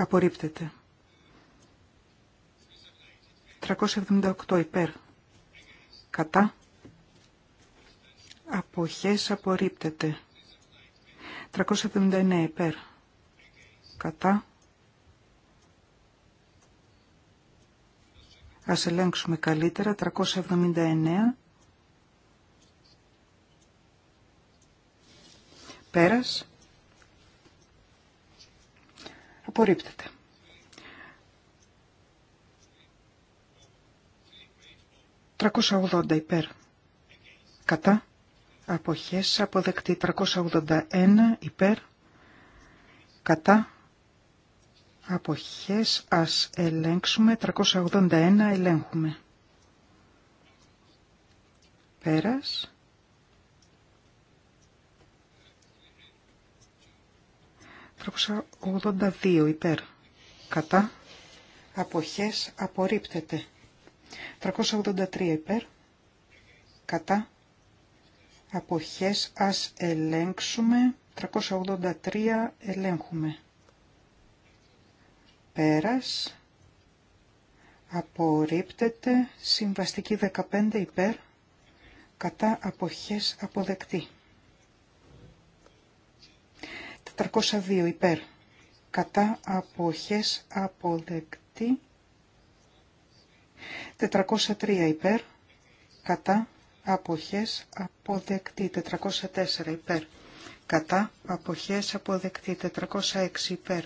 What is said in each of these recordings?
Απορρίπτεται. 378 υπέρ. Κατά. Αποχές απορρίπτεται. 379 υπέρ. Κατά. Ας ελέγξουμε καλύτερα. 379. Πέρας. Απορρίπτεται. «380 υπέρ». Κατά. Αποχές Αποδεκτεί. «381 υπέρ». Κατά. Αποχές ας ελέγξουμε. «381 ελέγχουμε». Πέρας. 382 υπέρ. Κατά. Αποχές απορρίπτεται. 383 υπέρ. Κατά. Αποχές ας ελέγξουμε. 383 ελέγχουμε. Πέρας. Απορρίπτεται. Συμβαστική 15 υπέρ. Κατά αποχές αποδεκτή. 402 υπέρ. Κατά αποχές αποδεκτή. 403 υπέρ. Κατά αποχές αποδεκτή. 404 υπέρ. Κατά αποχές αποδεκτή. 406 υπέρ.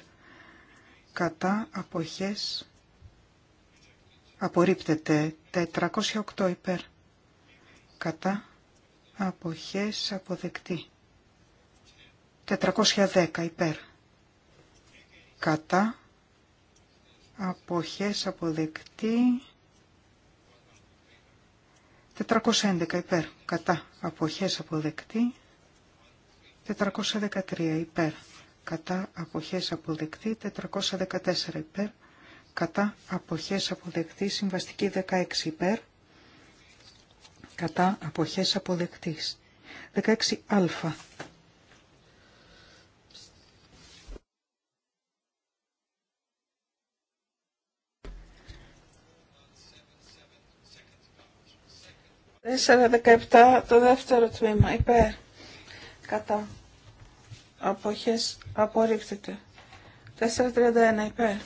Κατά αποχές απορρίπτεται. 408 υπέρ. Κατά αποχές αποδεκτή. 410 υπέρ. Κατά. Αποχές αποδεκτή. 411 υπέρ. Κατά. Αποχές αποδεκτή. 413 υπέρ. Κατά. Αποχές αποδεκτή. 414 υπέρ. Κατά. Αποχές αποδεκτή. Συμβαστική 16 υπέρ. Κατά. Αποχές αποδεκτής. 16α 417 το δεύτερο τμήμα υπέρ κατά αποχές απορρίφθηκε. 431 υπέρ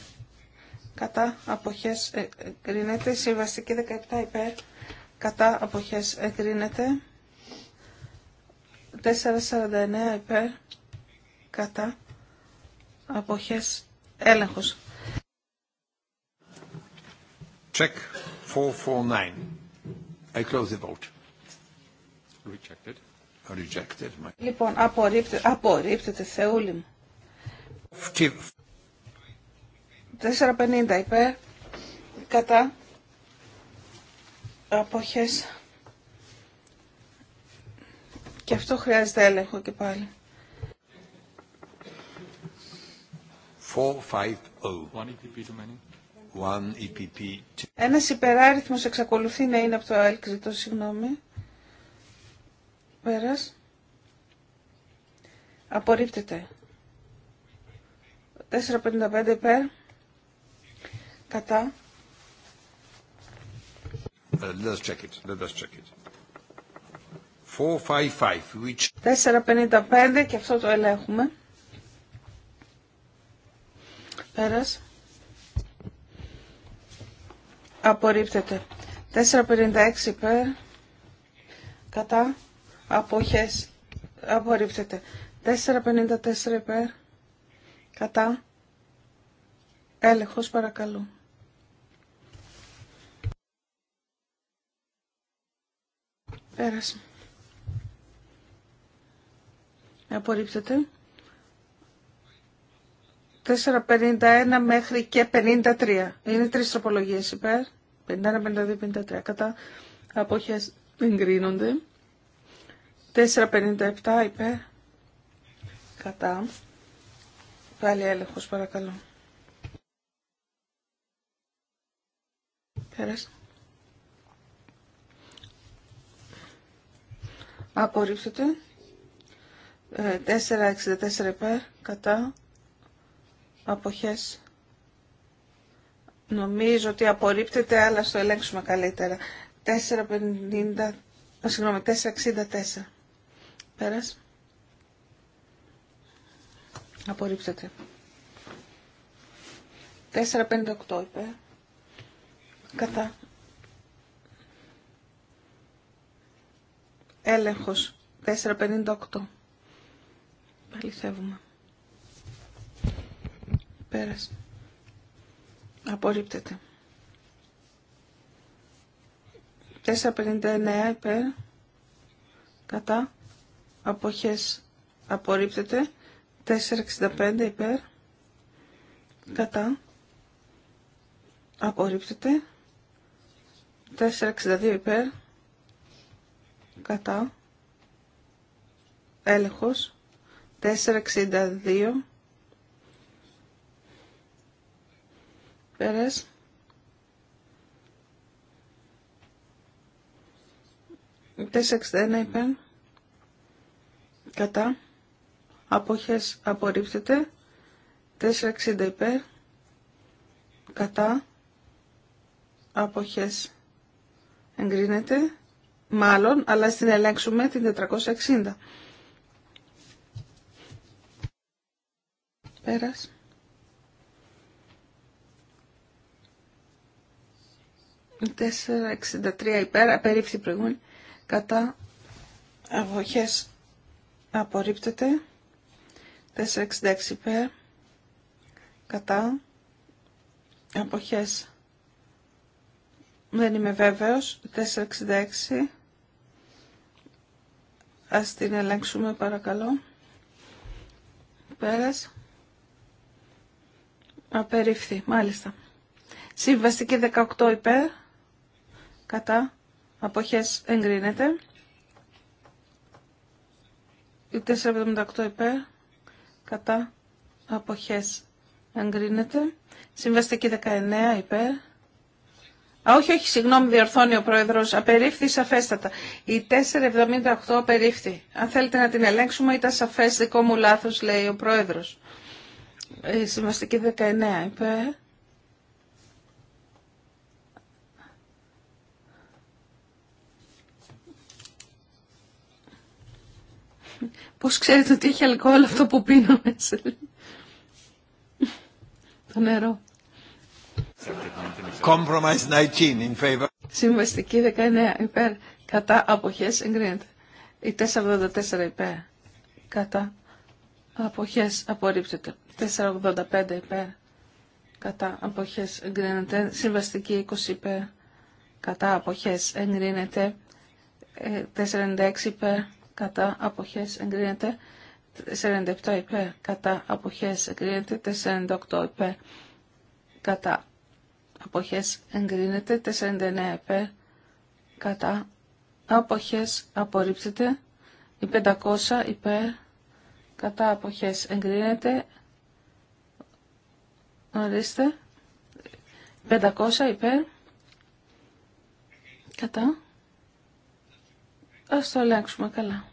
κατά αποχές εγκρίνεται συμβαστική 17 υπέρ κατά αποχές εγκρίνεται 449 υπέρ κατά αποχές έλεγχος Check 449 I close the vote. Rejected. Rejected. Λοιπόν, απορρίπτε, απορρίπτεται Θεούλη μου. 4.50 υπέρ, κατά, αποχές. Και αυτό χρειάζεται έλεγχο και πάλι. 4.50. Ένα EPP. Ένας υπεράριθμος εξακολουθεί να είναι από το ΑΕΛ, ζητώ συγγνώμη. Πέρας. Απορρίπτεται. 4.55 υπέρ. Κατά. Uh, 4.55. 4.55 και αυτό το ελέγχουμε. Πέρας. Απορρίπτεται. 456 υπέρ. Κατά. Αποχές. Απορρίπτεται. 454 υπέρ. Κατά. Έλεγχος παρακαλώ. Πέρασε. Απορρίπτεται. 4.51 μέχρι και 53. Είναι τρεις τροπολογίες υπέρ. 51, 52, 53. Κατά αποχές εγκρίνονται. 4.57 υπέρ. Κατά. Πάλι έλεγχος παρακαλώ. Πέρασε. Απορρίψετε. 4.64 ε, υπέρ. Κατά αποχές. Νομίζω ότι απορρίπτεται, αλλά στο ελέγξουμε καλύτερα. 4,50, συγγνώμη, 4,64. Πέρας. Απορρίπτεται. 4,58 είπε. Κατά. Έλεγχος. 4,58. Παληθεύουμε. Πέρας. Απορρίπτεται. 4.59 υπέρ. Κατά. Αποχές. Απορρίπτεται. 4.65 υπέρ. Κατά. Απορρίπτεται. 4.62 υπέρ. Κατά. Έλεγχος. 4.62 Πέρας. Τέσσερα υπέρ. Κατά. Αποχές απορρίπτεται. 460 υπέρ. Κατά. Αποχές εγκρίνεται. Μάλλον, αλλά στην ελέγξουμε την 460. Πέρας. 463 υπέρ, απερίφθη προηγούμενη, κατά αγωγές απορρίπτεται, 466 υπέρ, κατά αποχές δεν είμαι βέβαιος, 466 ας την ελέγξουμε παρακαλώ, πέρας, απερίφθη, μάλιστα. Συμβαστική 18 υπέρ, κατά αποχές εγκρίνεται. Η 478 υπέρ κατά αποχές εγκρίνεται. Συμβαστική 19 υπέρ. Α, όχι, όχι, συγγνώμη, διορθώνει ο πρόεδρος. Απερίφθη σαφέστατα. Η 478 απερίφθη. Αν θέλετε να την ελέγξουμε, ήταν σαφέ δικό μου λάθο, λέει ο πρόεδρο. Ε, συμβαστική 19 υπέρ Πώς ξέρετε ότι έχει αλκοόλ αυτό που πίνω μέσα. Το νερό. Compromise 19 in favor. Συμβαστική 19 υπέρ. Κατά αποχές εγκρίνεται. Η 484 υπέρ. Κατά αποχές απορρίπτεται. 485 υπέρ. Κατά αποχές εγκρίνεται. Συμβαστική 20 υπέρ. Κατά αποχές εγκρίνεται. 496 ε, υπέρ κατά αποχές εγκρίνεται 47 υπέρ κατά αποχές εγκρίνεται 48 υπέρ κατά αποχές εγκρίνεται 49 υπέρ κατά αποχές απορρίπτεται η 500 υπέρ κατά αποχές εγκρίνεται ορίστε 500 υπέρ κατά Ας το αλλάξουμε καλά.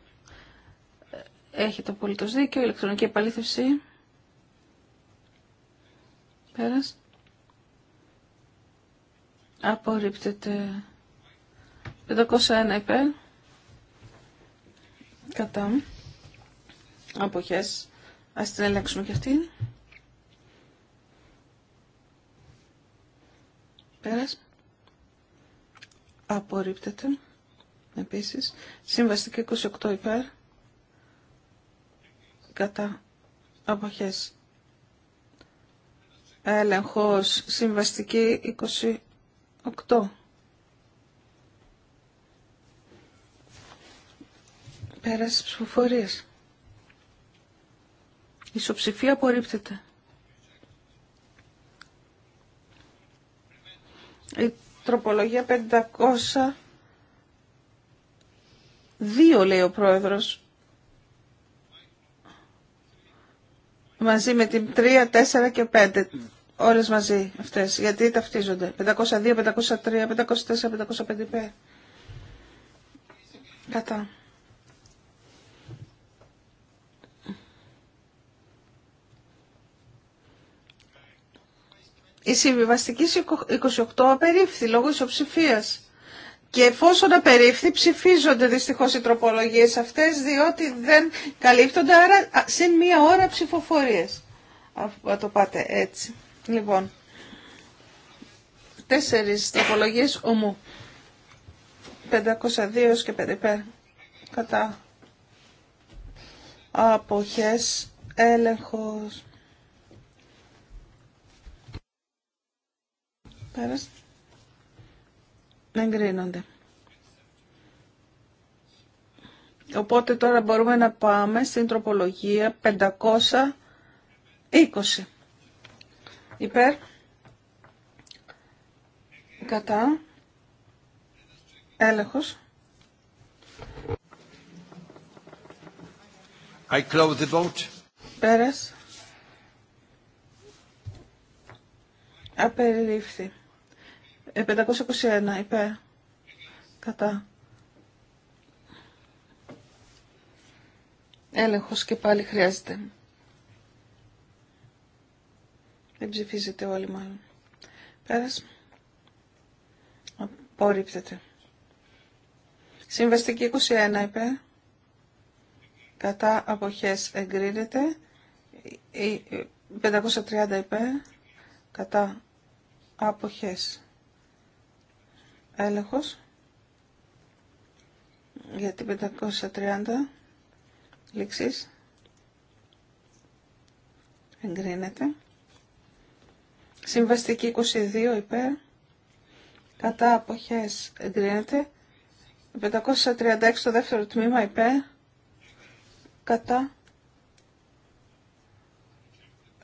Έχετε απολύτως δίκιο, ηλεκτρονική επαλήθευση. Πέρας. Απορρίπτεται 501 υπέρ. Κατά. Αποχές. Ας την ελέγξουμε και αυτή. Πέρας. Απορρίπτεται επίσης. Συμβαστική 28 υπέρ. Κατά αποχές. Έλεγχος. Συμβαστική 28. Πέρασε ψηφοφορίες. Ισοψηφία απορρίπτεται. Η τροπολογία 500 Δύο λέει ο πρόεδρος. Μαζί με την 3, 4 και 5. Όλες μαζί αυτές. Γιατί ταυτίζονται. 502, 503, 504, 505. Κατά. Η συμβιβαστική 28 απερίφθη λόγω ισοψηφίας. Και εφόσον απερίφθη ψηφίζονται δυστυχώ οι τροπολογίε αυτές διότι δεν καλύπτονται άρα συν μία ώρα ψηφοφορίες. Αν το πάτε έτσι. Λοιπόν, τέσσερις τροπολογίες ομού. 502 και 5 Κατά. Αποχές. Έλεγχος. Πέρασε εγκρίνονται. Οπότε τώρα μπορούμε να πάμε στην τροπολογία 520. Υπέρ. Κατά. Έλεγχος. I close the vote. Πέρας. 521 ε, υπέρ. Κατά. Έλεγχος και πάλι χρειάζεται. Δεν ψηφίζεται όλοι μάλλον. Πέρας. Απορρίπτεται. Συμβαστική 21 είπε. Κατά αποχές εγκρίνεται. 530 υπέρ. Κατά αποχές έλεγχος για την 530 λήξεις εγκρίνεται συμβαστική 22 υπέρ κατά αποχές εγκρίνεται 536 το δεύτερο τμήμα υπέρ κατά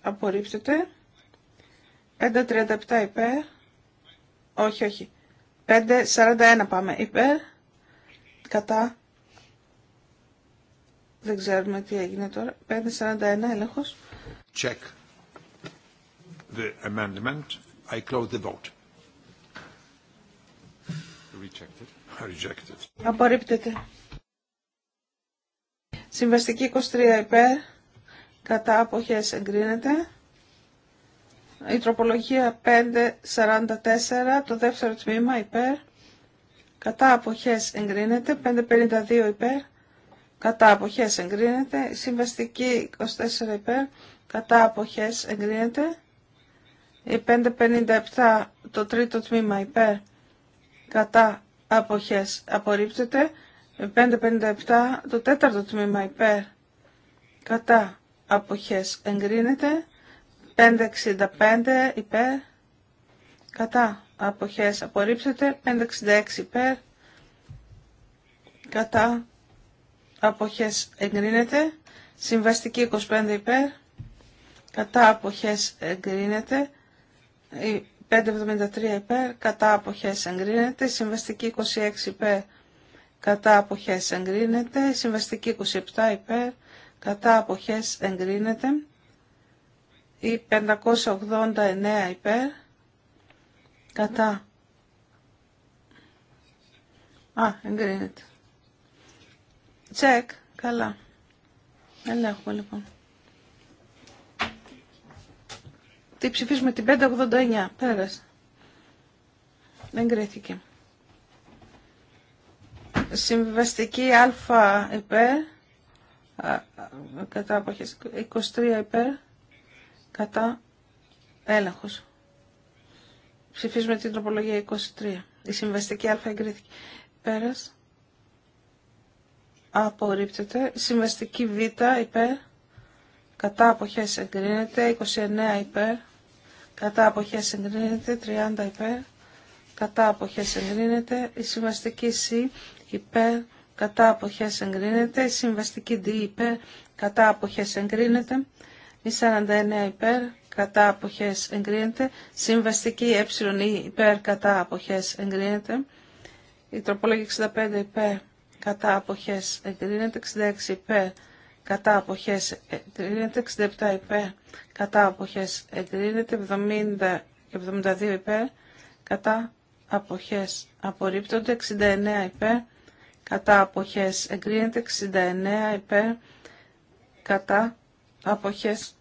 απορρίπτεται 537 υπέρ όχι όχι 5.41 πάμε υπέρ, κατά, δεν ξέρουμε τι έγινε τώρα, 5.41 έλεγχος. Check the amendment, I close the vote. Rejected. Rejected. Απορρίπτεται. Συμβαστική 23 υπέρ, κατά αποχές εγκρίνεται. Η τροπολογία 544, το δεύτερο τμήμα υπέρ. Κατά αποχές εγκρίνεται. 552 υπέρ. Κατά αποχές εγκρίνεται. Συμβαστική 24 υπέρ. Κατά αποχές εγκρίνεται. Η 557 το τρίτο τμήμα υπέρ. Κατά αποχές απορρίπτεται. Η 557 το τέταρτο τμήμα υπέρ. Κατά αποχές εγκρίνεται. 565 υπέρ κατά αποχές απορρίψετε 566 υπέρ κατά αποχές εγκρίνεται συμβαστική 25 υπέρ κατά αποχές εγκρίνεται 573 υπέρ κατά αποχές εγκρίνεται συμβαστική 26 υπέρ κατά αποχές εγκρίνεται συμβαστική 27 υπέρ κατά αποχές εγκρίνεται ή 589 υπέρ κατά α, εγκρίνεται τσεκ, καλά ελέγχουμε λοιπόν τι ψηφίζουμε την 589 πέρασε κρίθηκε. συμβιβαστική α υπέρ κατά από 23 υπέρ κατά έλεγχος. Ψηφίζουμε την τροπολογία 23. Η συμβαστική α εγκρίθηκε. Πέρας. Απορρίπτεται. Η συμβαστική β υπέρ. Κατά αποχές εγκρίνεται. 29 υπέρ. Κατά αποχές εγκρίνεται. 30 υπέρ. Κατά αποχές εγκρίνεται. Η συμβαστική σ υπέρ. Κατά αποχές εγκρίνεται. Η συμβαστική δ υπέρ. Κατά αποχές εγκρίνεται. Η 49 υπέρ κατά αποχές εγκρίνεται. Συμβαστική ε υπέρ κατά αποχές εγκρίνεται. Η τροπολογία 65 υπέρ κατά αποχές εγκρίνεται. 66 υπέρ κατά αποχές εγκρίνεται. 67 υπέρ κατά αποχές εγκρίνεται. 70 και 72 υπέρ κατά αποχές απορρίπτονται. 69 υπέρ κατά αποχές εγκρίνεται. 69 υπέρ κατά αποχές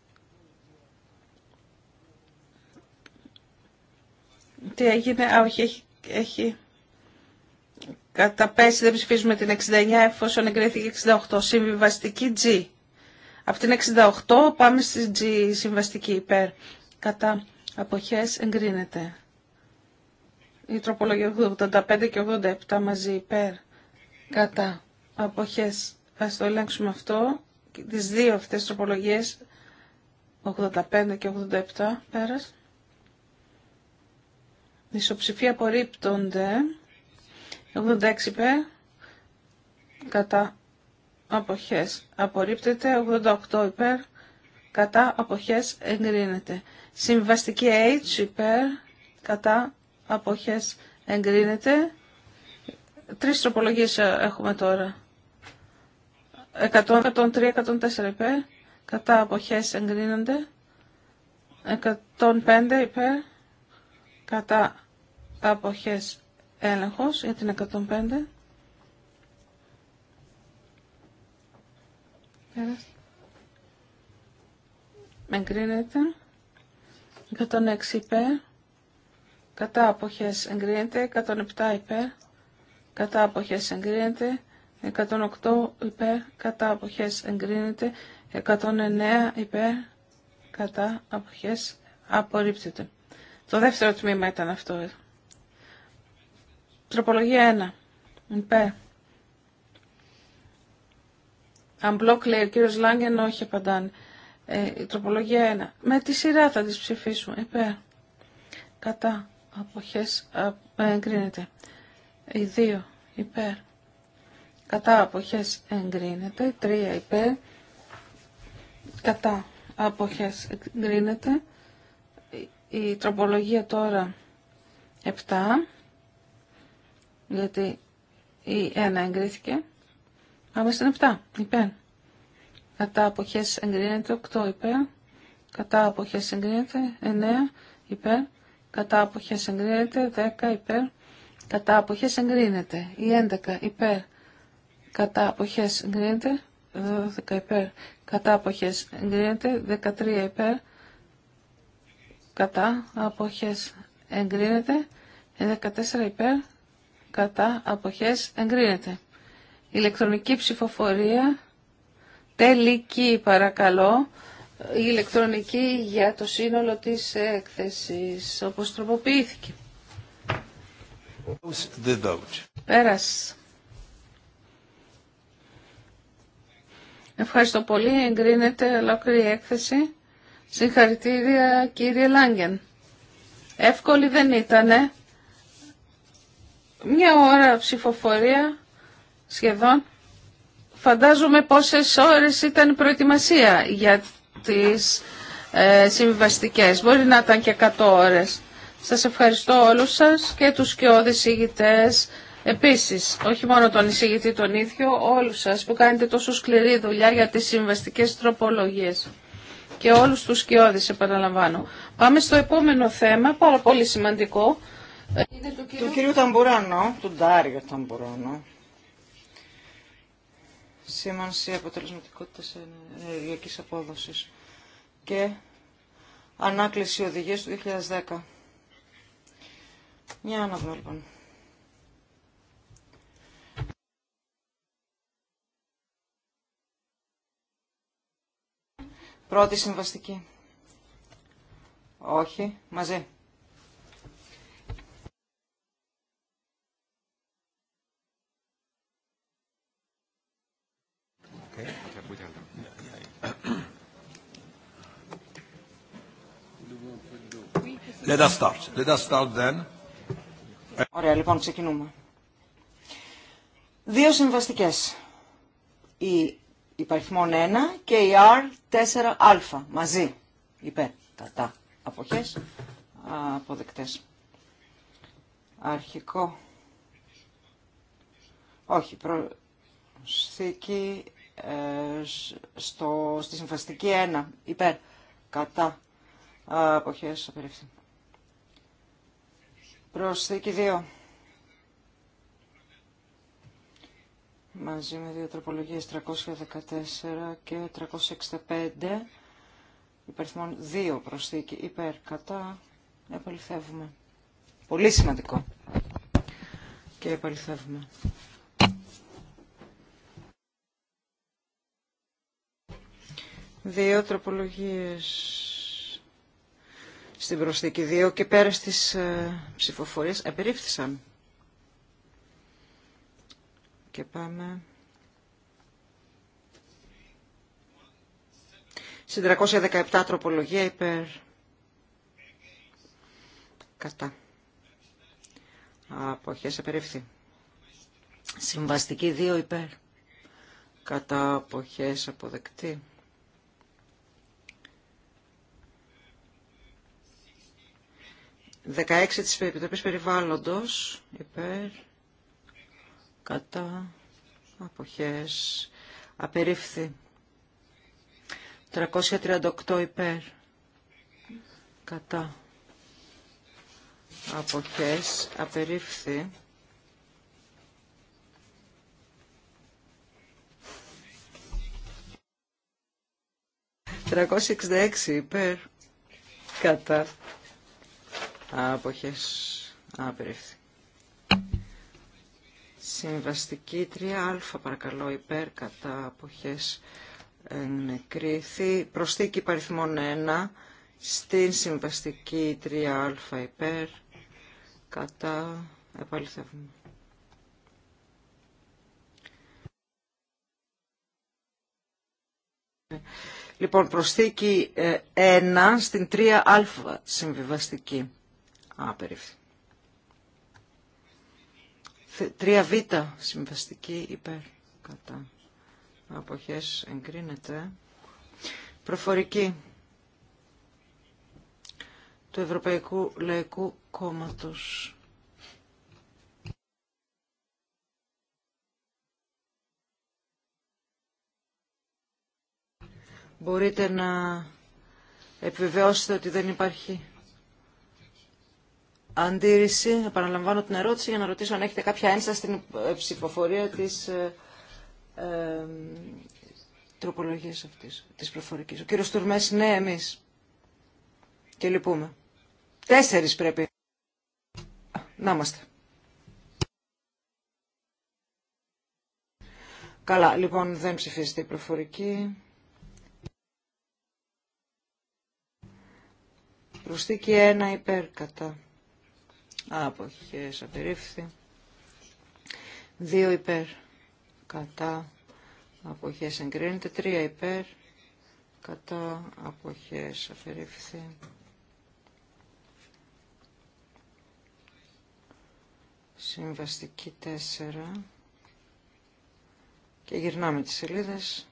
τι έγινε α όχι έχει, καταπέσει δεν ψηφίζουμε την 69 εφόσον εγκρίθηκε 68 συμβιβαστική G από την 68 πάμε στη G συμβαστική υπέρ κατά αποχές εγκρίνεται η τροπολογία 85 και 87 μαζί υπέρ κατά αποχές ας το ελέγξουμε αυτό τις δύο αυτές τροπολογίες 85 και 87 πέρας. μισοψηφοί απορρίπτονται 86 υπέρ κατά αποχές απορρίπτεται 88 υπέρ κατά αποχές εγκρίνεται. Συμβαστική H υπέρ κατά αποχές εγκρίνεται. Τρεις τροπολογίες έχουμε τώρα. 103, 104 υπέρ, κατά αποχές εγκρίνονται. 105 υπέρ, κατά αποχές έλεγχος για την 105. Εγκρίνεται. 106 υπέρ. Κατά αποχές εγκρίνεται. 107 υπέρ. Κατά αποχές εγκρίνεται. 108 υπέρ κατά αποχές εγκρίνεται. 109 υπέρ κατά αποχές απορρίπτεται. Το δεύτερο τμήμα ήταν αυτό. Τροπολογία 1. Υπέρ. Αν μπλοκ λέει ο κύριος Λάγκεν, όχι απαντάνε. Ε, τροπολογία 1. Με τη σειρά θα τις ψηφίσουμε. Υπέρ. Κατά. Αποχές ε, εγκρίνεται. Οι 2. Υπέρ κατά αποχές εγκρίνεται, 3 υπέρ, κατά αποχές εγκρίνεται, η τροπολογία τώρα 7, γιατί η 1 εγκρίθηκε, πάμε στην 7 υπέρ, κατά αποχές εγκρίνεται, 8 υπέρ, κατά αποχές εγκρίνεται, 9 υπέρ, κατά αποχές εγκρίνεται, 10 υπέρ, κατά αποχές εγκρίνεται, η 11 υπέρ, κατά αποχές εγκρίνεται, 12 υπέρ, κατά αποχές εγκρίνεται, 13 υπέρ, κατά αποχές εγκρίνεται, 14 υπέρ, κατά αποχές εγκρίνεται. Ηλεκτρονική ψηφοφορία, τελική παρακαλώ, η ηλεκτρονική για το σύνολο της έκθεσης, όπως τροποποιήθηκε. Πέρασε. Ευχαριστώ πολύ. Εγκρίνεται ολόκληρη η έκθεση. Συγχαρητήρια κύριε Λάγκεν. Εύκολη δεν ήτανε. Μια ώρα ψηφοφορία σχεδόν. Φαντάζομαι πόσες ώρες ήταν η προετοιμασία για τις ε, Μπορεί να ήταν και 100 ώρες. Σας ευχαριστώ όλους σας και τους και ηγητές Επίσης, όχι μόνο τον εισηγητή τον ίδιο, όλους σας που κάνετε τόσο σκληρή δουλειά για τις συμβαστικές τροπολογίες και όλους τους σκιώδεις επαναλαμβάνω. Πάμε στο επόμενο θέμα, πάρα πολύ σημαντικό. Είναι του κυρίου, του κυρίου Ταμπουράνο, του Ντάριο Ταμπουράνο. Σήμανση αποτελεσματικότητα ενεργειακής απόδοσης και ανάκληση οδηγίας του 2010. Μια να λοιπόν. Πρώτη συμβαστική. Όχι, μαζί. Let us start. Let us start then. Ωραία, λοιπόν, ξεκινούμε. Δύο συμβαστικές. Η υπαριθμών 1 και η R4α μαζί. Υπέρ. Τα τα. Αποχές. Αποδεκτές. Αρχικό. Όχι. Προσθήκη ε, στο, στη συμφαστική 1. Υπέρ. Κατά. Αποχές. απερίφθη. Προσθήκη 2. μαζί με δύο τροπολογίες 314 και 365 υπερθυμών 2 προσθήκη υπέρ κατά επαληθεύουμε. Πολύ σημαντικό. Και επαληθεύουμε. Δύο τροπολογίες στην προσθήκη 2 και πέρα στις ε, ψηφοφορίες επερίφθησαν και πάμε. Στην 317 τροπολογία υπέρ. Κατά. Αποχές απερίφθη. Συμβαστική 2 υπέρ. Κατά αποχές αποδεκτή. 16 της Επιτροπής Περιβάλλοντος υπέρ κατά αποχές απερίφθη 338 υπέρ κατά αποχές απερίφθη 366 υπέρ κατά αποχές απερίφθη Συμβαστική 3α παρακαλώ υπέρ κατά αποχές ενεκρίθη. Προσθήκη παριθμών 1 στην συμβαστική 3α υπέρ κατά επαληθεύουμε. Λοιπόν, προσθήκη 1 ε, στην 3α συμβιβαστική. Απερίφθη. 3β συμβαστική υπέρ κατά αποχές εγκρίνεται. Προφορική του Ευρωπαϊκού Λαϊκού Κόμματος. Μπορείτε να επιβεβαιώσετε ότι δεν υπάρχει αντίρρηση. Επαναλαμβάνω την ερώτηση για να ρωτήσω αν έχετε κάποια ένσταση στην ε, ψηφοφορία της ε, ε, τροπολογίας αυτής, της προφορικής. Ο κύριος τουρμέ, ναι, εμείς. Και λυπούμε. Τέσσερις πρέπει. Να είμαστε. Καλά, λοιπόν, δεν ψηφίζεται η προφορική. Προσθήκη 1 υπέρ κατά. Αποχές απερίφθη. 2 υπέρ. Κατά. Αποχές εγκρίνεται. 3 υπέρ. Κατά. Αποχές απερίφθη. Συμβαστική 4. Και γυρνάμε τις σελίδες.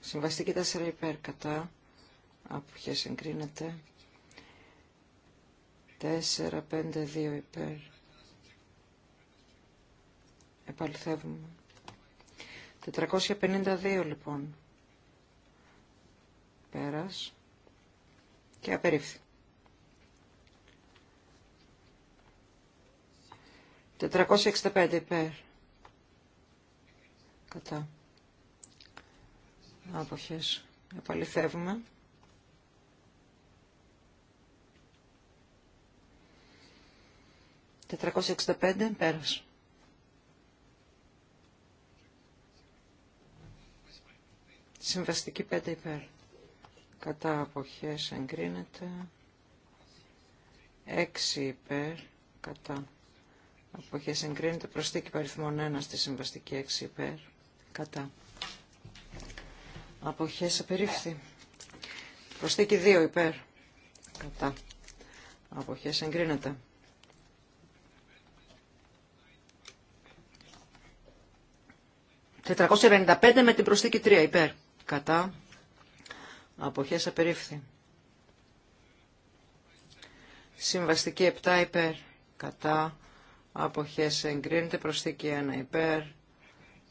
Συμβαστική 4 υπέρ κατά. Αποχές εγκρίνεται. 4, 5, 2 υπέρ. Επαληθεύουμε. 452 λοιπόν. Πέρας. Και απερίφθη. 465 υπέρ. Κατά. Άποχες. Επαληθεύουμε. 465 πέρας. Συμβαστική 5 υπέρ. Κατά αποχές εγκρίνεται. 6 υπέρ. Κατά αποχές εγκρίνεται. Προσθήκη παριθμών 1 στη συμβαστική 6 υπέρ. Κατά. Αποχές απερίφθη. Προσθήκη 2 υπέρ. Κατά. Αποχές εγκρίνεται. 495 με την προσθήκη 3 υπέρ. Κατά. Αποχές απερίφθη. Συμβαστική 7 υπέρ. Κατά. Αποχές εγκρίνεται. Προσθήκη 1 υπέρ.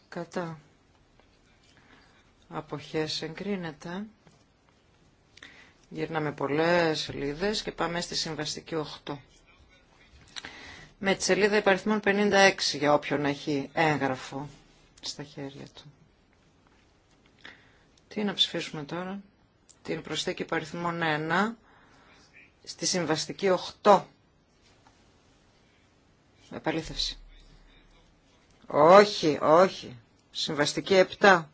Κατά. Αποχές εγκρίνεται. Γυρνάμε πολλές σελίδε και πάμε στη συμβαστική 8. Με τη σελίδα υπαριθμών 56 για όποιον έχει έγγραφο στα χέρια του. Τι να ψηφίσουμε τώρα. Την προσθήκη παριθμών 1 στη συμβαστική 8. Επαλήθευση. Όχι, όχι. Συμβαστική 7.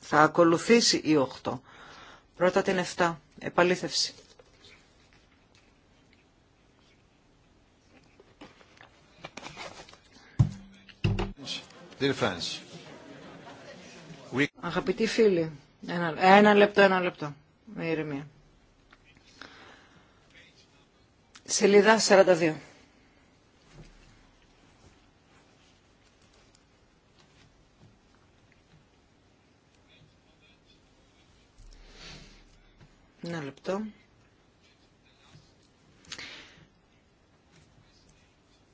Θα ακολουθήσει η 8. Πρώτα την 7. Επαλήθευση. Dear Αγαπητοί φίλοι, ένα, ένα λεπτό, ένα λεπτό, με ηρεμία. Σελίδα 42. Ένα λεπτό.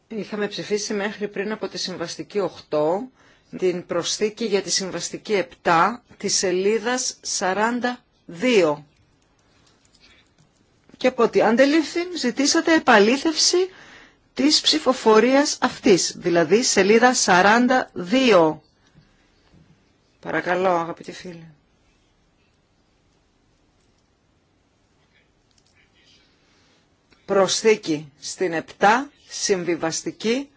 Είχαμε ψηφίσει μέχρι πριν από τη συμβαστική 8 την προσθήκη για τη συμβαστική 7 της σελίδας 42. Και από ό,τι αντελήφθη ζητήσατε επαλήθευση της ψηφοφορίας αυτής, δηλαδή σελίδα 42. Παρακαλώ αγαπητοί φίλοι. Προσθήκη στην 7, συμβιβαστική.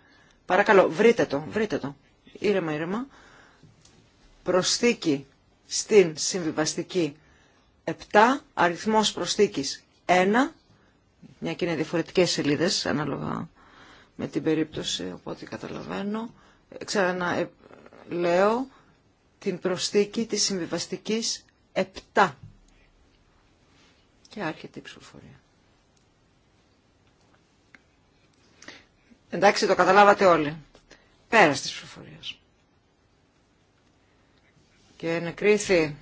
Παρακαλώ, βρείτε το, βρείτε το ήρεμα ήρεμα προσθήκη στην συμβιβαστική 7 αριθμός προσθήκης 1 μια και είναι διαφορετικές σελίδες ανάλογα με την περίπτωση οπότε καταλαβαίνω ξανά ε, λέω την προσθήκη της συμβιβαστικής 7 και άρχεται η ψηφοφορία. Εντάξει, το καταλάβατε όλοι. Πέρας της ψηφοφορίας. Και να κρίθει.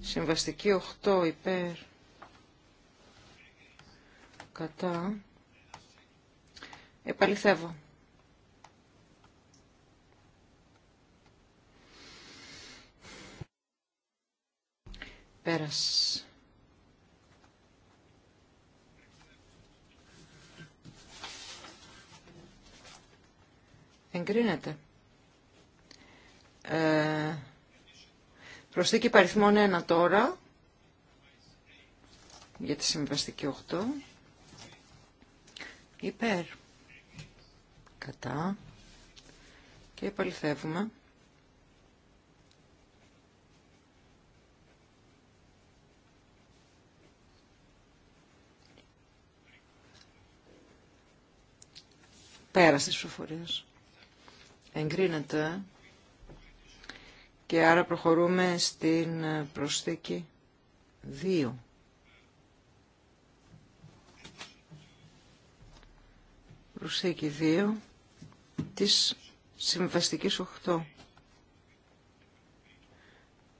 Συμβαστική 8 υπέρ. Κατά. Επαληθεύω. Πέρας. Εγκρίνεται. Ε, προσθήκη παριθμών 1 τώρα για τη συμβαστική 8. Υπέρ. Κατά. Και επαληθεύουμε. Πέρασε στις προφορίες εγκρίνεται και άρα προχωρούμε στην προσθήκη 2. Προσθήκη 2 της συμβαστικής 8.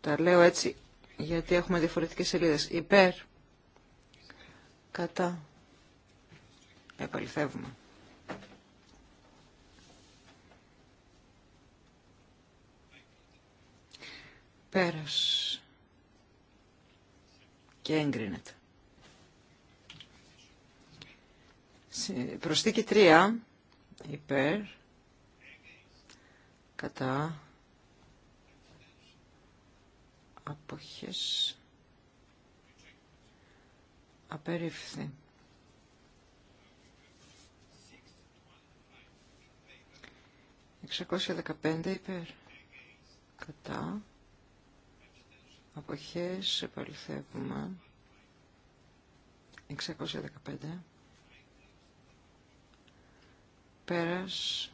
Τα λέω έτσι γιατί έχουμε διαφορετικές σελίδες. Υπέρ, κατά, επαληθεύουμε. Πέρας. Και εγκρίνεται. Προσθήκη 3. Υπέρ. Κατά. Αποχές. Απερίφθη. Εξακόσια δεκαπέντε υπέρ. Κατά αποχές επαληθεύουμε 615 πέρας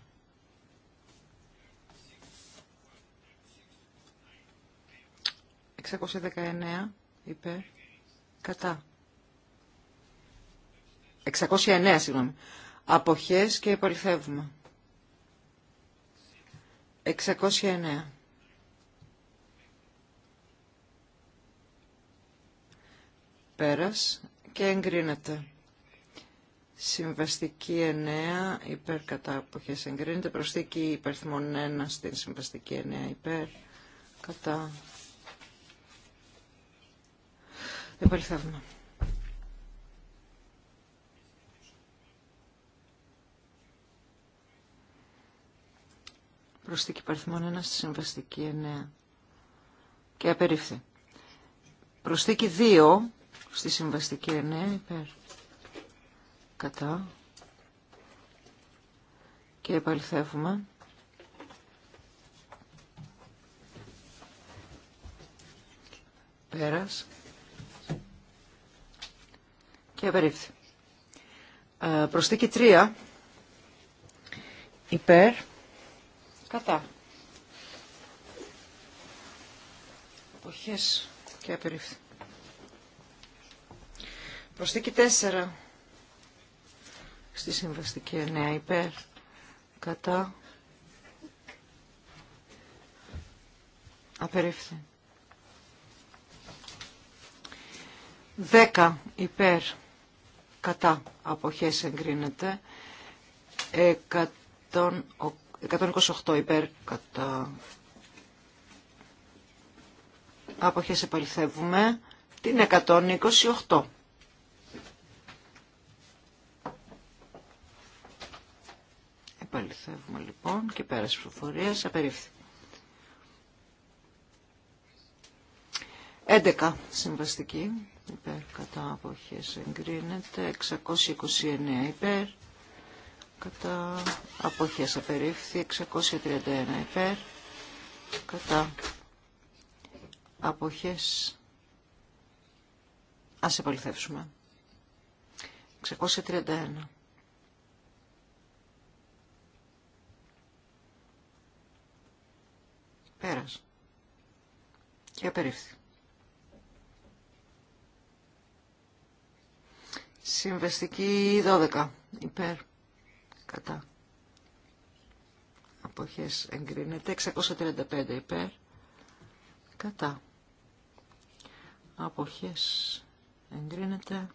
619 Είπε, κατά 609 συγγνώμη αποχές και επαληθεύουμε 609 πέρας και εγκρίνεται. Συμβαστική 9 υπέρ κατά αποχές εγκρίνεται. Προσθήκη υπερθμών 1 στην συμβαστική 9 υπέρ κατά. Επαληθεύουμε. Προσθήκη υπερθμών 1 στη συμβαστική 9 και απερίφθη. Προσθήκη 2 Στη συμβαστική εννέα υπέρ. Κατά. Και επαληθεύουμε. Πέρας. Και απερίφθη. Ε, προσθήκη τρία Υπέρ. Κατά. Εποχές και απερίφθη. Προσθήκη 4 στη συμβαστική 9 υπέρ κατά απερίφθη. 10 υπέρ κατά αποχές εγκρίνεται 128 υπέρ κατά αποχές επαληθεύουμε την 128 Επαληθεύουμε λοιπόν και πέρασε προφορία Απερίφθη. 11 συμβαστική υπέρ κατά αποχές εγκρίνεται 629 υπέρ κατά αποχές απερίφθη 631 υπέρ κατά αποχές ας επαληθεύσουμε 631 Πέρας. Και απερίφθη. Συμβαστική 12. Υπέρ. Κατά. Αποχές εγκρίνεται. 635 υπέρ. Κατά. Αποχές εγκρίνεται.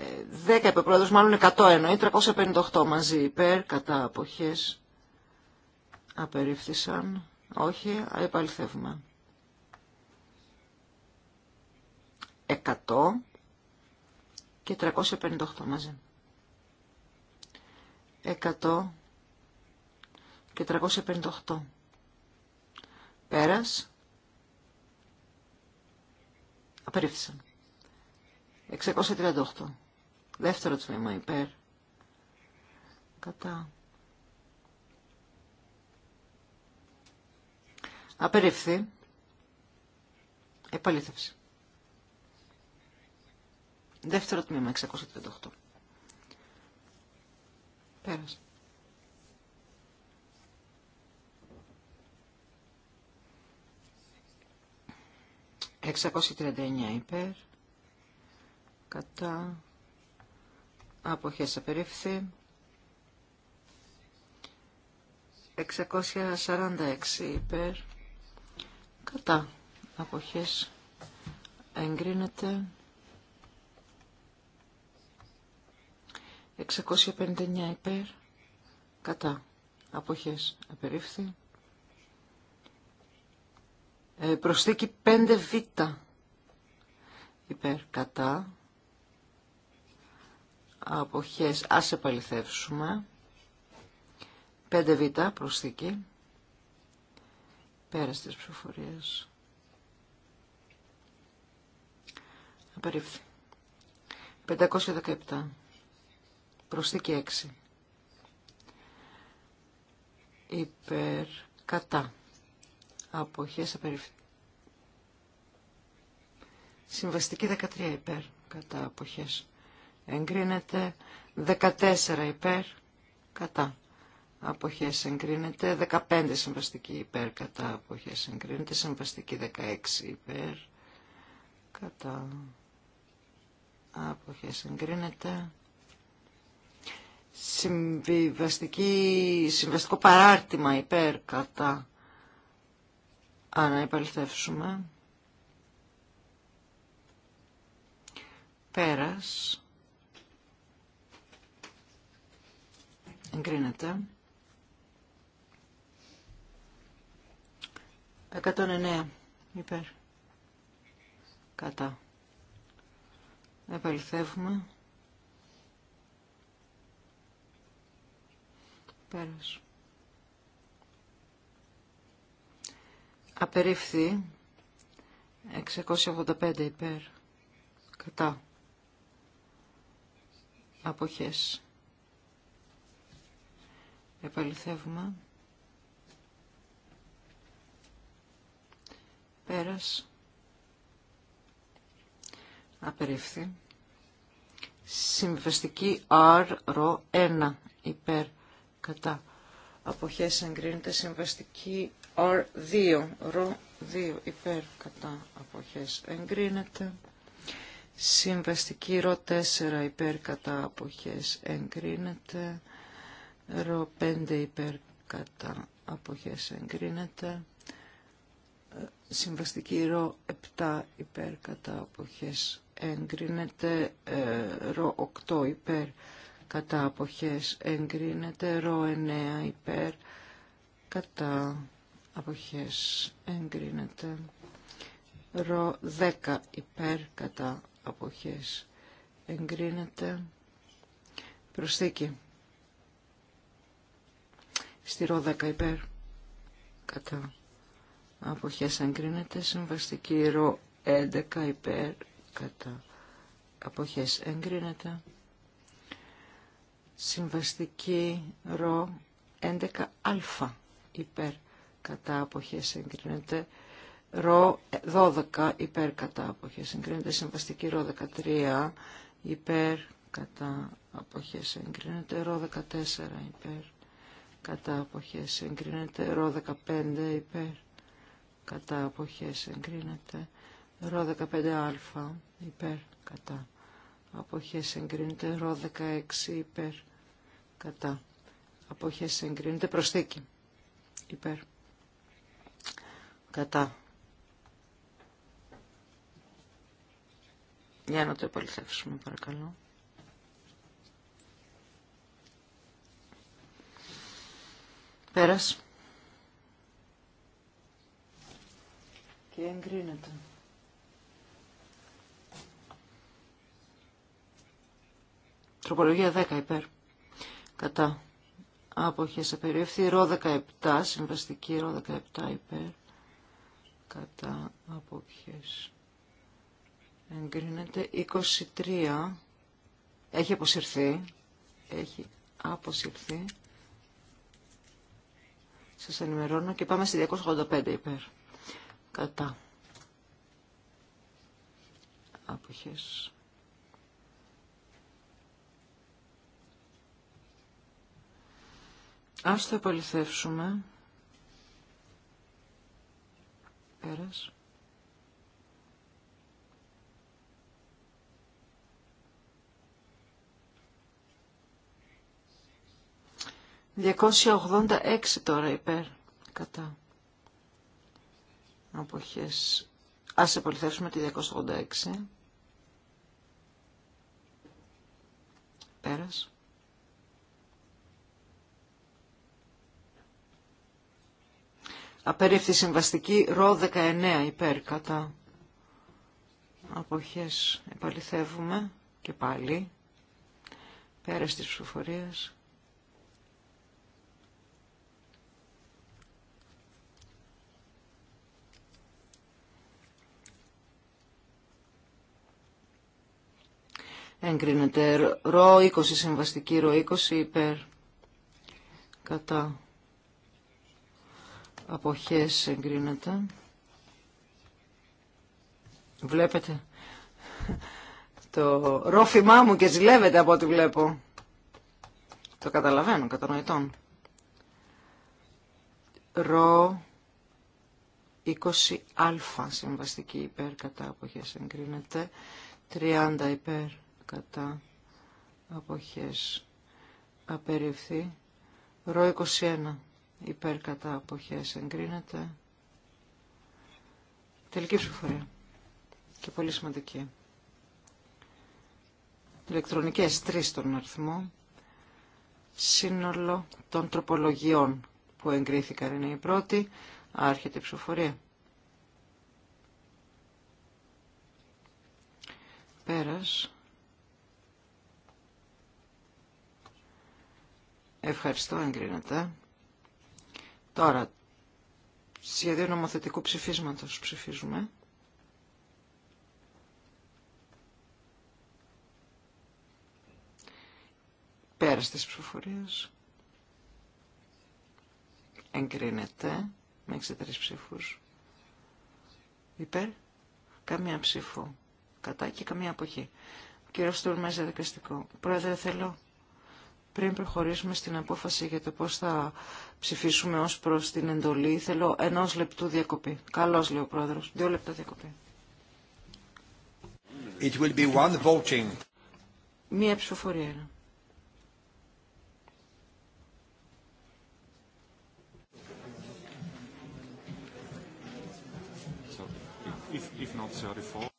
10 είπε μάλλον 100 εννοεί, 358 μαζί υπέρ, κατά αποχές απερίφθησαν. Όχι, επαληθεύουμε. 100 και 358 μαζί. 100 και 358. Πέρας. Απερίφθησαν. 638. Δεύτερο τμήμα υπέρ. Κατά. Απερίφθη. Επαλήθευση. Δεύτερο τμήμα, 638. Πέρασε. Εξακόσια υπέρ, κατά αποχές απερίφθη 646 υπέρ κατά αποχές εγκρίνεται 659 υπέρ κατά αποχές απερίφθη ε, προσθήκη 5β υπέρ κατά αποχές ας επαληθεύσουμε. 5β προσθήκη. Πέρα στις ψηφοφορίες. Απερίφθη. 517. Προσθήκη 6. Υπερ κατά. Αποχές απερίφθη. Συμβαστική 13 υπέρ κατά αποχές εγκρίνεται 14 υπέρ κατά αποχές εγκρίνεται 15 συμβαστική υπέρ κατά αποχές εγκρίνεται συμβαστική 16 υπέρ κατά αποχές εγκρίνεται συμβιβαστική, συμβαστικό παράρτημα υπέρ κατά αν πέρας Εγκρίνεται. 109 υπέρ. Κατά. Επαληθεύουμε. Πέρας. Απερίφθη 685 υπέρ. Κατά. Αποχές επαληθεύουμε. Πέρας. Απερίφθη. Συμβαστική 1 υπέρ κατά. Αποχές εγκρίνεται συμβαστική R2, ρο υπέρ κατά αποχές εγκρίνεται. Συμβαστική ρο 4 υπέρ κατά αποχές εγκρίνεται. Ρο 5 υπέρ κατά αποχές εγκρίνεται. Ε, συμβαστική ρο 7 ε, υπέρ κατά αποχές εγκρίνεται. Ρο 8 υπέρ κατά αποχές εγκρίνεται. Ρο 9 υπέρ κατά αποχές εγκρίνεται. Ρο 10 υπέρ κατά αποχές εγκρίνεται. Προσθήκη στη 10 υπέρ κατά αποχές εγκρίνεται συμβαστική ρο 11 υπέρ κατά αποχές εγκρίνεται συμβαστική ρο 11α υπέρ κατά αποχές εγκρίνεται ρο 12 υπέρ κατά αποχές εγκρίνεται συμβαστική ρο 13 υπέρ κατά αποχές εγκρίνεται ρο 14 υπέρ κατά αποχές εγκρίνεται, ρο 15 υπέρ, κατά αποχές εγκρίνεται, ρο 15α υπέρ, κατά αποχές εγκρίνεται, ρο 16 υπέρ, κατά αποχές εγκρίνεται, προσθήκη υπέρ, κατά. Για να το επαληθεύσουμε παρακαλώ. Πέρας. Και εγκρίνεται. Τροπολογία 10 υπέρ. Κατά. Άποχες απεριεύθη. Ρο 17. Συμβαστική ρο 17 υπέρ. Κατά. Άποχες. Εγκρίνεται 23. Έχει αποσυρθεί. Έχει αποσυρθεί. Σας ενημερώνω και πάμε στη 285 υπέρ. Κατά. Αποχές. Ας το επαληθεύσουμε. Πέρας. 286 τώρα υπέρ. Κατά. Αποχές. Ας επαληθεύσουμε τη 286. Πέρας. Απέρευτη συμβαστική ρο 19 υπέρ κατά. Αποχές επαληθεύουμε και πάλι. Πέρας της ψηφοφορίας. εγκρίνεται. Ρο 20 συμβαστική, ρο 20 υπέρ. Κατά. Αποχές εγκρίνεται. Βλέπετε το ρόφημά μου και ζηλεύεται από ό,τι βλέπω. Το καταλαβαίνω, κατανοητών. Ρο 20α συμβαστική υπέρ κατά αποχές εγκρίνεται. 30 υπέρ κατά αποχές απεριφθεί. Ρο 21 υπέρ κατά αποχές εγκρίνεται. Τελική ψηφοφορία και πολύ σημαντική. Ηλεκτρονικές τρεις στον αριθμό. Σύνολο των τροπολογιών που εγκρίθηκαν είναι η πρώτη. Άρχεται η ψηφοφορία. Πέρας. Ευχαριστώ, εγκρίνεται. Τώρα, σχέδιο νομοθετικού ψηφίσματος ψηφίζουμε. Πέρας της ψηφοφορίας. Εγκρίνεται με 63 ψήφους. Υπέρ. Καμία ψήφο. Κατά και καμία αποχή. Κύριο Στουρμέζα δικαστικό. Πρόεδρε, θέλω πριν προχωρήσουμε στην απόφαση για το πώς θα ψηφίσουμε ως προς την εντολή, θέλω ενός λεπτού διακοπή. Καλώς, λέει ο Πρόεδρος. Δύο λεπτά διακοπή. It will be one voting. Μία ψηφοφορία. If, if not,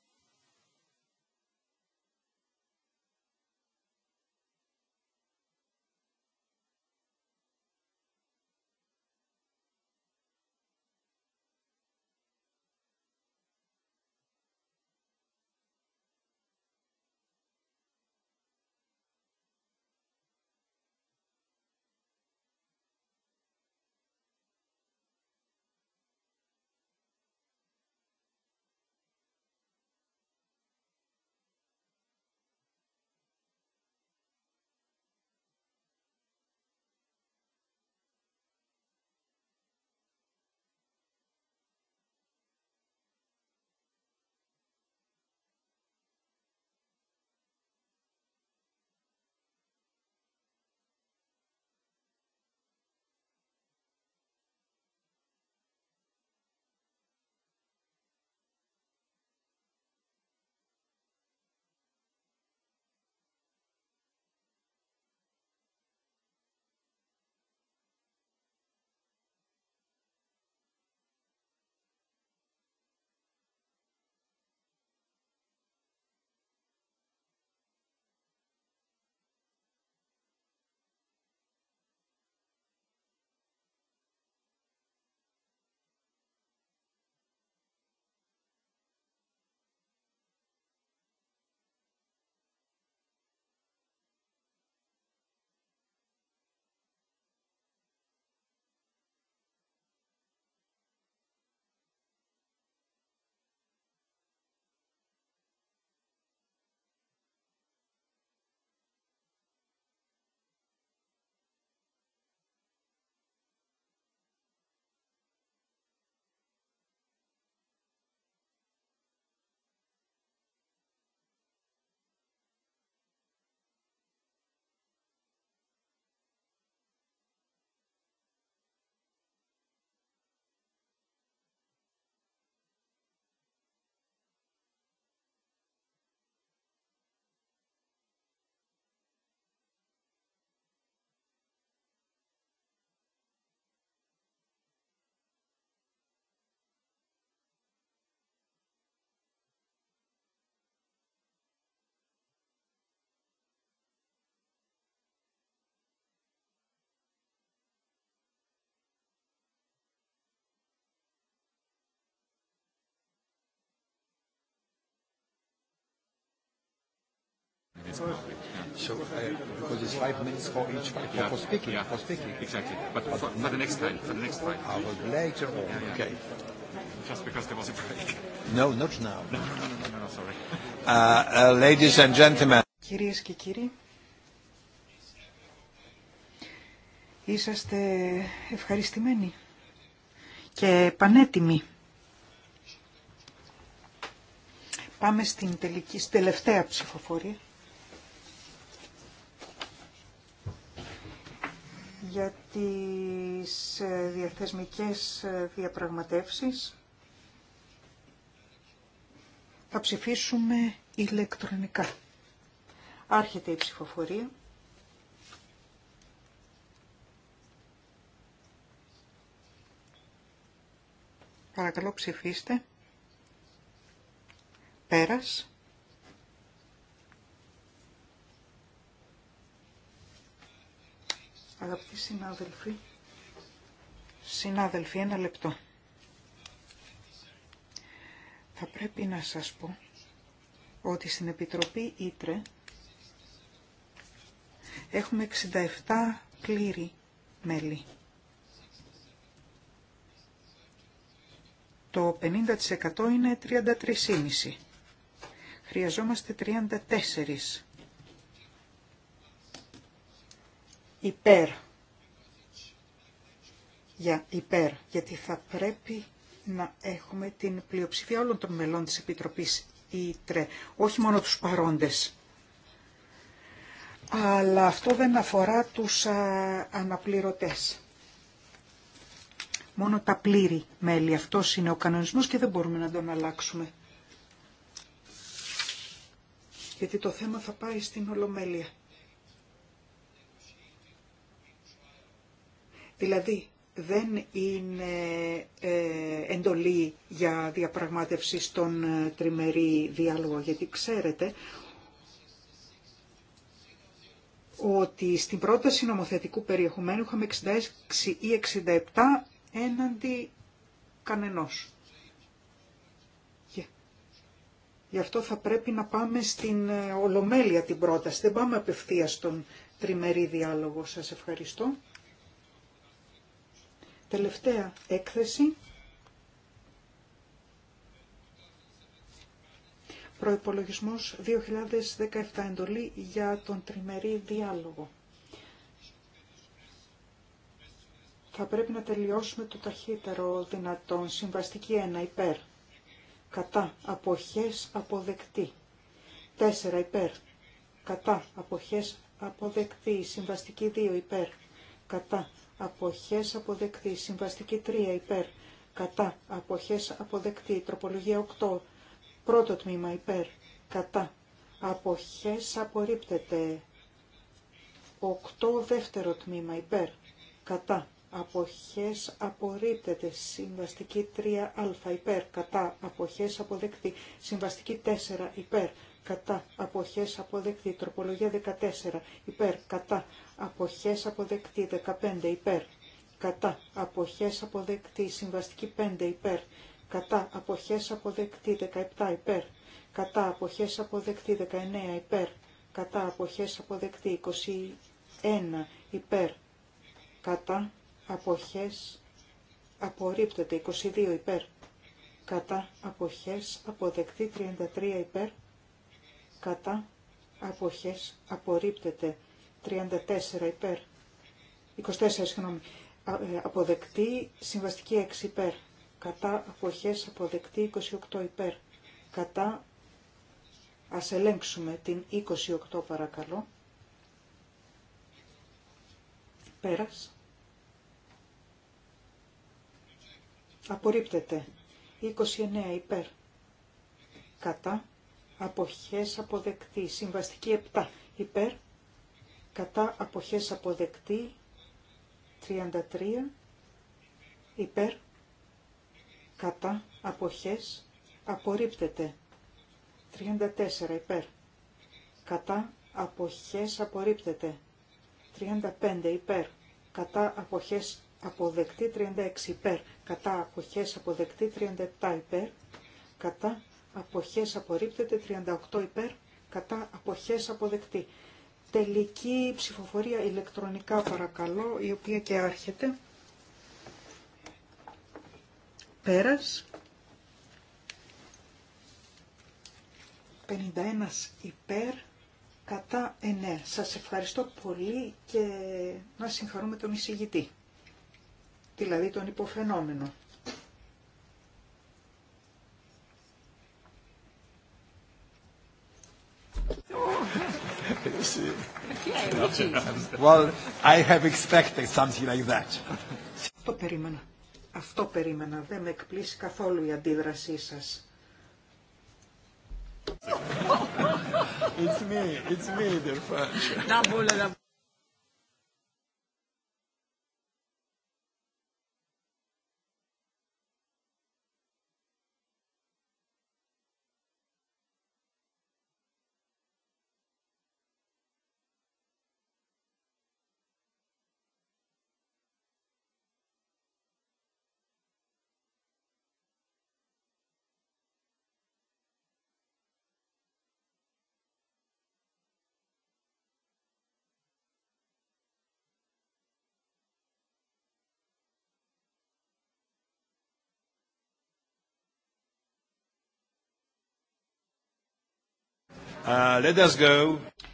So, because it's five minutes for each for, speaking. For speaking. Exactly. But, for, for the next time. For the next time. I will later on. Okay. Just because there was a break. No, not now. No, no, no, no, no, sorry. Uh, ladies and gentlemen. Κυρίες και κύριοι, είσαστε ευχαριστημένοι και πανέτοιμοι. Πάμε στην τελική, στην τελευταία ψηφοφορία. για τις ε, διαθεσμικές ε, διαπραγματεύσεις. Θα ψηφίσουμε ηλεκτρονικά. Άρχεται η ψηφοφορία. Παρακαλώ ψηφίστε. Πέρας. Αγαπητοί συνάδελφοι, συνάδελφοι, ένα λεπτό. Θα πρέπει να σας πω ότι στην Επιτροπή Ήτρε έχουμε 67 πλήρη μέλη. Το 50% είναι 33,5. Χρειαζόμαστε 34 υπέρ. Για υπέρ, γιατί θα πρέπει να έχουμε την πλειοψηφία όλων των μελών της Επιτροπής ΙΤΡΕ, όχι μόνο τους παρόντες. Αλλά αυτό δεν αφορά τους α, αναπληρωτές. Μόνο τα πλήρη μέλη. Αυτό είναι ο κανονισμός και δεν μπορούμε να τον αλλάξουμε. Γιατί το θέμα θα πάει στην Ολομέλεια. Δηλαδή δεν είναι ε, εντολή για διαπραγμάτευση στον ε, τριμερή διάλογο, γιατί ξέρετε ότι στην πρόταση νομοθετικού περιεχομένου είχαμε 66 ή 67 έναντι κανενός. Γι' αυτό θα πρέπει να πάμε στην ε, Ολομέλεια την πρόταση. Δεν πάμε απευθεία στον τριμερή διάλογο. Σας ευχαριστώ τελευταία έκθεση Προϋπολογισμός 2017 εντολή για τον τριμερή διάλογο. Θα πρέπει να τελειώσουμε το ταχύτερο δυνατόν. Συμβαστική 1 υπέρ. Κατά αποχές αποδεκτή. 4 υπέρ. Κατά αποχές αποδεκτή. Συμβαστική 2 υπέρ. Κατά αποχές αποδεκτή. Συμβαστική 3 υπέρ, κατά, αποχές αποδεκτή. Τροπολογία 8, πρώτο τμήμα υπέρ, κατά, αποχές απορρίπτεται. 8 δεύτερο τμήμα υπέρ, κατά, αποχές απορρίπτεται. Συμβαστική 3α υπέρ, κατά, αποχές αποδεκτή. Συμβαστική 4 υπέρ, κατά αποχές αποδεκτή. Τροπολογία 14 υπέρ κατά αποχές αποδεκτή. 15 υπέρ κατά αποχές αποδεκτή. Συμβαστική 5 υπέρ κατά αποχές αποδεκτή. 17 υπέρ κατά αποχές αποδεκτή. 19 υπέρ κατά αποχές αποδεκτή. 21 υπέρ κατά αποχές απορρίπτεται. 22 υπέρ κατά αποχές αποδεκτή. 33 υπέρ κατά αποχές απορρίπτεται 34 υπέρ 24 συγγνώμη ε, αποδεκτή συμβαστική 6 υπέρ κατά αποχές αποδεκτή 28 υπέρ κατά ας ελέγξουμε την 28 παρακαλώ πέρας απορρίπτεται 29 υπέρ κατά αποχές αποδεκτή. Συμβαστική 7 υπέρ, κατά αποχές αποδεκτή. 33 υπέρ, κατά αποχές απορρίπτεται. 34 υπέρ, κατά αποχές απορρίπτεται. 35 υπέρ, κατά αποχές αποδεκτή 36 υπέρ, κατά αποχές αποδεκτή 37 υπέρ, κατά αποχές απορρίπτεται, 38 υπέρ, κατά αποχές αποδεκτή. Τελική ψηφοφορία ηλεκτρονικά παρακαλώ, η οποία και άρχεται. Πέρας. 51 υπέρ, κατά 9. Ε, ναι. Σας ευχαριστώ πολύ και να συγχαρούμε τον εισηγητή, δηλαδή τον υποφαινόμενο. Αυτό περίμενα. Αυτό περίμενα. Δεν με εκπλήσει καθόλου η αντίδρασή σας. It's me, it's me,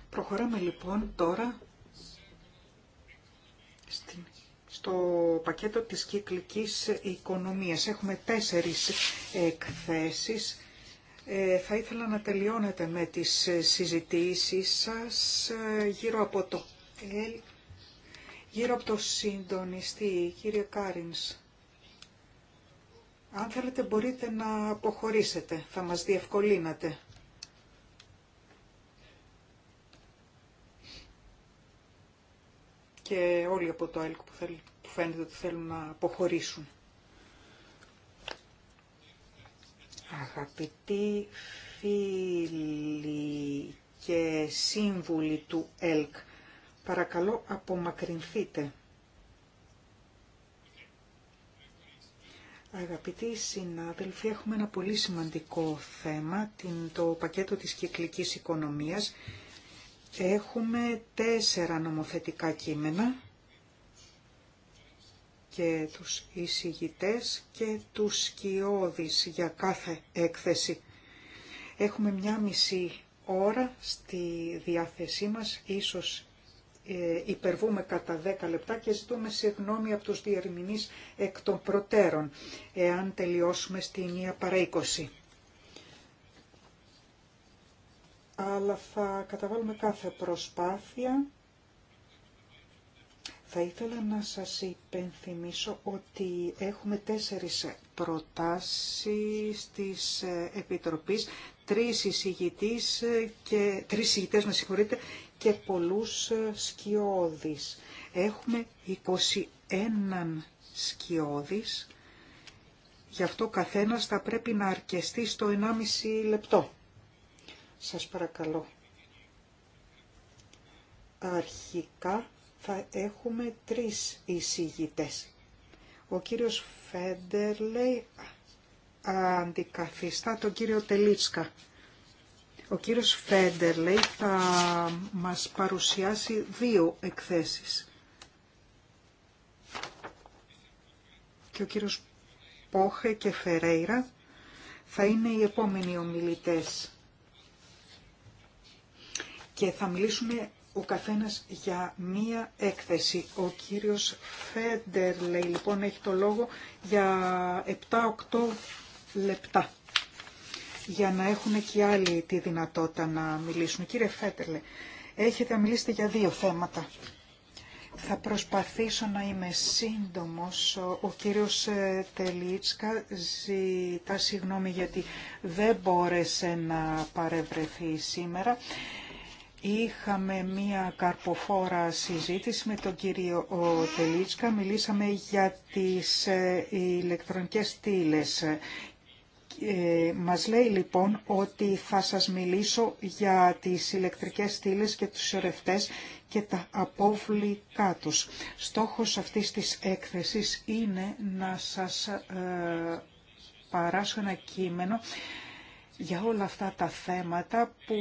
Προχωράμε λοιπόν τώρα στο πακέτο της κυκλικής οικονομίας. Έχουμε τέσσερις εκθέσεις. Ε, θα ήθελα να τελειώνετε με τις συζητήσεις σας ε, γύρω από το γύρω από το συντονιστή, κύριε Κάρινς. Αν θέλετε μπορείτε να αποχωρήσετε, θα μας διευκολύνατε. και όλοι από το ΕΛΚ που, που φαίνεται ότι θέλουν να αποχωρήσουν. Αγαπητοί φίλοι και σύμβουλοι του ΕΛΚ, παρακαλώ απομακρυνθείτε. Αγαπητοί συνάδελφοι, έχουμε ένα πολύ σημαντικό θέμα, το πακέτο της κυκλικής οικονομίας Έχουμε τέσσερα νομοθετικά κείμενα και τους εισηγητές και τους σκιώδεις για κάθε έκθεση. Έχουμε μια μισή ώρα στη διάθεσή μας, ίσως ε, υπερβούμε κατά 10 λεπτά και ζητούμε συγγνώμη από τους διερμηνείς εκ των προτέρων, εάν τελειώσουμε στην μία παρά 20. αλλά θα καταβάλουμε κάθε προσπάθεια. Θα ήθελα να σας υπενθυμίσω ότι έχουμε τέσσερις προτάσεις της Επιτροπής, τρεις εισηγητές και, τρεις εισηγητές, με συγχωρείτε, και πολλούς σκιώδεις. Έχουμε 21 σκιώδεις, γι' αυτό καθένας θα πρέπει να αρκεστεί στο 1,5 λεπτό. Σας παρακαλώ. Αρχικά θα έχουμε τρεις εισηγητές. Ο κύριος Φέντερλει αντικαθιστά τον κύριο Τελίτσκα. Ο κύριος Φέντερλει θα μας παρουσιάσει δύο εκθέσεις. Και ο κύριος Πόχε και Φερέιρα θα είναι οι επόμενοι ομιλητές και θα μιλήσουμε ο καθένας για μία έκθεση. Ο κύριος Φέντερλεϊ λοιπόν έχει το λόγο για 7-8 λεπτά για να έχουν και άλλοι τη δυνατότητα να μιλήσουν. Κύριε Φέτελε, έχετε να μιλήσετε για δύο θέματα. Θα προσπαθήσω να είμαι σύντομος. Ο κύριος ε, Τελίτσκα ζητά συγγνώμη γιατί δεν μπόρεσε να παρευρεθεί σήμερα. Είχαμε μία καρποφόρα συζήτηση με τον κύριο Τελίτσκα. Μιλήσαμε για τις ε, ηλεκτρονικές στήλες. Ε, μας λέει λοιπόν ότι θα σας μιλήσω για τις ηλεκτρικές στήλες και τους ορευτές και τα απόβληκά τους. Στόχος αυτής της έκθεσης είναι να σας ε, παράσω ένα κείμενο για όλα αυτά τα θέματα που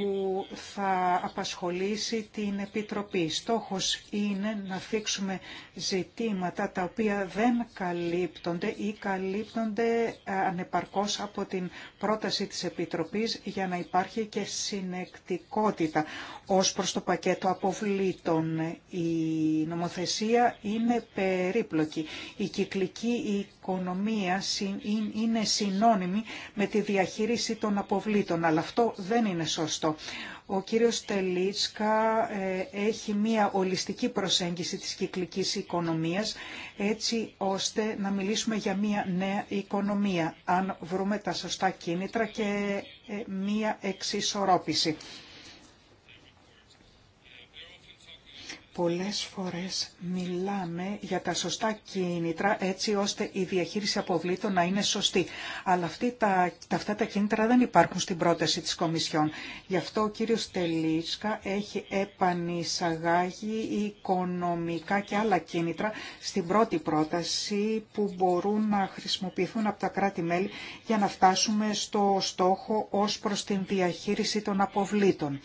θα απασχολήσει την Επιτροπή. Στόχος είναι να θίξουμε ζητήματα τα οποία δεν καλύπτονται ή καλύπτονται ε, ανεπαρκώς από την πρόταση της Επιτροπής για να υπάρχει και συνεκτικότητα. Ως προς το πακέτο αποβλήτων η νομοθεσία είναι περίπλοκη. Η κυκλική οικονομία είναι συνώνυμη με τη διαχείριση των αποβλήτων, αλλά αυτό δεν είναι σωστό. Ο κύριος Τελίτσκα ε, έχει μία ολιστική προσέγγιση της κυκλικής οικονομίας, έτσι ώστε να μιλήσουμε για μία νέα οικονομία, αν βρούμε τα σωστά κίνητρα και ε, μία εξισορρόπηση. Πολλές φορές μιλάμε για τα σωστά κίνητρα έτσι ώστε η διαχείριση αποβλήτων να είναι σωστή. Αλλά τα, αυτά τα κίνητρα δεν υπάρχουν στην πρόταση της Κομισιόν. Γι' αυτό ο κύριος Τελίσκα έχει επανεισαγάγει οικονομικά και άλλα κίνητρα στην πρώτη πρόταση που μπορούν να χρησιμοποιηθούν από τα κράτη-μέλη για να φτάσουμε στο στόχο ως προς την διαχείριση των αποβλήτων.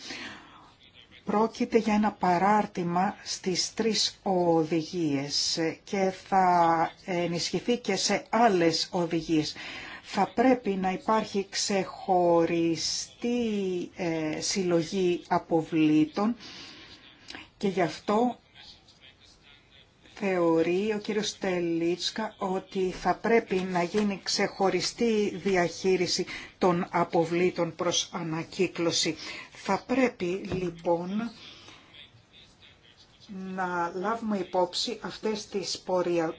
Πρόκειται για ένα παράρτημα στις τρεις οδηγίες και θα ενισχυθεί και σε άλλες οδηγίες. Θα πρέπει να υπάρχει ξεχωριστή ε, συλλογή αποβλήτων και γι' αυτό θεωρεί ο κύριος Τελίτσκα ότι θα πρέπει να γίνει ξεχωριστή διαχείριση των αποβλήτων προς ανακύκλωση. Θα πρέπει λοιπόν να λάβουμε υπόψη αυτές τις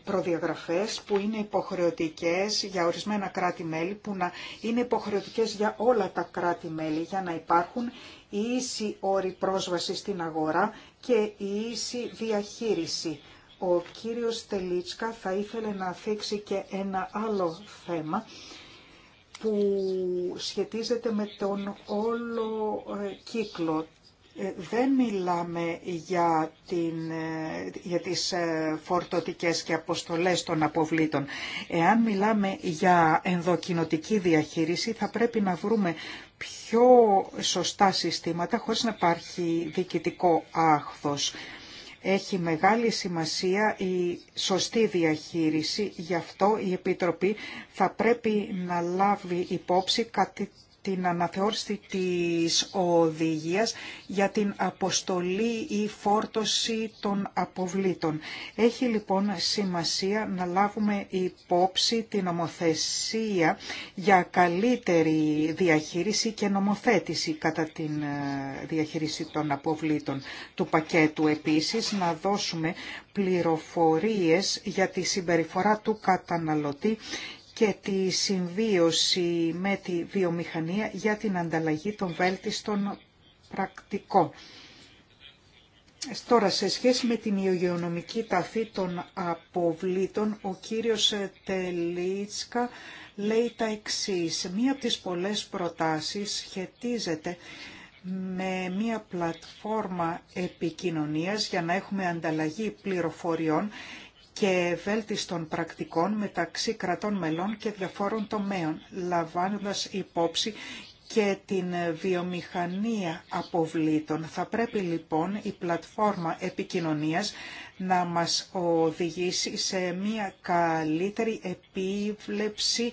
προδιαγραφές που είναι υποχρεωτικές για ορισμένα κράτη-μέλη, που να είναι υποχρεωτικές για όλα τα κράτη-μέλη, για να υπάρχουν ίση όροι πρόσβαση στην αγορά και ίση διαχείριση ο κύριος Τελίτσκα θα ήθελε να θίξει και ένα άλλο θέμα που σχετίζεται με τον όλο ε, κύκλο. Ε, δεν μιλάμε για, την, ε, για τις φορτωτικές και αποστολές των αποβλήτων. Εάν μιλάμε για ενδοκινοτική διαχείριση θα πρέπει να βρούμε πιο σωστά συστήματα χωρίς να υπάρχει διοικητικό άχθος. Έχει μεγάλη σημασία η σωστή διαχείριση, γι' αυτό η Επιτροπή θα πρέπει να λάβει υπόψη κάτι την αναθεώρηση της οδηγίας για την αποστολή ή φόρτωση των αποβλήτων. Έχει λοιπόν σημασία να λάβουμε υπόψη την νομοθεσία για καλύτερη διαχείριση και νομοθέτηση κατά την ε, διαχείριση των αποβλήτων του πακέτου. Επίσης να δώσουμε πληροφορίες για τη συμπεριφορά του καταναλωτή και τη συμβίωση με τη βιομηχανία για την ανταλλαγή των βέλτιστων πρακτικών. Τώρα, σε σχέση με την υγειονομική ταφή των αποβλήτων, ο κύριος Τελίτσκα λέει τα εξής. Μία από τις πολλές προτάσεις σχετίζεται με μία πλατφόρμα επικοινωνίας για να έχουμε ανταλλαγή πληροφοριών και βέλτιστων πρακτικών μεταξύ κρατών μελών και διαφόρων τομέων, λαμβάνοντας υπόψη και την βιομηχανία αποβλήτων. Θα πρέπει λοιπόν η πλατφόρμα επικοινωνίας να μας οδηγήσει σε μια καλύτερη επίβλεψη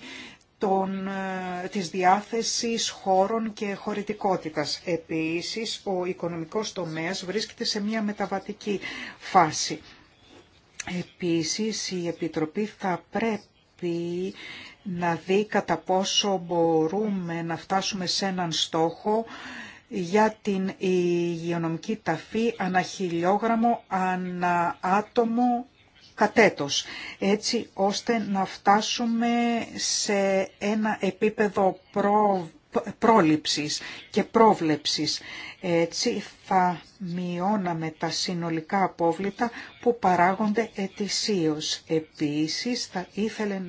των, ε, της διάθεσης χώρων και χωρητικότητας. Επίσης, ο οικονομικός τομέας βρίσκεται σε μια μεταβατική φάση. Επίσης, η Επιτροπή θα πρέπει να δει κατά πόσο μπορούμε να φτάσουμε σε έναν στόχο για την υγειονομική ταφή ανά χιλιόγραμμο, ανά άτομο κατέτος, έτσι ώστε να φτάσουμε σε ένα επίπεδο προ... πρόληψης και πρόβλεψης. Έτσι θα μειώναμε τα συνολικά απόβλητα που παράγονται ετησίως. Επίσης θα ήθελε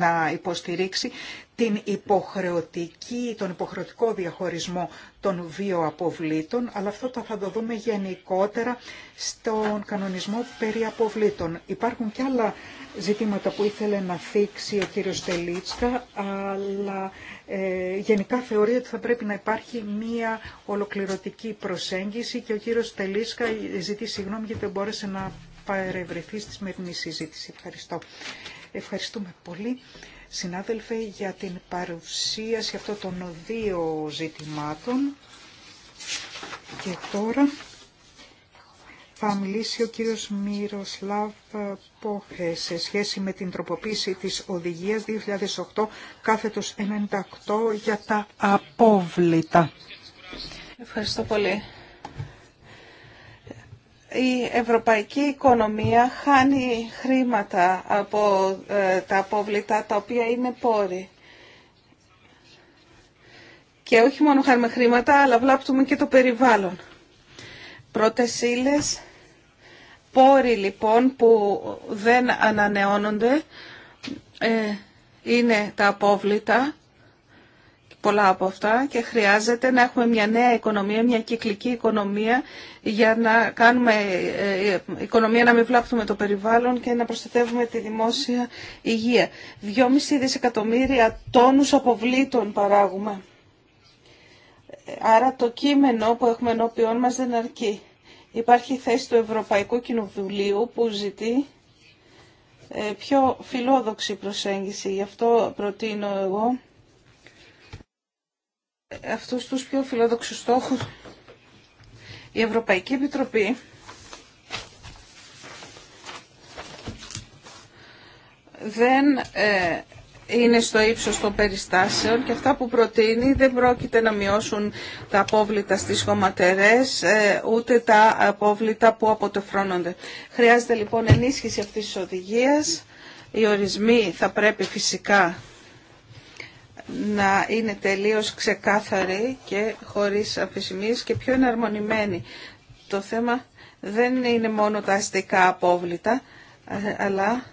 να, υποστηρίξει, την υποχρεωτική, τον υποχρεωτικό διαχωρισμό των βιοαποβλήτων, αλλά αυτό το θα το δούμε γενικότερα στον κανονισμό περί αποβλήτων. Υπάρχουν και άλλα ζητήματα που ήθελε να θίξει ο κύριος Τελίτσκα, αλλά ε, γενικά θεωρεί ότι θα πρέπει να υπάρχει μία ολοκληρωτική προσέγγιση και ο κύριος Τελίσκα ζητεί συγγνώμη γιατί δεν μπόρεσε να παρευρεθεί στη σημερινή συζήτηση. Ευχαριστώ. Ευχαριστούμε πολύ συνάδελφε για την παρουσίαση αυτών των δύο ζητημάτων. Και τώρα θα μιλήσει ο κύριος Μυροσλάβ Πόχε σε σχέση με την τροποποίηση της οδηγίας 2008 κάθετος 98 για τα απόβλητα. Ευχαριστώ πολύ. Η ευρωπαϊκή οικονομία χάνει χρήματα από ε, τα απόβλητα τα οποία είναι πόροι. Και όχι μόνο χάνουμε χρήματα, αλλά βλάπτουμε και το περιβάλλον. Πρώτες ύλες πόροι λοιπόν που δεν ανανεώνονται ε, είναι τα απόβλητα, πολλά από αυτά και χρειάζεται να έχουμε μια νέα οικονομία, μια κυκλική οικονομία για να κάνουμε ε, οικονομία να μην βλάπτουμε το περιβάλλον και να προστατεύουμε τη δημόσια υγεία. 2,5 δισεκατομμύρια τόνους αποβλήτων παράγουμε. Ε, άρα το κείμενο που έχουμε ενώπιόν μας δεν αρκεί. Υπάρχει θέση του Ευρωπαϊκού Κοινοβουλίου που ζητεί ε, πιο φιλόδοξη προσέγγιση. Γι' αυτό προτείνω εγώ αυτούς τους πιο φιλόδοξους στόχους. Η Ευρωπαϊκή Επιτροπή δεν ε, είναι στο ύψος των περιστάσεων και αυτά που προτείνει δεν πρόκειται να μειώσουν τα απόβλητα στις χωματερές ε, ούτε τα απόβλητα που αποτεφρώνονται. Χρειάζεται λοιπόν ενίσχυση αυτής της οδηγίας. Οι ορισμοί θα πρέπει φυσικά να είναι τελείως ξεκάθαροι και χωρίς αφησιμίες και πιο εναρμονημένοι. Το θέμα δεν είναι μόνο τα αστικά απόβλητα, ε, αλλά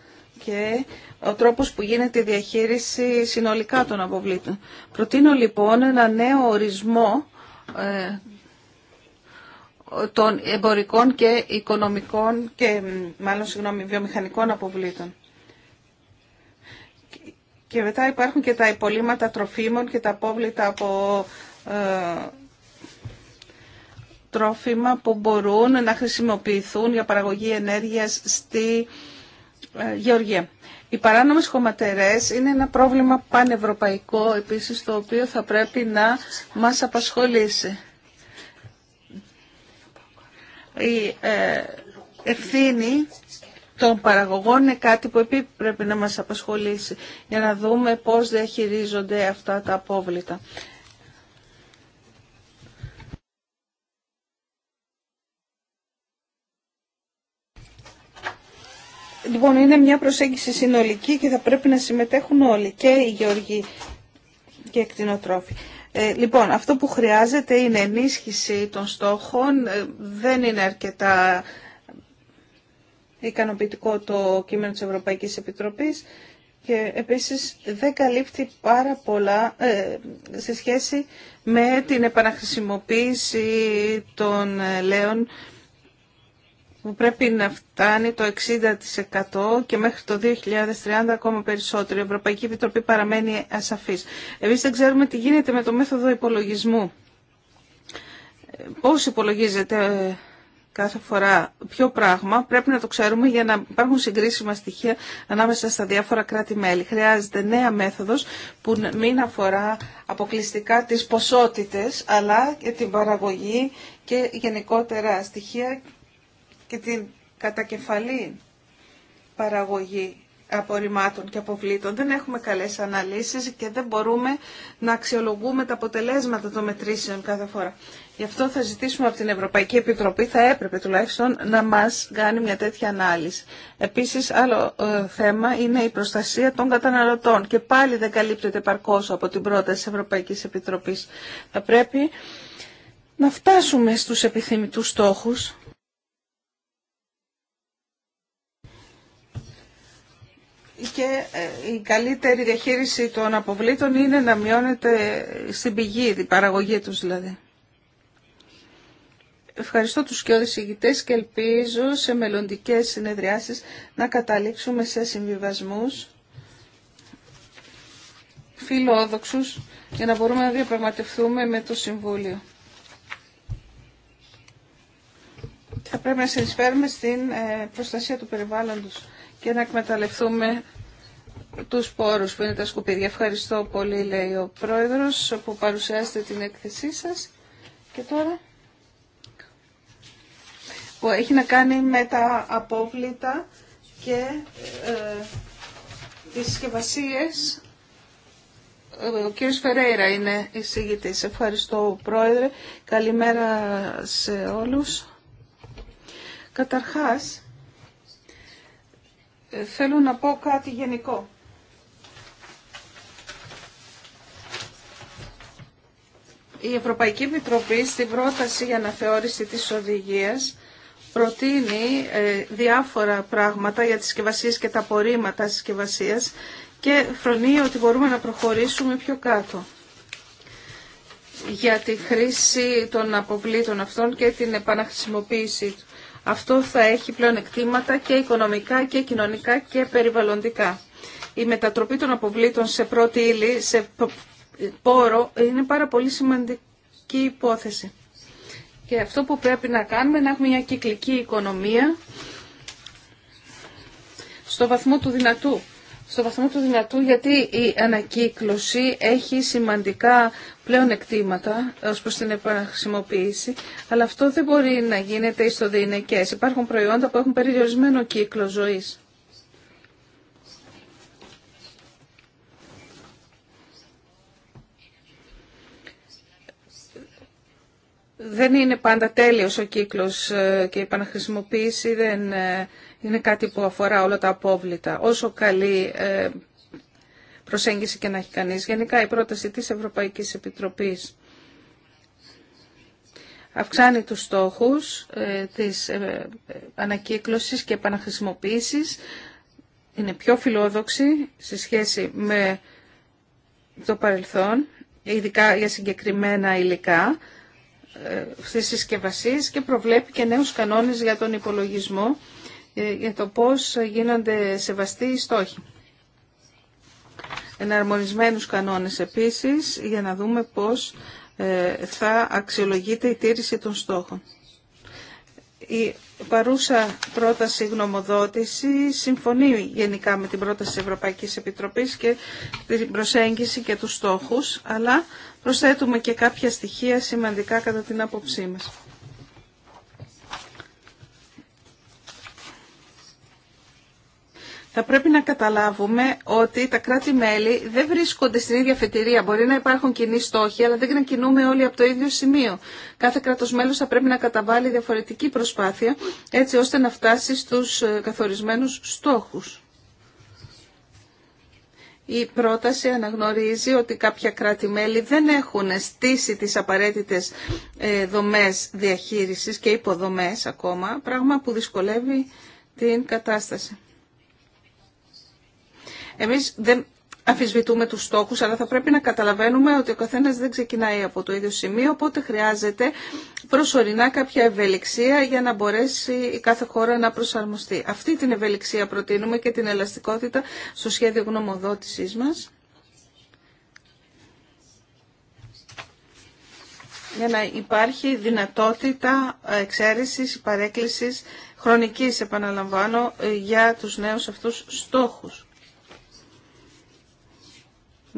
και ο τρόπος που γίνεται η διαχείριση συνολικά των αποβλήτων. Προτείνω λοιπόν ένα νέο ορισμό ε, των εμπορικών και οικονομικών και μάλλον συγγνώμη, βιομηχανικών αποβλήτων. Και μετά υπάρχουν και τα υπολείμματα τροφίμων και τα απόβλητα από ε, τρόφιμα που μπορούν να χρησιμοποιηθούν για παραγωγή ενέργειας στη ε, Γεωργία. Οι παράνομες χωματερές είναι ένα πρόβλημα πανευρωπαϊκό επίσης το οποίο θα πρέπει να μας απασχολήσει. Η ε, ευθύνη των παραγωγών είναι κάτι που πρέπει να μας απασχολήσει για να δούμε πώς διαχειρίζονται αυτά τα απόβλητα. Λοιπόν, είναι μια προσέγγιση συνολική και θα πρέπει να συμμετέχουν όλοι και οι γεωργοί και οι εκτινοτρόφοι. Ε, λοιπόν, αυτό που χρειάζεται είναι ενίσχυση των στόχων. Ε, δεν είναι αρκετά ικανοποιητικό το κείμενο της Ευρωπαϊκής Επιτροπής και επίσης δεν καλύπτει πάρα πολλά ε, σε σχέση με την επαναχρησιμοποίηση των λέων που πρέπει να φτάνει το 60% και μέχρι το 2030 ακόμα περισσότερο. Η Ευρωπαϊκή Επιτροπή παραμένει ασαφής. Εμείς δεν ξέρουμε τι γίνεται με το μέθοδο υπολογισμού. Πώς υπολογίζεται ε, κάθε φορά ποιο πράγμα πρέπει να το ξέρουμε για να υπάρχουν συγκρίσιμα στοιχεία ανάμεσα στα διάφορα κράτη-μέλη. Χρειάζεται νέα μέθοδος που μην αφορά αποκλειστικά τις ποσότητες αλλά και την παραγωγή και γενικότερα στοιχεία και την κατακεφαλή παραγωγή απορριμμάτων και αποβλήτων. Δεν έχουμε καλές αναλύσεις και δεν μπορούμε να αξιολογούμε τα αποτελέσματα των μετρήσεων κάθε φορά. Γι' αυτό θα ζητήσουμε από την Ευρωπαϊκή Επιτροπή, θα έπρεπε τουλάχιστον, να μας κάνει μια τέτοια ανάλυση. Επίσης, άλλο ε, θέμα είναι η προστασία των καταναλωτών και πάλι δεν καλύπτεται παρκώς από την πρόταση της Ευρωπαϊκής Επιτροπής. Θα πρέπει να φτάσουμε στους επιθυμητούς στόχους και ε, η καλύτερη διαχείριση των αποβλήτων είναι να μειώνεται στην πηγή, η παραγωγή τους δηλαδή. Ευχαριστώ τους και ηγητές και ελπίζω σε μελλοντικές συνεδριάσεις να καταλήξουμε σε συμβιβασμούς φιλόδοξους για να μπορούμε να διαπραγματευτούμε με το Συμβούλιο. Θα πρέπει να συνεισφέρουμε στην ε, προστασία του περιβάλλοντος και να εκμεταλλευτούμε τους πόρους που είναι τα σκουπίδια. Ευχαριστώ πολύ, λέει ο Πρόεδρος, που παρουσιάσετε την έκθεσή σας. Και τώρα, που έχει να κάνει με τα απόβλητα και ε, τις συσκευασίε. Ο κύριος Φερέιρα είναι εισηγητής. Ευχαριστώ, Πρόεδρε. Καλημέρα σε όλους. Καταρχάς, ε, θέλω να πω κάτι γενικό. Η Ευρωπαϊκή Επιτροπή στην πρόταση για αναθεώρηση της οδηγίας προτείνει ε, διάφορα πράγματα για τις συσκευασίε και τα απορρίμματα συσκευασία και φρονεί ότι μπορούμε να προχωρήσουμε πιο κάτω για τη χρήση των αποβλήτων αυτών και την επαναχρησιμοποίησή του. Αυτό θα έχει πλέον εκτήματα και οικονομικά και κοινωνικά και περιβαλλοντικά. Η μετατροπή των αποβλήτων σε πρώτη ύλη, σε πόρο, είναι πάρα πολύ σημαντική υπόθεση. Και αυτό που πρέπει να κάνουμε είναι να έχουμε μια κυκλική οικονομία στο βαθμό του δυνατού στο βαθμό του δυνατού γιατί η ανακύκλωση έχει σημαντικά πλέον εκτήματα ως προς την επαναχρησιμοποίηση, αλλά αυτό δεν μπορεί να γίνεται το Υπάρχουν προϊόντα που έχουν περιορισμένο κύκλο ζωής. Δεν είναι πάντα τέλειος ο κύκλος ε, και η επαναχρησιμοποίηση δεν ε, είναι κάτι που αφορά όλα τα απόβλητα. Όσο καλή ε, προσέγγιση και να έχει κανείς. Γενικά η πρόταση της Ευρωπαϊκής Επιτροπής αυξάνει τους στόχους ε, της ε, ανακύκλωσης και επαναχρησιμοποίησης. Είναι πιο φιλόδοξη σε σχέση με το παρελθόν, ειδικά για συγκεκριμένα υλικά στις συσκευασίες και προβλέπει και νέους κανόνες για τον υπολογισμό ε, για το πώς γίνονται σεβαστοί οι στόχοι. Εναρμονισμένους κανόνες επίσης για να δούμε πώς ε, θα αξιολογείται η τήρηση των στόχων. Η παρούσα πρόταση γνωμοδότηση συμφωνεί γενικά με την πρόταση της Ευρωπαϊκής Επιτροπής και την προσέγγιση και τους στόχους, αλλά προσθέτουμε και κάποια στοιχεία σημαντικά κατά την άποψή μας. θα πρέπει να καταλάβουμε ότι τα κράτη-μέλη δεν βρίσκονται στην ίδια φετηρία. Μπορεί να υπάρχουν κοινοί στόχοι, αλλά δεν κινούμε όλοι από το ίδιο σημείο. Κάθε κράτος μέλος θα πρέπει να καταβάλει διαφορετική προσπάθεια, έτσι ώστε να φτάσει στους ε, καθορισμένους στόχους. Η πρόταση αναγνωρίζει ότι κάποια κράτη-μέλη δεν έχουν στήσει τις απαραίτητες ε, δομές διαχείρισης και υποδομές ακόμα, πράγμα που δυσκολεύει την κατάσταση. Εμείς δεν αφισβητούμε τους στόχους, αλλά θα πρέπει να καταλαβαίνουμε ότι ο καθένας δεν ξεκινάει από το ίδιο σημείο, οπότε χρειάζεται προσωρινά κάποια ευελιξία για να μπορέσει η κάθε χώρα να προσαρμοστεί. Αυτή την ευελιξία προτείνουμε και την ελαστικότητα στο σχέδιο γνωμοδότησής μας. για να υπάρχει δυνατότητα εξαίρεσης, παρέκκλησης, χρονικής επαναλαμβάνω, για τους νέους αυτούς στόχους.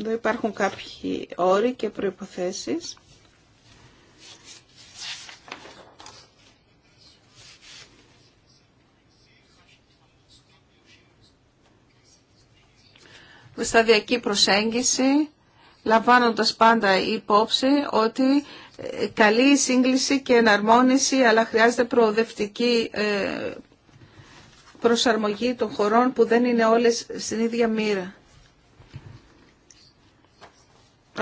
Εδώ υπάρχουν κάποιοι όροι και προϋποθέσεις. σταδιακή προσέγγιση, λαμβάνοντας πάντα υπόψη ότι ε, καλή η σύγκληση και εναρμόνιση, αλλά χρειάζεται προοδευτική ε, προσαρμογή των χωρών που δεν είναι όλες στην ίδια μοίρα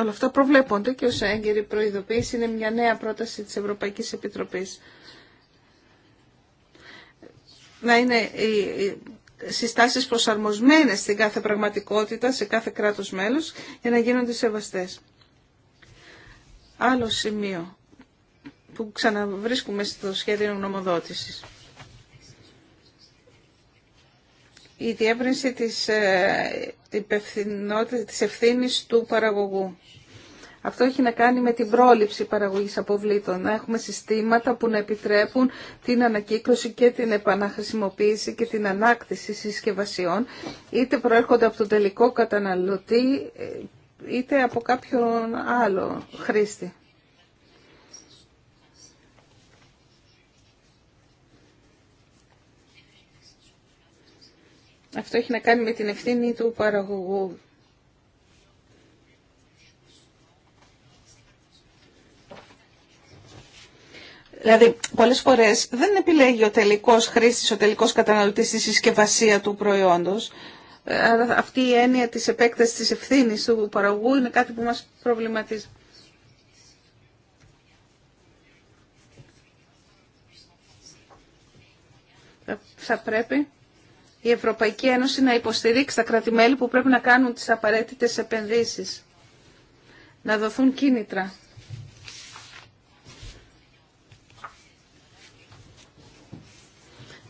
όλα αυτά προβλέπονται και ως έγκαιρη προειδοποίηση είναι μια νέα πρόταση της Ευρωπαϊκής Επιτροπής. Να είναι οι συστάσεις προσαρμοσμένες στην κάθε πραγματικότητα, σε κάθε κράτος μέλος, για να γίνονται σεβαστές. Άλλο σημείο που ξαναβρίσκουμε στο σχέδιο νομοδότησης. Η διεύρυνση της ε, τη της ευθύνης του παραγωγού. Αυτό έχει να κάνει με την πρόληψη παραγωγής αποβλήτων. Να έχουμε συστήματα που να επιτρέπουν την ανακύκλωση και την επαναχρησιμοποίηση και την ανάκτηση συσκευασιών, είτε προέρχονται από τον τελικό καταναλωτή, ε, είτε από κάποιον άλλο χρήστη. Αυτό έχει να κάνει με την ευθύνη του παραγωγού. Δηλαδή, πολλές φορές δεν επιλέγει ο τελικός χρήστης, ο τελικός καταναλωτής τη συσκευασία του προϊόντος. Ε, αυτή η έννοια της επέκτασης της ευθύνης του παραγωγού είναι κάτι που μας προβληματίζει. Θα πρέπει η Ευρωπαϊκή Ένωση να υποστηρίξει τα κράτη-μέλη που πρέπει να κάνουν τις απαραίτητες επενδύσεις. Να δοθούν κίνητρα.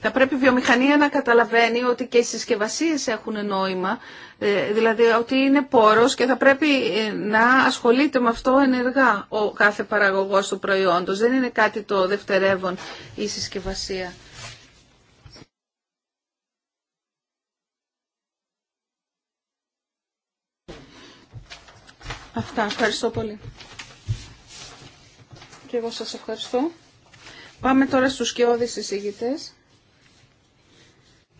Θα πρέπει η βιομηχανία να καταλαβαίνει ότι και οι συσκευασίες έχουν νόημα, ε, δηλαδή ότι είναι πόρος και θα πρέπει ε, να ασχολείται με αυτό ενεργά ο κάθε παραγωγός του προϊόντος. Δεν είναι κάτι το δευτερεύον η συσκευασία. Αυτά. Ευχαριστώ πολύ. Και εγώ σας ευχαριστώ. Πάμε τώρα στους σκιώδεις εισηγητές.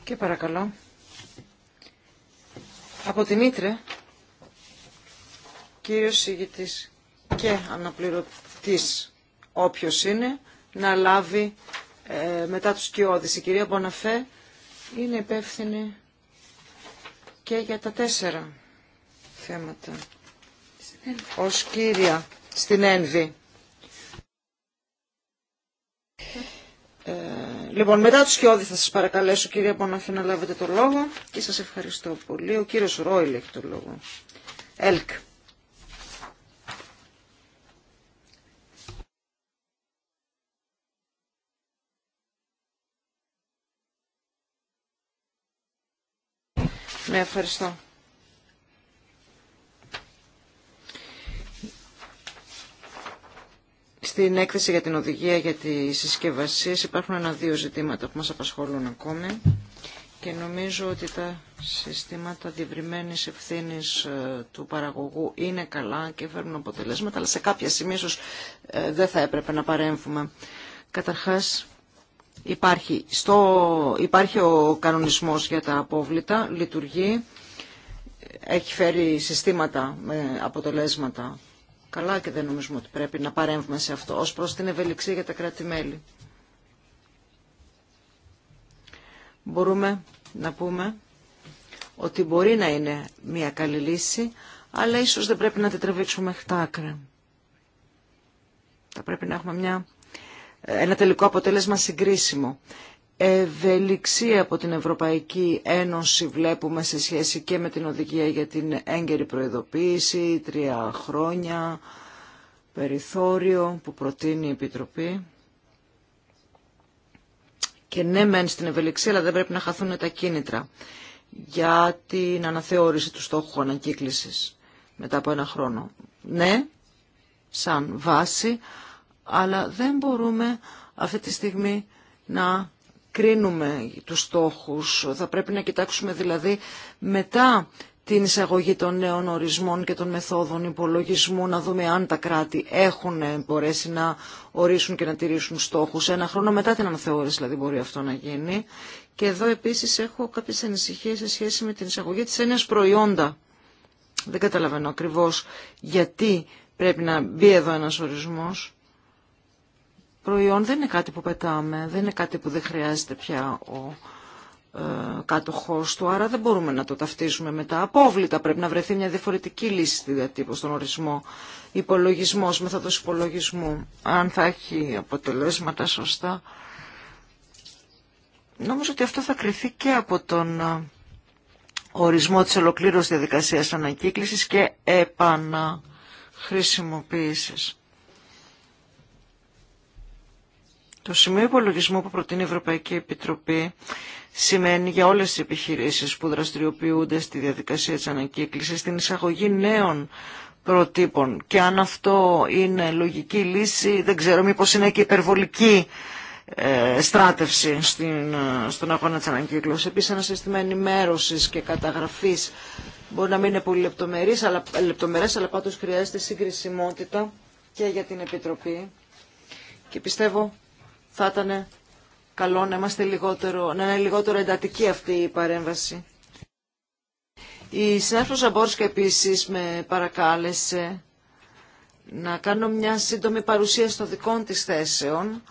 Και παρακαλώ. Από την Ήτρε, κύριος εισηγητής και αναπληρωτής όποιος είναι, να λάβει ε, μετά τους σκιώδεις. Η κυρία Μποναφέ είναι υπεύθυνη και για τα τέσσερα θέματα ως κύρια στην ΕΝΒΗ. Ε, λοιπόν, μετά τους Σκιώδη θα σας παρακαλέσω κύριε Πονάφη, να λάβετε το λόγο και σας ευχαριστώ πολύ. Ο κύριος Ρόιλ έχει το λόγο. ΕΛΚ. Ναι, ευχαριστώ. Στην έκθεση για την οδηγία για τις συσκευασιε υπαρχουν υπάρχουν ένα-δύο ζητήματα που μας απασχολούν ακόμη και νομίζω ότι τα συστήματα διευρυμένης ευθύνη ε, του παραγωγού είναι καλά και φέρνουν αποτελέσματα, αλλά σε κάποια σημεία ίσως ε, δεν θα έπρεπε να παρέμβουμε. Καταρχάς, υπάρχει, στο, υπάρχει ο κανονισμός για τα απόβλητα, λειτουργεί, έχει φέρει συστήματα με αποτελέσματα καλά και δεν νομίζουμε ότι πρέπει να παρέμβουμε σε αυτό ως προς την ευελιξία για τα κράτη-μέλη. Μπορούμε να πούμε ότι μπορεί να είναι μια καλή λύση, αλλά ίσως δεν πρέπει να την τρεβήξουμε μέχρι τα άκρα. Θα πρέπει να έχουμε μια, ένα τελικό αποτέλεσμα συγκρίσιμο ευελιξία από την Ευρωπαϊκή Ένωση βλέπουμε σε σχέση και με την οδηγία για την έγκαιρη προειδοποίηση, τρία χρόνια, περιθώριο που προτείνει η Επιτροπή. Και ναι μεν στην ευελιξία, αλλά δεν πρέπει να χαθούν τα κίνητρα για την αναθεώρηση του στόχου ανακύκλησης μετά από ένα χρόνο. Ναι, σαν βάση, αλλά δεν μπορούμε αυτή τη στιγμή να κρίνουμε τους στόχους. Θα πρέπει να κοιτάξουμε δηλαδή μετά την εισαγωγή των νέων ορισμών και των μεθόδων υπολογισμού, να δούμε αν τα κράτη έχουν μπορέσει να ορίσουν και να τηρήσουν στόχους. Ένα χρόνο μετά την αναθεώρηση δηλαδή μπορεί αυτό να γίνει. Και εδώ επίσης έχω κάποιες ανησυχίες σε σχέση με την εισαγωγή της έννοιας προϊόντα. Δεν καταλαβαίνω ακριβώς γιατί πρέπει να μπει εδώ ένας ορισμός προϊόν δεν είναι κάτι που πετάμε, δεν είναι κάτι που δεν χρειάζεται πια ο ε, κάτοχός του, άρα δεν μπορούμε να το ταυτίζουμε μετά. τα απόβλητα. Πρέπει να βρεθεί μια διαφορετική λύση στη διατύπωση, στον ορισμό. Υπολογισμός, μέθοδος υπολογισμού, αν θα έχει αποτελέσματα σωστά. Νομίζω ότι αυτό θα κρυθεί και από τον ε, ορισμό της ολοκλήρωσης διαδικασίας ανακύκλησης και επαναχρησιμοποίησης. Το σημείο υπολογισμού που προτείνει η Ευρωπαϊκή Επιτροπή σημαίνει για όλες τις επιχειρήσεις που δραστηριοποιούνται στη διαδικασία της ανακύκλησης την εισαγωγή νέων προτύπων. Και αν αυτό είναι λογική λύση, δεν ξέρω μήπως είναι και υπερβολική ε, στράτευση στην, ε, στον αγώνα της ανακύκλωσης. Επίσης ένα σύστημα ενημέρωσης και καταγραφής μπορεί να μην είναι πολύ λεπτομερής, αλλά, λεπτομερές, αλλά πάντως χρειάζεται συγκρισιμότητα και για την Επιτροπή. Και πιστεύω θα ήταν καλό να, είμαστε λιγότερο, να είναι λιγότερο εντατική αυτή η παρέμβαση. Η συνάδελφος και επίσης με παρακάλεσε να κάνω μια σύντομη παρουσία στο δικών της θέσεων.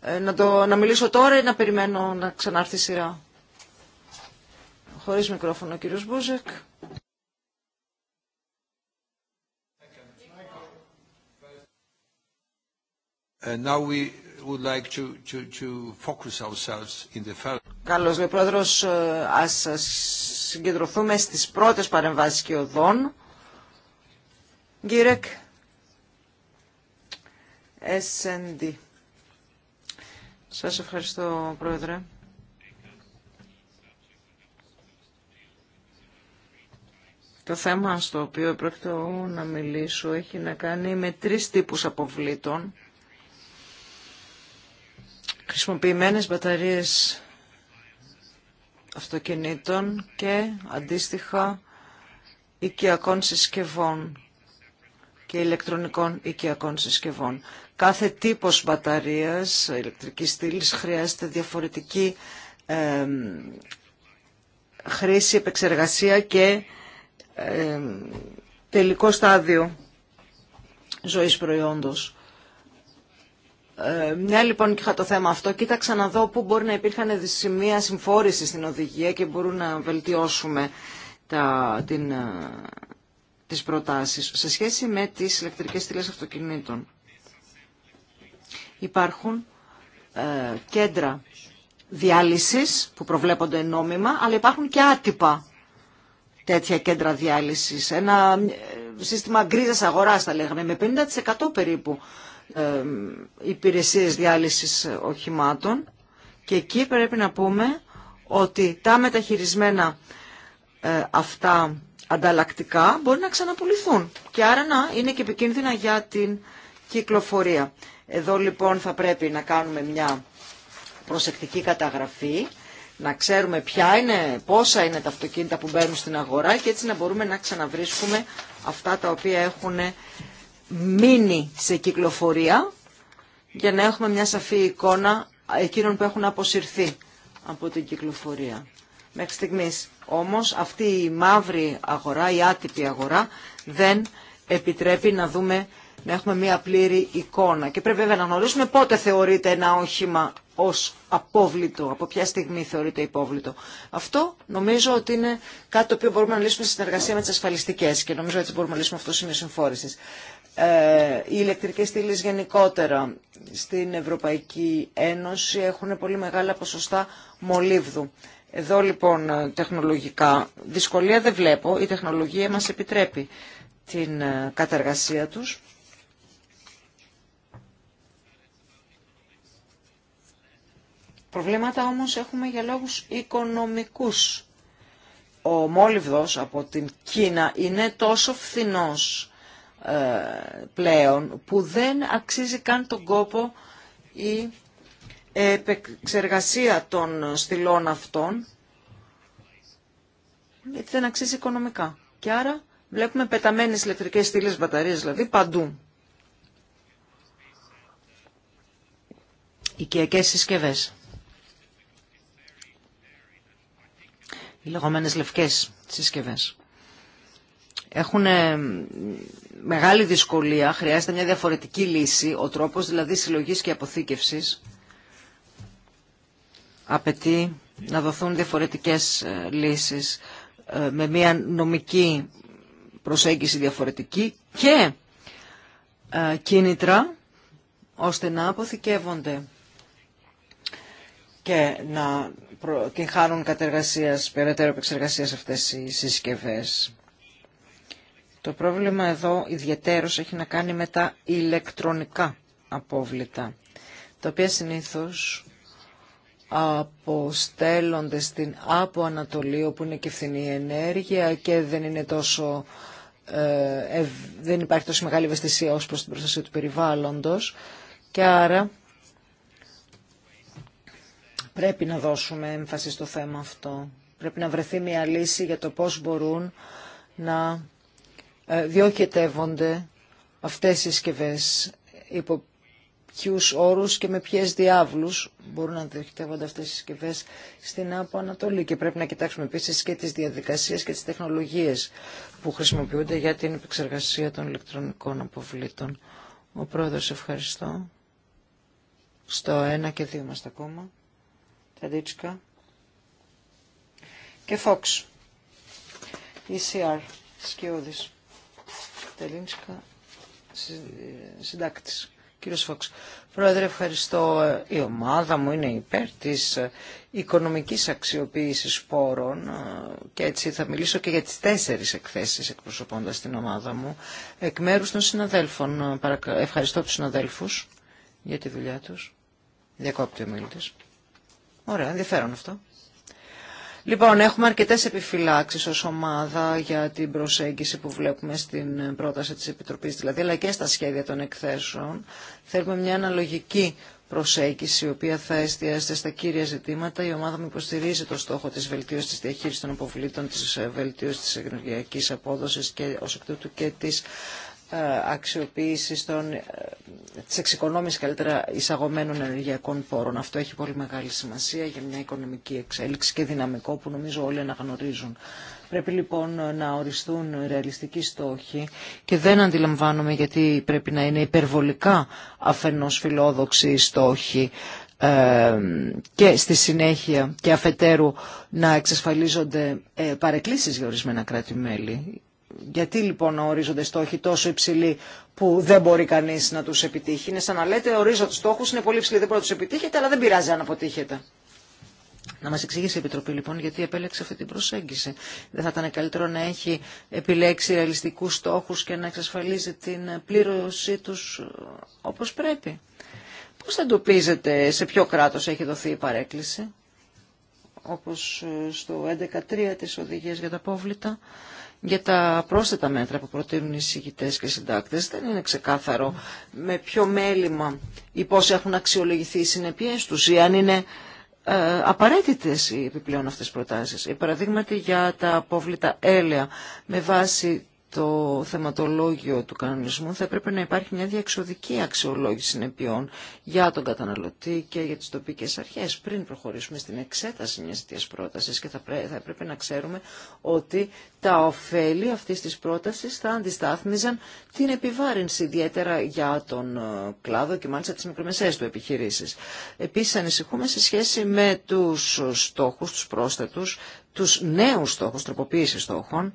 Ε, να, το, να μιλήσω τώρα ή να περιμένω να ξανάρθει η σειρά. Χωρίς μικρόφωνο ο κύριος Μπούζεκ. Ε, would like to, to, to focus ourselves in the Καλώς πρόεδρος, ε, ας συγκεντρωθούμε στις πρώτες παρεμβάσεις και οδών. Γκίρεκ, S&D. Σας ευχαριστώ πρόεδρε. Το θέμα στο οποίο πρόκειται να μιλήσω έχει να κάνει με τρεις τύπους αποβλήτων χρησιμοποιημένες μπαταρίες αυτοκινήτων και αντίστοιχα οικιακών συσκευών και ηλεκτρονικών οικιακών συσκευών. Κάθε τύπος μπαταρίας ηλεκτρικής στήλης χρειάζεται διαφορετική χρήση, επεξεργασία και ε, τελικό στάδιο ζωής προϊόντος. Ε, ναι, λοιπόν, είχα το θέμα αυτό. Κοίταξα να δω πού μπορεί να υπήρχαν σημεία συμφόρηση στην οδηγία και μπορούν να βελτιώσουμε τα, την, ε, τις προτάσεις. Σε σχέση με τις ηλεκτρικές στήλες αυτοκινήτων, υπάρχουν ε, κέντρα διάλυσης που προβλέπονται νόμιμα, αλλά υπάρχουν και άτυπα τέτοια κέντρα διάλυσης. Ένα ε, σύστημα γκρίζας αγοράς, θα λέγαμε, με 50% περίπου υπηρεσίες διάλυσης οχημάτων και εκεί πρέπει να πούμε ότι τα μεταχειρισμένα ε, αυτά ανταλλακτικά μπορεί να ξαναπουληθούν και άρα να είναι και επικίνδυνα για την κυκλοφορία. Εδώ λοιπόν θα πρέπει να κάνουμε μια προσεκτική καταγραφή, να ξέρουμε ποια είναι, πόσα είναι τα αυτοκίνητα που μπαίνουν στην αγορά και έτσι να μπορούμε να ξαναβρίσκουμε αυτά τα οποία έχουν μείνει σε κυκλοφορία για να έχουμε μια σαφή εικόνα εκείνων που έχουν αποσυρθεί από την κυκλοφορία. Μέχρι στιγμής όμως αυτή η μαύρη αγορά, η άτυπη αγορά δεν επιτρέπει να δούμε να έχουμε μια πλήρη εικόνα. Και πρέπει βέβαια να γνωρίσουμε πότε θεωρείται ένα όχημα ως απόβλητο, από ποια στιγμή θεωρείται υπόβλητο. Αυτό νομίζω ότι είναι κάτι το οποίο μπορούμε να λύσουμε σε συνεργασία με τις ασφαλιστικές και νομίζω έτσι μπορούμε να λύσουμε αυτό το σημείο συμφόρησης. Ε, οι ηλεκτρικές στήλε γενικότερα στην Ευρωπαϊκή Ένωση έχουν πολύ μεγάλα ποσοστά μολύβδου. Εδώ λοιπόν τεχνολογικά δυσκολία δεν βλέπω, η τεχνολογία μας επιτρέπει την ε, καταργασία τους. Προβλήματα όμως έχουμε για λόγους οικονομικούς. Ο μόλιβδος από την Κίνα είναι τόσο φθηνός ε, πλέον που δεν αξίζει καν τον κόπο η επεξεργασία των στυλών αυτών γιατί δεν αξίζει οικονομικά. Και άρα βλέπουμε πεταμένες ηλεκτρικές στήλες μπαταρίες δηλαδή παντού. Οικιακές συσκευές. Οι λεγόμενες λευκές συσκευές έχουν ε, μεγάλη δυσκολία, χρειάζεται μια διαφορετική λύση, ο τρόπος δηλαδή συλλογής και αποθήκευσης απαιτεί να δοθούν διαφορετικές ε, λύσεις ε, με μια νομική προσέγγιση διαφορετική και κίνητρα ώστε να αποθηκεύονται και να την χάνουν κατεργασίας, περαιτέρω επεξεργασίας αυτές οι συσκευές. Το πρόβλημα εδώ ιδιαίτερος έχει να κάνει με τα ηλεκτρονικά απόβλητα, τα οποία συνήθως αποστέλλονται στην από Ανατολή όπου είναι και φθηνή ενέργεια και δεν είναι τόσο ε, δεν υπάρχει τόσο μεγάλη ευαισθησία ως προς την προστασία του περιβάλλοντος και άρα πρέπει να δώσουμε έμφαση στο θέμα αυτό. Πρέπει να βρεθεί μια λύση για το πώς μπορούν να ε, διοχετεύονται αυτές οι συσκευέ υπό ποιους όρους και με ποιες διάβλους μπορούν να διοχετεύονται αυτές οι συσκευέ στην ΑΠΟ Ανατολή. Και πρέπει να κοιτάξουμε επίσης και τις διαδικασίες και τις τεχνολογίες που χρησιμοποιούνται για την επεξεργασία των ηλεκτρονικών αποβλήτων. Ο πρόεδρος ευχαριστώ. Στο ένα και δύο είμαστε ακόμα. Ταντίτσικα. Και Fox. ECR. Σκιώδης. Τελίνσκα, συντάκτης. Κύριος Φόξ. Πρόεδρε, ευχαριστώ. Η ομάδα μου είναι υπέρ τη οικονομικής αξιοποίηση πόρων ε, και έτσι θα μιλήσω και για τις τέσσερις εκθέσεις εκπροσωπώντας την ομάδα μου. Εκ μέρου των συναδέλφων, ε, ευχαριστώ τους συναδέλφους για τη δουλειά τους. Διακόπτει ο μίλητης. Ωραία, ενδιαφέρον αυτό. Λοιπόν, έχουμε αρκετέ επιφυλάξει ως ομάδα για την προσέγγιση που βλέπουμε στην πρόταση της Επιτροπής, δηλαδή, αλλά και στα σχέδια των εκθέσεων. Θέλουμε μια αναλογική προσέγγιση, η οποία θα εστιάζεται στα κύρια ζητήματα. Η ομάδα μου υποστηρίζει το στόχο της βελτίωση τη διαχείριση των αποβλήτων, τη βελτίωση τη ενεργειακή απόδοση και ω εκ τούτου και τη. Ε, αξιοποίηση των, ε, της εξοικονόμησης καλύτερα εισαγωμένων ενεργειακών πόρων. Αυτό έχει πολύ μεγάλη σημασία για μια οικονομική εξέλιξη και δυναμικό που νομίζω όλοι αναγνωρίζουν. Πρέπει λοιπόν να οριστούν ρεαλιστικοί στόχοι και δεν αντιλαμβάνομαι γιατί πρέπει να είναι υπερβολικά αφενός φιλόδοξοι οι στόχοι ε, και στη συνέχεια και αφετέρου να εξασφαλίζονται παρεκκλήσεις για ορισμένα κράτη-μέλη. Γιατί λοιπόν ορίζονται στόχοι τόσο υψηλοί που δεν μπορεί κανεί να του επιτύχει. Είναι σαν να λέτε ορίζω του στόχου, είναι πολύ υψηλοί, δεν μπορεί να του επιτύχετε, αλλά δεν πειράζει αν αποτύχετε. Να μα εξηγήσει η Επιτροπή λοιπόν γιατί επέλεξε αυτή την προσέγγιση. Δεν θα ήταν καλύτερο να έχει επιλέξει ρεαλιστικού στόχου και να εξασφαλίζει την πλήρωσή του όπω πρέπει. Πώ θα εντοπίζετε σε ποιο κράτο έχει δοθεί η παρέκκληση, όπω στο 11.3 τη οδηγία για τα απόβλητα για τα πρόσθετα μέτρα που προτείνουν οι συγητές και οι συντάκτες δεν είναι ξεκάθαρο με ποιο μέλημα ή πώ έχουν αξιολογηθεί οι συνεπίε του ή αν είναι ε, απαραίτητες οι επιπλέον αυτές προτάσει. προτάσεις. Οι ε, παραδείγματι για τα απόβλητα έλαια με βάση το θεματολόγιο του κανονισμού θα έπρεπε να υπάρχει μια διεξοδική αξιολόγηση συνεπειών για τον καταναλωτή και για τις τοπικές αρχές πριν προχωρήσουμε στην εξέταση μιας τέτοιας πρότασης και θα, έπρεπε να ξέρουμε ότι τα ωφέλη αυτής της πρότασης θα αντιστάθμιζαν την επιβάρυνση ιδιαίτερα για τον ε, κλάδο και μάλιστα τις μικρομεσαίες του επιχειρήσεις. Επίσης ανησυχούμε σε σχέση με τους στόχους, τους πρόσθετους, τους νέους στόχους, τροποποίηση στόχων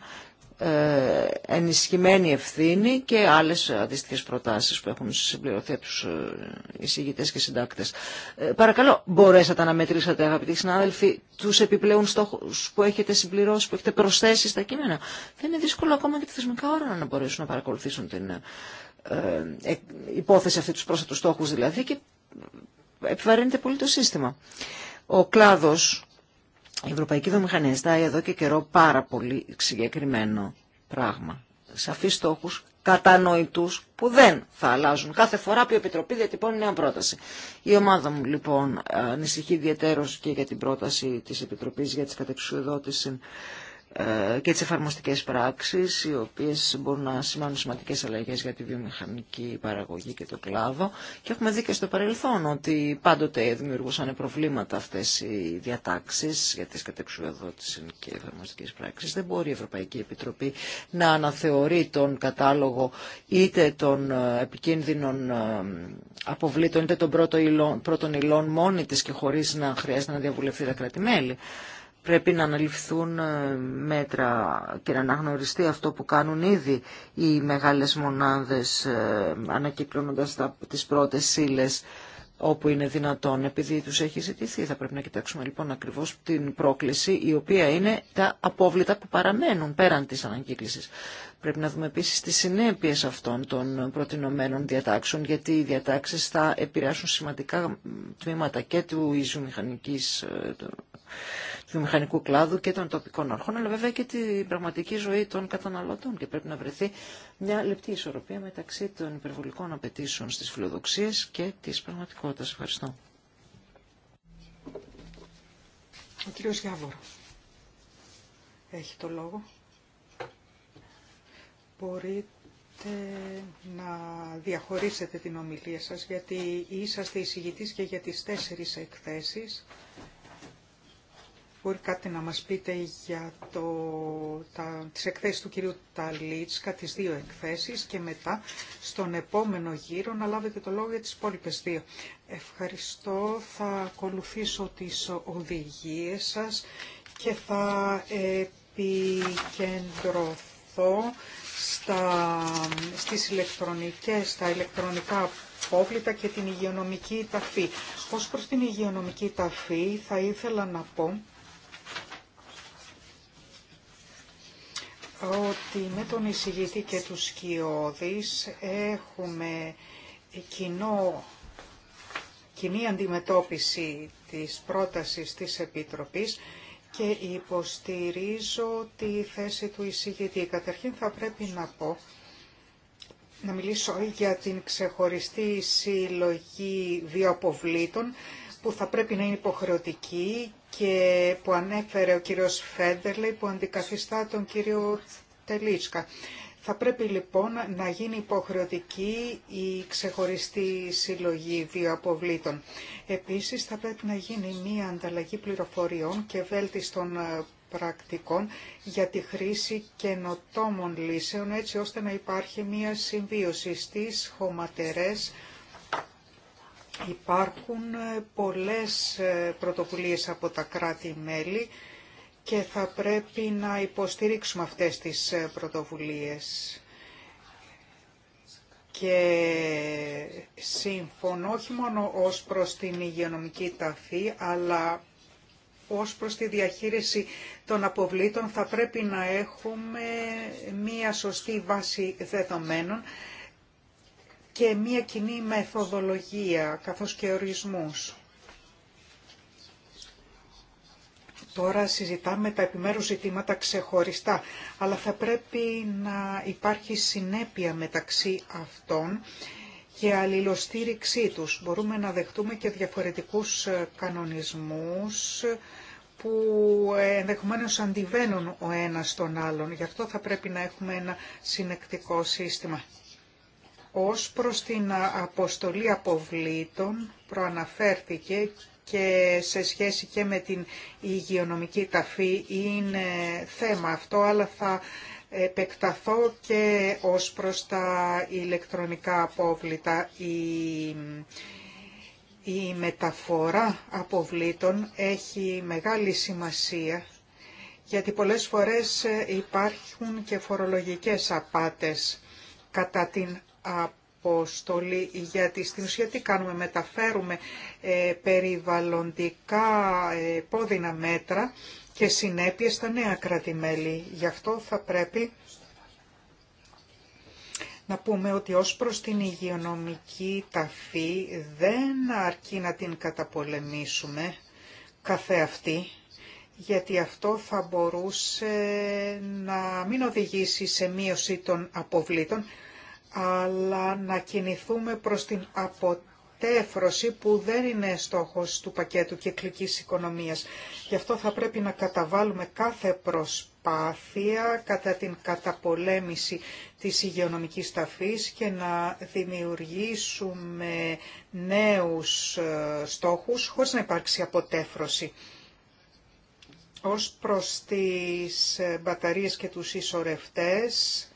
ε, ενισχυμένη ευθύνη και άλλες αντίστοιχε προτάσεις που έχουν συμπληρωθεί από τους ε, εισηγητές και συντάκτες. Ε, παρακαλώ, μπορέσατε να μετρήσατε αγαπητοί συνάδελφοι τους επιπλέον στόχους που έχετε συμπληρώσει, που έχετε προσθέσει στα κείμενα. Δεν είναι δύσκολο ακόμα και τα θεσμικά όργανα να μπορέσουν να παρακολουθήσουν την υπόθεση αυτή τους πρόσθετους στόχους δηλαδή και επιβαρύνεται πολύ το σύστημα. Ο κλάδος η Ευρωπαϊκή Βιομηχανία ζητάει εδώ και καιρό πάρα πολύ συγκεκριμένο πράγμα. Σαφείς στόχου, κατανοητούς, που δεν θα αλλάζουν. Κάθε φορά που η Επιτροπή διατυπώνει νέα πρόταση. Η ομάδα μου λοιπόν ανησυχεί ιδιαίτερω και για την πρόταση της Επιτροπής για τι κατεξουδότηση ε, και τις εφαρμοστικές πράξεις οι οποίες μπορούν να σημάνουν σημαντικές αλλαγές για τη βιομηχανική παραγωγή και το κλάδο και έχουμε δει και στο παρελθόν ότι πάντοτε δημιουργούσαν προβλήματα αυτές οι διατάξεις για τις κατεξουδότηση και εφαρμοστικές πράξεις. Δεν μπορεί η Ευρωπαϊκή Επιτροπή να αναθεωρεί τον κατάλογο είτε των ε, επικίνδυνων ε, αποβλήτων είτε των πρώτων υλών μόνη της και χωρίς να χρειάζεται να διαβουλευτεί τα κρατη πρέπει να αναλυφθούν ε, μέτρα και να αναγνωριστεί αυτό που κάνουν ήδη οι μεγάλες μονάδες ε, ανακυκλώνοντας τις πρώτες σύλλες όπου είναι δυνατόν, επειδή τους έχει ζητηθεί. Θα πρέπει να κοιτάξουμε λοιπόν ακριβώς την πρόκληση, η οποία είναι τα απόβλητα που παραμένουν πέραν της ανακύκλησης. Πρέπει να δούμε επίσης τις συνέπειες αυτών των προτινομένων διατάξεων, γιατί οι διατάξεις θα επηρεάσουν σημαντικά τμήματα και του ιζουμηχανικής του μηχανικού κλάδου και των τοπικών αρχών, αλλά βέβαια και την πραγματική ζωή των καταναλωτών. Και πρέπει να βρεθεί μια λεπτή ισορροπία μεταξύ των υπερβολικών απαιτήσεων στις φιλοδοξίες και της πραγματικότητας. Ευχαριστώ. Ο κύριος Γιάβορο έχει το λόγο. Μπορείτε να διαχωρίσετε την ομιλία σας γιατί είσαστε εισηγητής και για τις τέσσερις εκθέσεις Μπορεί κάτι να μας πείτε για το, τα, τις εκθέσεις του κυρίου Ταλίτσκα, τις δύο εκθέσεις και μετά στον επόμενο γύρο να λάβετε το λόγο για τις υπόλοιπες δύο. Ευχαριστώ, θα ακολουθήσω τις οδηγίες σας και θα επικεντρωθώ στα, στις ηλεκτρονικές, στα ηλεκτρονικά απόβλητα και την υγειονομική ταφή. Ως προς την υγειονομική ταφή θα ήθελα να πω ότι με τον εισηγητή και του σκιώδης έχουμε κοινό, κοινή αντιμετώπιση της πρότασης της Επιτροπής και υποστηρίζω τη θέση του εισηγητή. Καταρχήν θα πρέπει να πω να μιλήσω για την ξεχωριστή συλλογή βιοποβλήτων που θα πρέπει να είναι υποχρεωτική και που ανέφερε ο κύριος Φέντερλε που αντικαθιστά τον κύριο Τελίτσκα. Θα πρέπει λοιπόν να γίνει υποχρεωτική η ξεχωριστή συλλογή βιοαποβλήτων. Επίσης θα πρέπει να γίνει μία ανταλλαγή πληροφοριών και των ε, πρακτικών για τη χρήση καινοτόμων λύσεων έτσι ώστε να υπάρχει μία συμβίωση στις χωματερές Υπάρχουν ε, πολλές ε, πρωτοβουλίες από τα κράτη-μέλη και θα πρέπει να υποστηρίξουμε αυτές τις ε, πρωτοβουλίες. Και σύμφωνο όχι μόνο ως προς την υγειονομική ταφή, αλλά ως προς τη διαχείριση των αποβλήτων θα πρέπει να έχουμε μία σωστή βάση δεδομένων και μία κοινή μεθοδολογία καθώς και ορισμούς. Τώρα συζητάμε τα επιμέρους ζητήματα ξεχωριστά, αλλά θα πρέπει να υπάρχει συνέπεια μεταξύ αυτών και αλληλοστήριξή τους. Μπορούμε να δεχτούμε και διαφορετικούς κανονισμούς που ενδεχομένως αντιβαίνουν ο ένας τον άλλον. Γι' αυτό θα πρέπει να έχουμε ένα συνεκτικό σύστημα. Ως προς την αποστολή αποβλήτων προαναφέρθηκε και σε σχέση και με την υγειονομική ταφή είναι θέμα αυτό, αλλά θα επεκταθώ και ως προς τα ηλεκτρονικά απόβλητα. Η, η μεταφορά αποβλήτων έχει μεγάλη σημασία γιατί πολλές φορές υπάρχουν και φορολογικές απάτες κατά την αποστολή, γιατί στην ουσία τι κάνουμε, μεταφέρουμε ε, περιβαλλοντικά ε, πόδινα μέτρα και συνέπειες στα νέα κρατημέλη. Γι' αυτό θα πρέπει να πούμε ότι ως προς την υγειονομική ταφή δεν αρκεί να την καταπολεμήσουμε καθεαυτή, γιατί αυτό θα μπορούσε να μην οδηγήσει σε μείωση των αποβλήτων, αλλά να κινηθούμε προς την αποτέφρωση που δεν είναι στόχος του πακέτου κυκλικής οικονομίας. Γι' αυτό θα πρέπει να καταβάλουμε κάθε προσπάθεια κατά την καταπολέμηση της υγειονομικής ταφής και να δημιουργήσουμε νέους ε, στόχους χωρίς να υπάρξει αποτέφρωση ως προς τις ε, μπαταρίες και τους ισορρευτές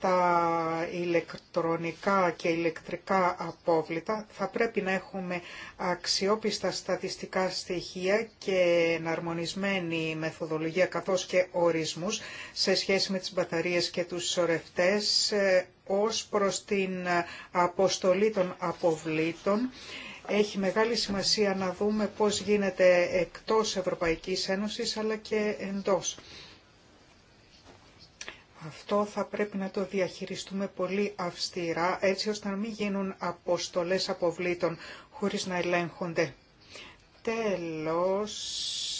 τα ηλεκτρονικά και ηλεκτρικά απόβλητα θα πρέπει να έχουμε αξιόπιστα στατιστικά στοιχεία και εναρμονισμένη μεθοδολογία καθώς και ορισμούς σε σχέση με τις μπαταρίες και τους σωρευτές ε, ως προς την αποστολή των αποβλήτων. Έχει μεγάλη σημασία να δούμε πώς γίνεται εκτός Ευρωπαϊκής Ένωσης αλλά και εντός. Αυτό θα πρέπει να το διαχειριστούμε πολύ αυστηρά, έτσι ώστε να μην γίνουν αποστολές αποβλήτων χωρίς να ελέγχονται. Τέλος,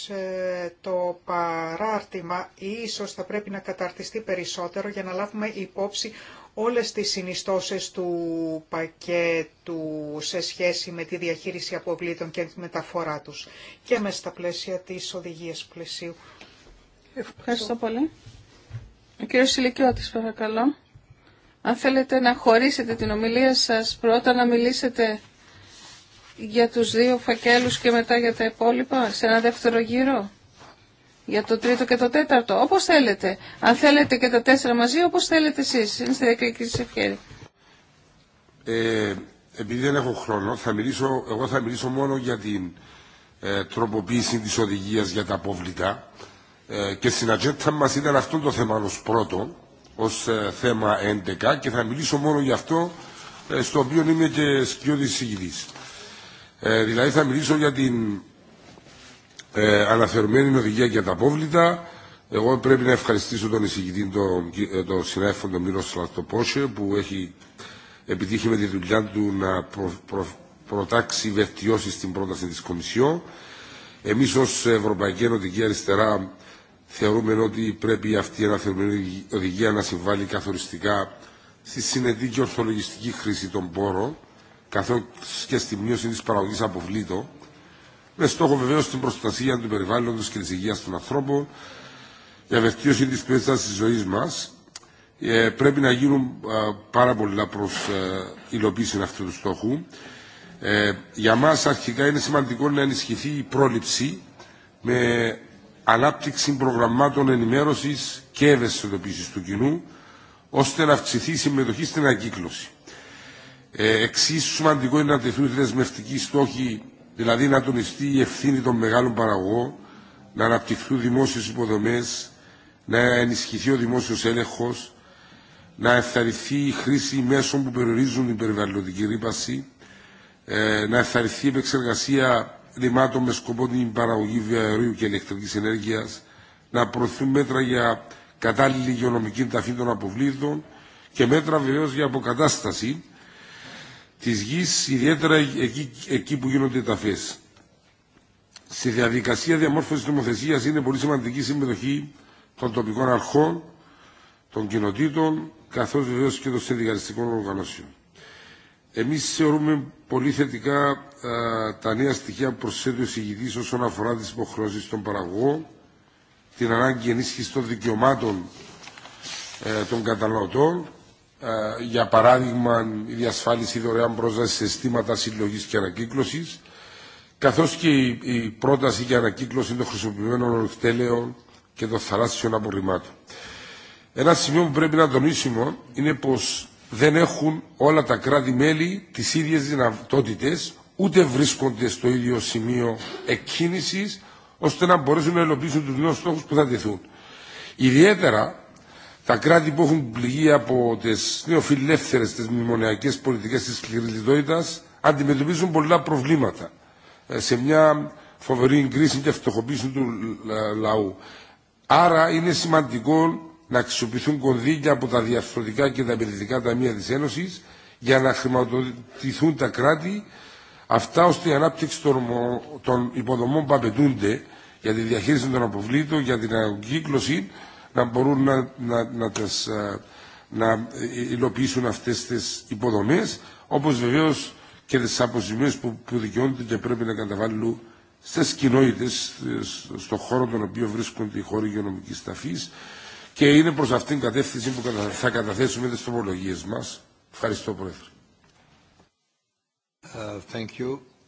ε, το παράρτημα ίσως θα πρέπει να καταρτιστεί περισσότερο για να λάβουμε υπόψη όλες τις συνιστώσεις του πακέτου σε σχέση με τη διαχείριση αποβλήτων και τη μεταφορά τους και μέσα στα πλαίσια της οδηγίας πλαισίου. Ευχαριστώ πολύ. Ο κύριος Σιλικιώτης, παρακαλώ. Αν θέλετε να χωρίσετε την ομιλία σας, πρώτα να μιλήσετε για τους δύο φακέλους και μετά για τα υπόλοιπα, σε ένα δεύτερο γύρο. Για το τρίτο και το τέταρτο, όπως θέλετε. Αν θέλετε και τα τέσσερα μαζί, όπως θέλετε εσείς. Είναι στη διακριτική της Ε, επειδή δεν έχω χρόνο, θα μιλήσω, εγώ θα μιλήσω μόνο για την ε, τροποποίηση της οδηγίας για τα απόβλητα. Ε, και στην ατζέντα μας ήταν αυτό το θέμα ως πρώτο, ως ε, θέμα 11 και θα μιλήσω μόνο γι' αυτό ε, στο οποίο είμαι και σκιώδης συγκητής. Ε, δηλαδή θα μιλήσω για την ε, αναθεωρημένη οδηγία για τα απόβλητα. Εγώ πρέπει να ευχαριστήσω τον εισηγητή, τον, τον συνάδελφο τον Μύρο Σλατοπόσε, που έχει επιτύχει με τη δουλειά του να προ, προ, προτάξει βελτιώσει στην πρόταση της Κομισιό. Εμείς ως Ευρωπαϊκή Ενωτική Αριστερά θεωρούμε ότι πρέπει αυτή η αναθεωρημένη οδηγία να συμβάλλει καθοριστικά στη συνετή και ορθολογιστική χρήση των πόρων, καθώ και στη μείωση τη παραγωγή αποβλήτων, με στόχο βεβαίω την προστασία του περιβάλλοντο και τη υγεία των ανθρώπων, για βελτίωση τη ποιότητα τη ζωή μα. Ε, πρέπει να γίνουν ε, πάρα πολλά προ ε, υλοποίηση αυτού του στόχου. για μα αρχικά είναι σημαντικό να ενισχυθεί η πρόληψη με ανάπτυξη προγραμμάτων ενημέρωσης και ευαισθητοποίησης του κοινού, ώστε να αυξηθεί η συμμετοχή στην ανακύκλωση. Ε, εξίσου σημαντικό είναι να τεθούν δεσμευτικοί στόχοι, δηλαδή να τονιστεί η ευθύνη των μεγάλων παραγωγών, να αναπτυχθούν δημόσιες υποδομές, να ενισχυθεί ο δημόσιος έλεγχος, να ευθαρρυνθεί η χρήση μέσων που περιορίζουν την περιβαλλοντική ρήπαση, ε, να ευθαρρυνθεί η επεξεργασία ρημάτων με σκοπό την παραγωγή βιοαερίου και ηλεκτρική ενέργεια, να προωθούν μέτρα για κατάλληλη υγειονομική ταφή των αποβλήτων και μέτρα βεβαίω για αποκατάσταση τη γη, ιδιαίτερα εκεί, που γίνονται ταφές. ταφέ. Στη διαδικασία διαμόρφωση νομοθεσία είναι πολύ σημαντική συμμετοχή των τοπικών αρχών, των κοινοτήτων, καθώ βεβαίω και των συνδικαλιστικών οργανώσεων. Εμείς θεωρούμε πολύ θετικά α, ε, τα νέα στοιχεία που προσθέτει ο συγητής όσον αφορά τις υποχρεώσεις των παραγωγών, την ανάγκη ενίσχυση των δικαιωμάτων ε, των καταναλωτών, ε, για παράδειγμα η διασφάλιση δωρεάν πρόσβαση σε αισθήματα συλλογής και ανακύκλωσης, καθώς και η, η πρόταση για ανακύκλωση των χρησιμοποιημένων ορυκτέλεων και των θαλάσσιων απορριμμάτων. Ένα σημείο που πρέπει να τονίσουμε είναι πως δεν έχουν όλα τα κράτη-μέλη τις ίδιες δυνατότητες, ούτε βρίσκονται στο ίδιο σημείο εκκίνησης, ώστε να μπορέσουν να ελοπίσουν τους νέους στόχους που θα τεθούν. Ιδιαίτερα, τα κράτη που έχουν πληγεί από τις νεοφιλελεύθερες, τις μνημονιακές πολιτικές της σκληριδότητας, αντιμετωπίζουν πολλά προβλήματα ε, σε μια φοβερή κρίση και φτωχοποίηση του λαού. Άρα είναι σημαντικό να αξιοποιηθούν κονδύλια από τα διαφθορτικά και τα επενδυτικά ταμεία της Ένωσης για να χρηματοδοτηθούν τα κράτη, αυτά ώστε η ανάπτυξη των υποδομών που απαιτούνται για τη διαχείριση των αποβλήτων, για την ανακύκλωση, να μπορούν να, να, να, να υλοποιήσουν αυτές τις υποδομές, όπως βεβαίως και τις αποζημίες που, που δικαιούνται και πρέπει να καταβάλουν στις κοινότητες, στον χώρο τον οποίο βρίσκονται οι χώροι υγειονομικής ταφής, και είναι προς αυτήν την κατεύθυνση που θα καταθέσουμε τις τροπολογίες μας. Ευχαριστώ, Πρόεδρε.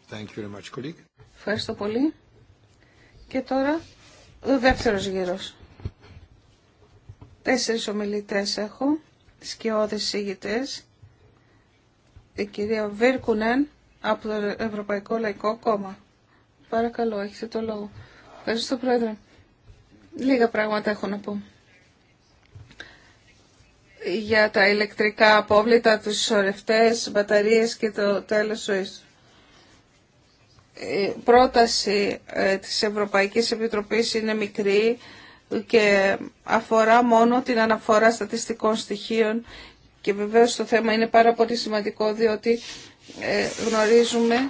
Uh, Ευχαριστώ πολύ. Και τώρα ο δεύτερος γύρος. Τέσσερις ομιλητές έχω, σκιώδες συγητές. Η κυρία Βίρκουνεν από το Ευρωπαϊκό Λαϊκό Κόμμα. Παρακαλώ, έχετε το λόγο. Ευχαριστώ, Πρόεδρε. Λίγα πράγματα έχω να πω για τα ηλεκτρικά απόβλητα, τους σωρευτές, μπαταρίες και το τέλος ζωής. Η πρόταση ε, της Ευρωπαϊκής Επιτροπής είναι μικρή και αφορά μόνο την αναφορά στατιστικών στοιχείων και βεβαίως το θέμα είναι πάρα πολύ σημαντικό διότι ε, γνωρίζουμε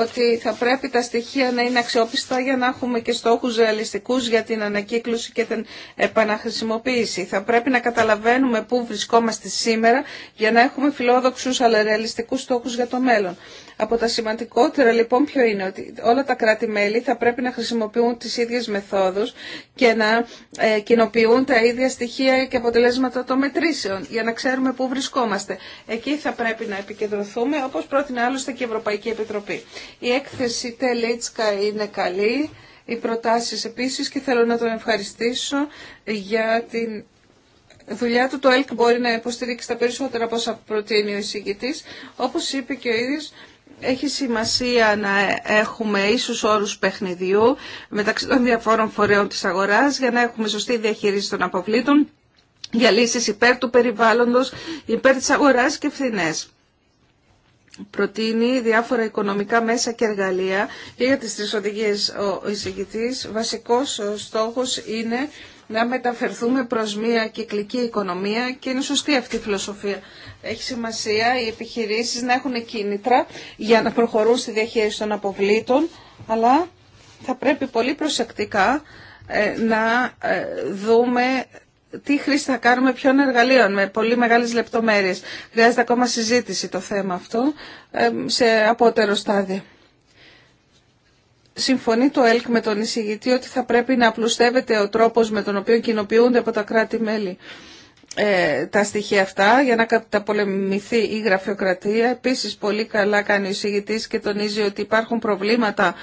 ότι θα πρέπει τα στοιχεία να είναι αξιόπιστα για να έχουμε και στόχους ρεαλιστικούς για την ανακύκλωση και την επαναχρησιμοποίηση. Θα πρέπει να καταλαβαίνουμε πού βρισκόμαστε σήμερα για να έχουμε φιλόδοξους αλλά ρεαλιστικούς στόχους για το μέλλον. Από τα σημαντικότερα λοιπόν ποιο είναι ότι όλα τα κράτη-μέλη θα πρέπει να χρησιμοποιούν τις ίδιες μεθόδους και να ε, κοινοποιούν τα ίδια στοιχεία και αποτελέσματα των μετρήσεων για να ξέρουμε πού βρισκόμαστε. Εκεί θα πρέπει να επικεντρωθούμε όπως πρότεινε άλλωστε και η Ευρωπαϊκή Επιτροπή. Η έκθεση Τελίτσκα είναι καλή, οι προτάσεις επίσης και θέλω να τον ευχαριστήσω για την δουλειά του το ΕΛΚ μπορεί να υποστηρίξει τα περισσότερα από όσα προτείνει ο εισηγητής. Όπως είπε και ο ίδιος, έχει σημασία να έχουμε ίσους όρους παιχνιδιού μεταξύ των διαφόρων φορέων της αγοράς για να έχουμε σωστή διαχείριση των αποβλήτων για λύσεις υπέρ του περιβάλλοντος, υπέρ της αγοράς και φθηνές. Προτείνει διάφορα οικονομικά μέσα και εργαλεία και για τις τρεις οδηγίες ο εισηγητής. Βασικός στόχος είναι να μεταφερθούμε προς μια κυκλική οικονομία και είναι σωστή αυτή η φιλοσοφία. Έχει σημασία οι επιχειρήσεις να έχουν κίνητρα για να προχωρούν στη διαχείριση των αποβλήτων, αλλά θα πρέπει πολύ προσεκτικά ε, να ε, δούμε τι χρήση θα κάνουμε ποιών εργαλείων με πολύ μεγάλες λεπτομέρειες. Χρειάζεται ακόμα συζήτηση το θέμα αυτό ε, σε απότερο στάδιο συμφωνεί το ΕΛΚ με τον εισηγητή ότι θα πρέπει να απλουστεύεται ο τρόπος με τον οποίο κοινοποιούνται από τα κράτη-μέλη ε, τα στοιχεία αυτά για να καταπολεμηθεί η γραφειοκρατία. Επίσης πολύ καλά κάνει ο εισηγητής και τονίζει ότι υπάρχουν προβλήματα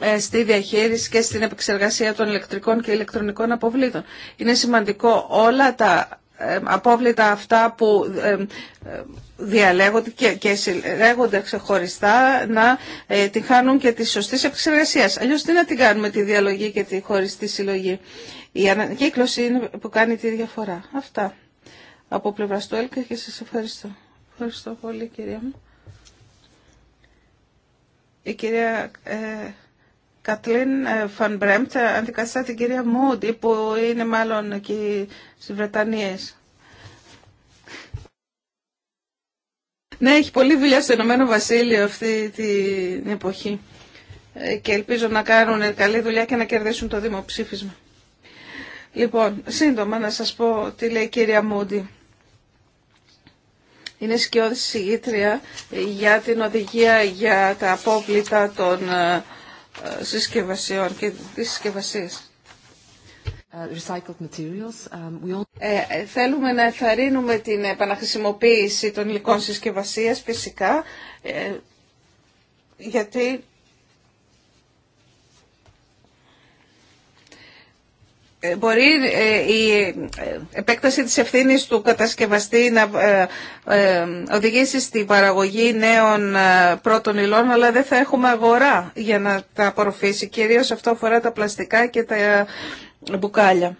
ε, στη διαχείριση και στην επεξεργασία των ηλεκτρικών και ηλεκτρονικών αποβλήτων. Είναι σημαντικό όλα τα ε, απόβλητα αυτά που ε, ε, διαλέγονται και συλλέγονται ξεχωριστά να την χάνουν και τη σωστή επεξεργασία. Αλλιώ τι να την κάνουμε τη διαλογή και τη χωριστή συλλογή. Η ανακύκλωση είναι που κάνει τη διαφορά. Αυτά από πλευρά του ΕΛΚΑ και σα ευχαριστώ. Ευχαριστώ πολύ κυρία μου. Η κυρία ε, Κατλίν ε, Φανμπρέμπτ ε, αντικαθιστά την κυρία Μούντι που είναι μάλλον εκεί στις Βρετανίες. Ναι, έχει πολλή δουλειά στο Ηνωμένο Βασίλειο αυτή την εποχή ε, και ελπίζω να κάνουν καλή δουλειά και να κερδίσουν το δημοψήφισμα. Λοιπόν, σύντομα να σας πω τι λέει η κυρία Μούντι. Είναι σκιώδη συγγήτρια για την οδηγία για τα απόβλητα των ε, συσκευασιών και της συσκευασίας. Ε, um, ε, ε θέλουμε να εθαρρύνουμε την επαναχρησιμοποίηση των υλικών συσκευασίας φυσικά, ε, γιατί Ε, μπορεί ε, η ε, επέκταση της ευθύνης του κατασκευαστή να οδηγήσει στην παραγωγή νέων πρώτων υλών, αλλά δεν θα έχουμε αγορά για να τα απορροφήσει. Κυρίως αυτό αφορά τα πλαστικά και τα μπουκάλια.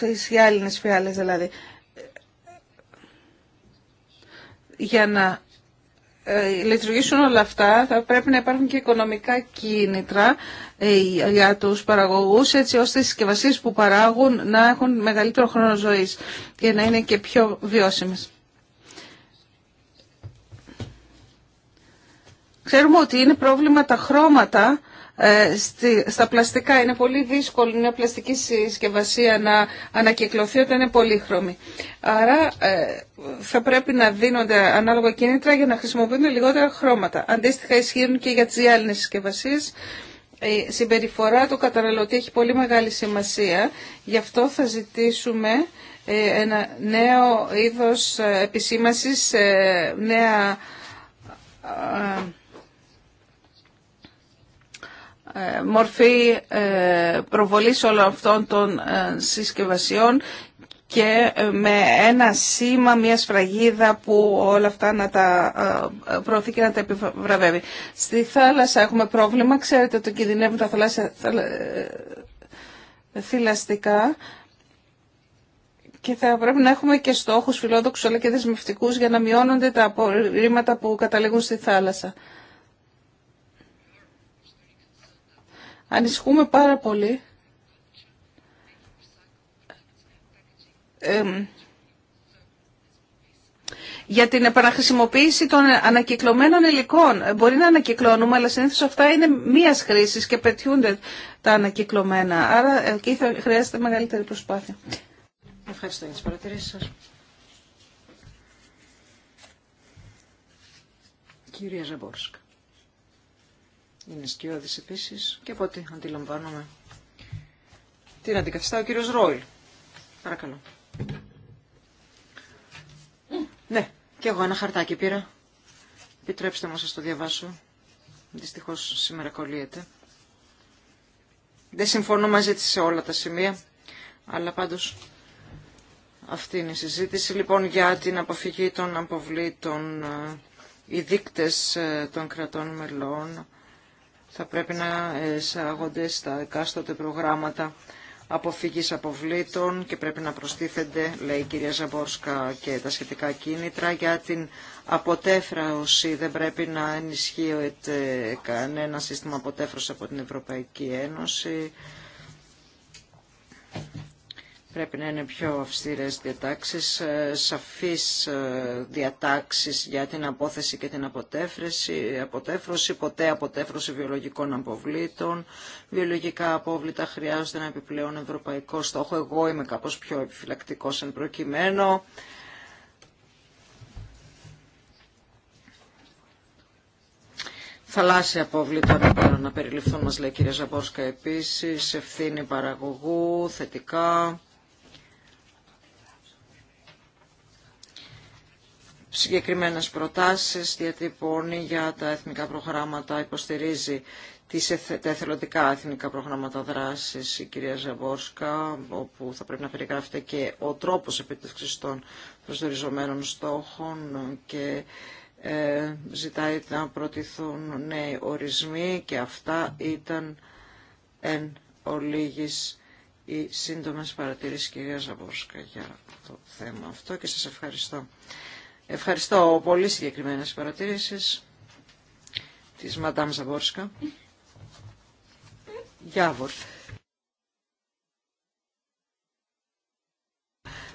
Οι γυάλινες φιάλες δηλαδή. Για να ε, λειτουργήσουν όλα αυτά θα πρέπει να υπάρχουν και οικονομικά κίνητρα ε, για τους παραγωγούς έτσι ώστε οι συσκευασίε που παράγουν να έχουν μεγαλύτερο χρόνο ζωής και να είναι και πιο βιώσιμες. Ξέρουμε ότι είναι πρόβλημα τα χρώματα ε, στα πλαστικά. Είναι πολύ δύσκολο μια πλαστική συσκευασία να ανακυκλωθεί όταν είναι πολύχρωμη. Άρα ε, θα πρέπει να δίνονται ανάλογα κίνητρα για να χρησιμοποιούνται λιγότερα χρώματα. Αντίστοιχα ισχύουν και για τις γυάλινες συσκευασίες. Η συμπεριφορά του καταναλωτή έχει πολύ μεγάλη σημασία. Γι' αυτό θα ζητήσουμε ε, ένα νέο είδος επισήμασης, νέα ε, μορφή ε, προβολής όλων αυτών των ε, συσκευασιών και με ένα σήμα, μια σφραγίδα που όλα αυτά να τα προωθεί και να τα επιβραβεύει. Στη θάλασσα έχουμε πρόβλημα, ξέρετε ότι κινδυνεύουν τα θαλάσσια θηλαστικά και θα πρέπει να έχουμε και στόχους φιλόδοξους αλλά και δεσμευτικούς για να μειώνονται τα απορρίμματα που καταλήγουν στη θάλασσα. Ανησυχούμε πάρα πολύ. για την επαναχρησιμοποίηση των ανακυκλωμένων υλικών. Μπορεί να ανακυκλώνουμε, αλλά συνήθως αυτά είναι μίας χρήσης και πετιούνται τα ανακυκλωμένα. Άρα εκεί θα χρειάζεται μεγαλύτερη προσπάθεια. Ευχαριστώ για τις παρατηρήσεις σας. Κυρία Ζαμπόρσκα. Είναι σκιώδης επίσης και από ό,τι αντιλαμβάνομαι. Την αντικαθιστά ο κύριος Ρόιλ. Παρακαλώ. Ναι, και εγώ ένα χαρτάκι πήρα. Επιτρέψτε μου να σας το διαβάσω. Δυστυχώς σήμερα κολλείεται. Δεν συμφωνώ μαζί της σε όλα τα σημεία, αλλά πάντως αυτή είναι η συζήτηση. Λοιπόν, για την αποφυγή των αποβλήτων, ε, οι δείκτες ε, των κρατών μελών, θα πρέπει να εισάγονται στα εκάστοτε προγράμματα αποφύγης αποβλήτων και πρέπει να προστίθενται, λέει η κυρία Ζαμπόρσκα και τα σχετικά κίνητρα για την αποτέφραωση. Δεν πρέπει να ενισχύεται κανένα σύστημα αποτέφρωση από την Ευρωπαϊκή Ένωση. Πρέπει να είναι πιο αυστηρές διατάξεις, ε, σαφείς ε, διατάξεις για την απόθεση και την αποτέφρωση, αποτέφρωση, ποτέ αποτέφρωση βιολογικών αποβλήτων. Βιολογικά απόβλητα χρειάζονται ένα επιπλέον ευρωπαϊκό στόχο. Εγώ είμαι κάπως πιο επιφυλακτικός εν προκειμένου. Θαλάσσια απόβλητα να περιληφθούν μας λέει η κυρία Ζαμπόρσκα επίσης, ευθύνη παραγωγού, θετικά. συγκεκριμένες προτάσεις διατυπώνει για τα εθνικά προγράμματα, υποστηρίζει τις, τα εθελοντικά εθνικά προγράμματα δράσης η κυρία Ζαμπόρσκα, όπου θα πρέπει να περιγράφεται και ο τρόπος επίτευξης των προσδοριζομένων στόχων και ε, ζητάει να προτιθούν νέοι ορισμοί και αυτά ήταν εν ολίγης οι σύντομες παρατηρήσεις κυρία Ζαμπόρσκα για το θέμα αυτό και σας ευχαριστώ. Ευχαριστώ πολύ συγκεκριμένε παρατηρήσει της Μαντάμ Ζαμπόρσκα. Γιάβορ.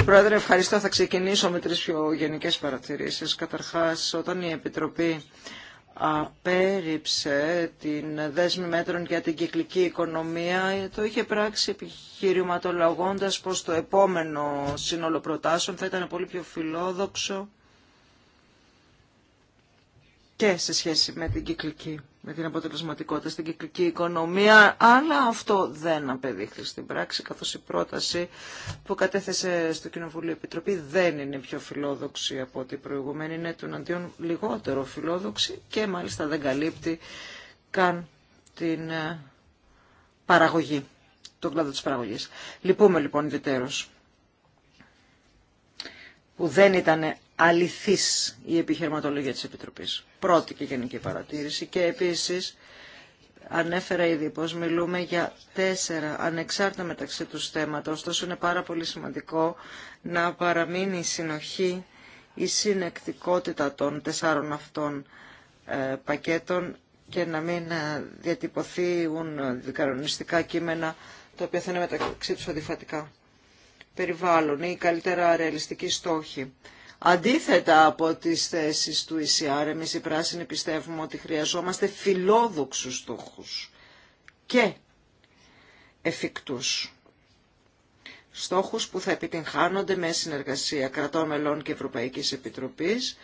Πρόεδρε, ευχαριστώ. Θα ξεκινήσω με τρεις πιο γενικές παρατηρήσεις. Καταρχάς, όταν η Επιτροπή απέρριψε την δέσμη μέτρων για την κυκλική οικονομία, το είχε πράξει επιχειρηματολογώντας πως το επόμενο σύνολο προτάσεων θα ήταν πολύ πιο φιλόδοξο και σε σχέση με την κυκλική, με την αποτελεσματικότητα στην κυκλική οικονομία, αλλά αυτό δεν απεδείχθη στην πράξη, καθώς η πρόταση που κατέθεσε στο Κοινοβούλιο Επιτροπή δεν είναι πιο φιλόδοξη από ό,τι η προηγουμένη, είναι του αντίον λιγότερο φιλόδοξη και μάλιστα δεν καλύπτει καν την ε, παραγωγή, τον κλάδο της παραγωγής. Λυπούμε λοιπόν ιδιαίτερως που δεν ήταν αληθής η επιχειρηματολογία της Επιτροπής. Πρώτη και γενική παρατήρηση και επίσης ανέφερα ήδη πως μιλούμε για τέσσερα ανεξάρτητα μεταξύ τους θέματα, ωστόσο είναι πάρα πολύ σημαντικό να παραμείνει η συνοχή, η συνεκτικότητα των τεσσάρων αυτών ε, πακέτων και να μην ε, διατυπωθούν δικαρονιστικά κείμενα τα οποία θα είναι μεταξύ τους αντιφατικά. Περιβάλλον ή καλύτερα ρεαλιστικοί στόχοι αντίθετα από τις θέσεις του ECR. Εμείς οι πράσινοι πιστεύουμε ότι χρειαζόμαστε φιλόδοξους στόχους και εφικτούς. Στόχους που θα επιτυγχάνονται με συνεργασία κρατών μελών και Ευρωπαϊκής Επιτροπής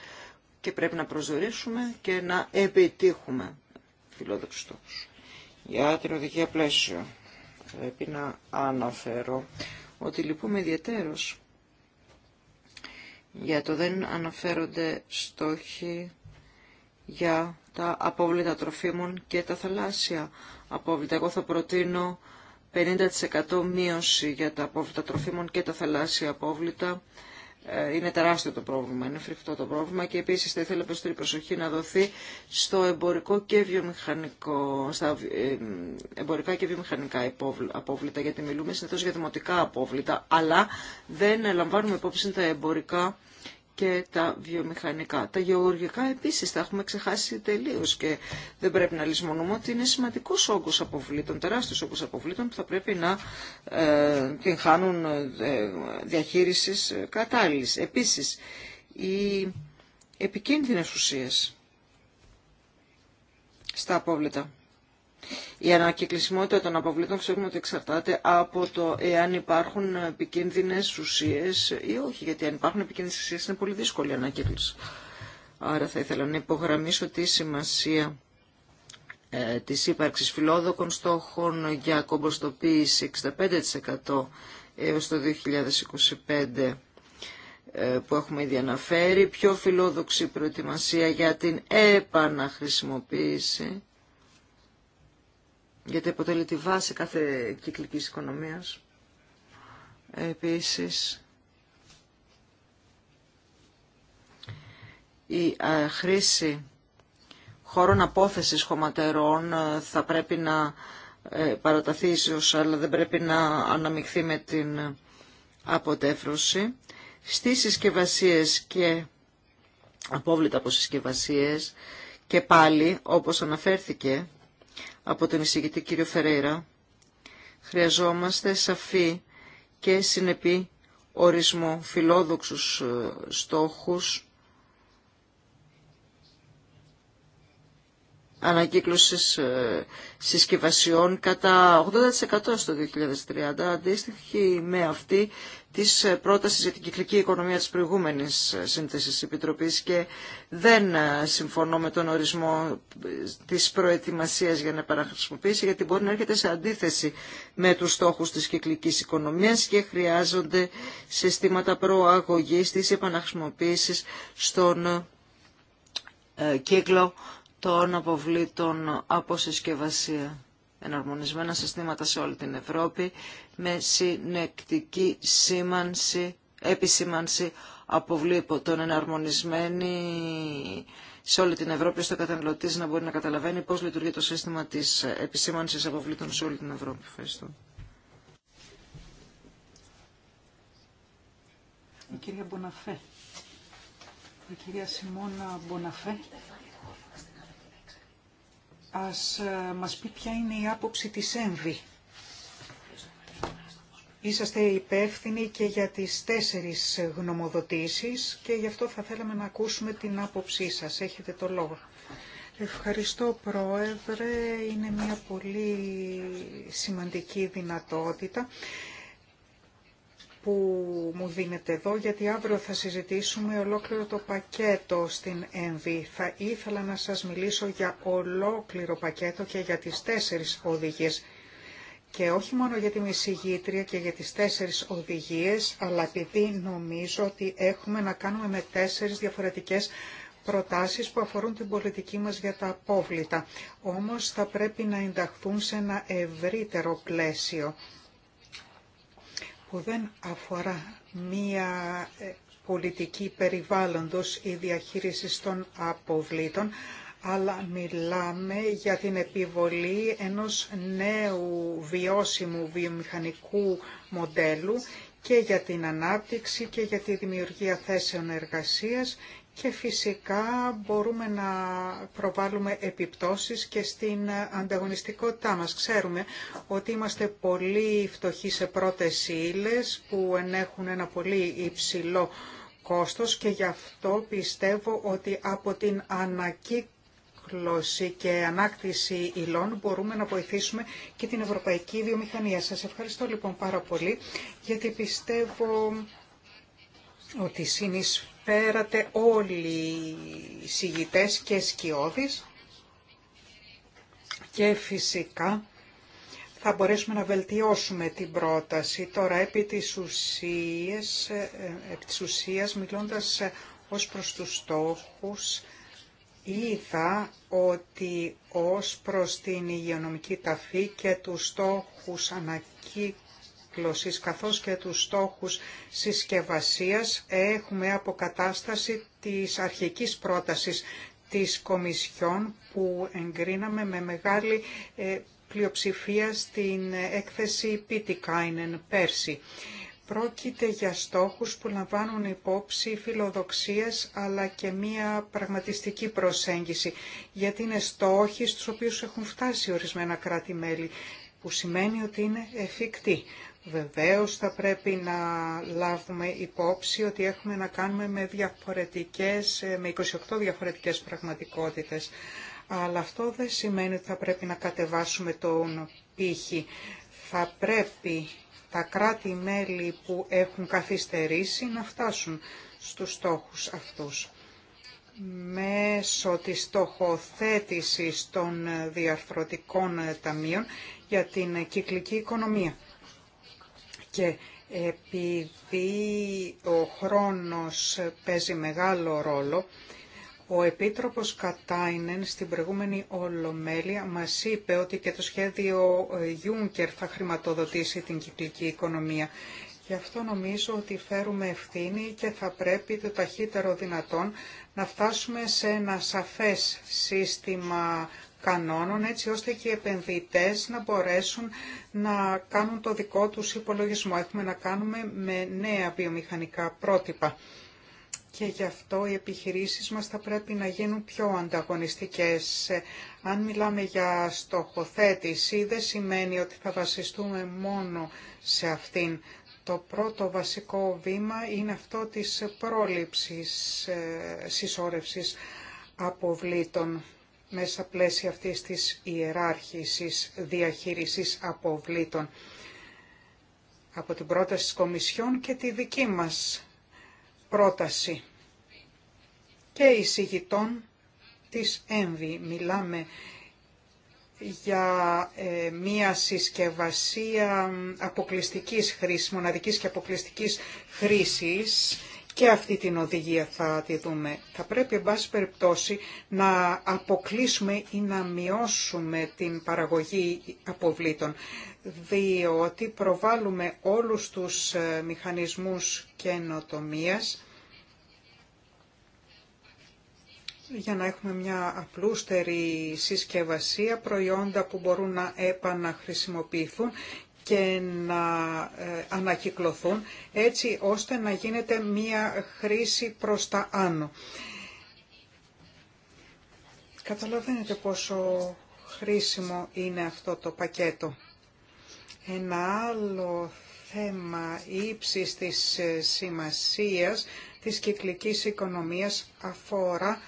και πρέπει να προσδορίσουμε και να επιτύχουμε φιλόδοξους στόχους. Για την οδηγία πλαίσιο πρέπει να αναφέρω ότι λυπούμε ιδιαίτερος για το δεν αναφέρονται στόχοι για τα απόβλητα τροφίμων και τα θαλάσσια απόβλητα. Εγώ θα προτείνω 50% μείωση για τα απόβλητα τροφίμων και τα θαλάσσια απόβλητα ε, είναι τεράστιο το πρόβλημα, είναι φρικτό το πρόβλημα και επίσης θα ήθελα περισσότερη προσοχή να δοθεί στο εμπορικό και βιομηχανικό, στα ε, εμπορικά και βιομηχανικά απόβλητα, γιατί μιλούμε συνήθω για δημοτικά απόβλητα, αλλά δεν λαμβάνουμε υπόψη τα εμπορικά και τα βιομηχανικά. Τα γεωργικά επίσης τα έχουμε ξεχάσει τελείως και δεν πρέπει να λησμονούμε ότι είναι σημαντικός όγκος αποβλήτων, τεράστιος όγκος αποβλήτων που θα πρέπει να ε, την χάνουν ε, διαχείρισης ε, κατάλληλης. Επίσης, οι επικίνδυνες ουσίες στα απόβλητα. Η ανακυκλισμότητα των αποβλήτων ξέρουμε ότι εξαρτάται από το εάν υπάρχουν επικίνδυνε ουσίε ή όχι. Γιατί αν υπάρχουν επικίνδυνε ουσίε είναι πολύ δύσκολη η ανακύκλωση. Άρα θα ήθελα να υπογραμμίσω τη σημασία ε, της ύπαρξης φιλόδοκων στόχων για κομποστοποίηση 65% έως το 2025 ε, που έχουμε ήδη αναφέρει, πιο φιλόδοξη προετοιμασία για την επαναχρησιμοποίηση γιατί αποτελεί τη βάση κάθε κυκλικής οικονομίας. Επίσης, η χρήση χώρων απόθεσης χωματερών ε, θα πρέπει να ε, παραταθεί ίσως, αλλά δεν πρέπει να αναμειχθεί με την αποτέφρωση. Στις συσκευασίε και απόβλητα από συσκευασίε και πάλι, όπως αναφέρθηκε, από τον εισηγητή κύριο Φερέιρα, χρειαζόμαστε σαφή και συνεπή ορισμό φιλόδοξους ε, στόχους ανακύκλωσης ε, συσκευασιών κατά 80% στο 2030, αντίστοιχη με αυτή της ε, πρότασης για την κυκλική οικονομία της προηγούμενης ε, σύνθεσης Επιτροπής και δεν συμφωνώ με τον ορισμό της προετοιμασίας για να επαναχρησιμοποιήσει γιατί μπορεί να έρχεται σε αντίθεση με τους στόχους της κυκλικής οικονομίας και χρειάζονται συστήματα προαγωγής της επαναχρησιμοποίησης στον κύκλο των αποβλήτων από συσκευασία. Εναρμονισμένα συστήματα σε όλη την Ευρώπη με συνεκτική σήμανση, επισήμανση αποβλήτων εναρμονισμένη σε όλη την Ευρώπη, στο ο καταναλωτή να μπορεί να καταλαβαίνει πώ λειτουργεί το σύστημα τη επισήμανση αποβλήτων σε όλη την Ευρώπη. Ευχαριστώ. Η κυρία Μποναφέ. Η κυρία Σιμώνα Μποναφέ ας ε, μας πει ποια είναι η άποψη της ΕΜΒΗ. Είσαστε υπεύθυνοι και για τις τέσσερις γνωμοδοτήσεις και γι' αυτό θα θέλαμε να ακούσουμε την άποψή σας. Έχετε το λόγο. Ευχαριστώ Πρόεδρε, είναι μια πολύ σημαντική δυνατότητα που μου δίνετε εδώ, γιατί αύριο θα συζητήσουμε ολόκληρο το πακέτο στην ΕΝΒΗ. Θα ήθελα να σας μιλήσω για ολόκληρο πακέτο και για τις τέσσερις οδηγίες. Και όχι μόνο για την εισηγήτρια και για τις τέσσερις οδηγίες, αλλά επειδή νομίζω ότι έχουμε να κάνουμε με τέσσερις διαφορετικές προτάσεις που αφορούν την πολιτική μας για τα απόβλητα. Όμως θα πρέπει να ενταχθούν σε ένα ευρύτερο πλαίσιο που δεν αφορά μία ε, πολιτική περιβάλλοντος ή διαχείρισης των αποβλήτων, αλλά μιλάμε για την επιβολή ενός νέου βιώσιμου βιομηχανικού μοντέλου και για την ανάπτυξη και για τη δημιουργία θέσεων εργασίας και φυσικά μπορούμε να προβάλλουμε επιπτώσεις και στην ανταγωνιστικότητά μας. Ξέρουμε ότι είμαστε πολύ φτωχοί σε πρώτες ύλες που ενέχουν ένα πολύ υψηλό κόστος και γι' αυτό πιστεύω ότι από την ανακύκλωση και ανάκτηση υλών μπορούμε να βοηθήσουμε και την ευρωπαϊκή βιομηχανία. Σας ευχαριστώ λοιπόν πάρα πολύ γιατί πιστεύω ότι συνεισφέρει Φέρατε όλοι οι συγητές και σκιώδεις και φυσικά θα μπορέσουμε να βελτιώσουμε την πρόταση. Τώρα, επί της ουσίας, ε, ε, επί της ουσίας μιλώντας ε, ως προς τους στόχους, είδα ότι ως προς την υγειονομική ταφή και τους στόχους ανακύκλωσης, Καθώ καθώς και τους στόχους συσκευασίας έχουμε αποκατάσταση της αρχικής πρότασης της Κομισιόν που εγκρίναμε με μεγάλη ε, πλειοψηφία στην έκθεση Πίτικάινεν πέρσι. Πρόκειται για στόχους που λαμβάνουν υπόψη φιλοδοξίες αλλά και μία πραγματιστική προσέγγιση, γιατί είναι στόχοι στους οποίους έχουν φτάσει ορισμένα κράτη-μέλη, που σημαίνει ότι είναι εφικτοί. Βεβαίως θα πρέπει να λάβουμε υπόψη ότι έχουμε να κάνουμε με, διαφορετικές, ε, με 28 διαφορετικές πραγματικότητες. Αλλά αυτό δεν σημαίνει ότι θα πρέπει να κατεβάσουμε τον πύχη. Θα πρέπει τα κράτη-μέλη που έχουν καθυστερήσει να φτάσουν στους στόχους αυτούς. Μέσω της στοχοθέτησης των διαρθρωτικών ταμείων για την κυκλική οικονομία και επειδή ο χρόνος παίζει μεγάλο ρόλο, ο Επίτροπος Κατάινεν στην προηγούμενη Ολομέλεια μας είπε ότι και το σχέδιο Γιούνκερ θα χρηματοδοτήσει την κυκλική οικονομία. Γι' αυτό νομίζω ότι φέρουμε ευθύνη και θα πρέπει το ταχύτερο δυνατόν να φτάσουμε σε ένα σαφές σύστημα κανόνων έτσι ώστε και οι επενδυτές να μπορέσουν να κάνουν το δικό τους υπολογισμό. Έχουμε να κάνουμε με νέα βιομηχανικά πρότυπα. Και γι' αυτό οι επιχειρήσεις μας θα πρέπει να γίνουν πιο ανταγωνιστικές. Αν μιλάμε για στοχοθέτηση, δεν σημαίνει ότι θα βασιστούμε μόνο σε αυτήν. Το πρώτο βασικό βήμα είναι αυτό της πρόληψης ε, συσσόρευσης αποβλήτων μέσα πλαίσια αυτής της ιεράρχησης διαχείρισης αποβλήτων από την πρόταση της Κομισιόν και τη δική μας πρόταση και εισηγητών της ΕΜΒΗ. Μιλάμε για ε, μία συσκευασία αποκλειστικής χρήσης, μοναδικής και αποκλειστικής χρήσης και αυτή την οδηγία θα τη δούμε. Θα πρέπει, εν πάση περιπτώσει, να αποκλείσουμε ή να μειώσουμε την παραγωγή αποβλήτων, διότι προβάλλουμε όλους τους ε, μηχανισμούς καινοτομίας για να έχουμε μια απλούστερη συσκευασία, προϊόντα που μπορούν να επαναχρησιμοποιηθούν και να ε, ανακυκλωθούν έτσι ώστε να γίνεται μία χρήση προς τα άνω. Καταλαβαίνετε πόσο χρήσιμο είναι αυτό το πακέτο. Ένα άλλο θέμα ύψης της ε, σημασίας της κυκλικής οικονομίας αφορά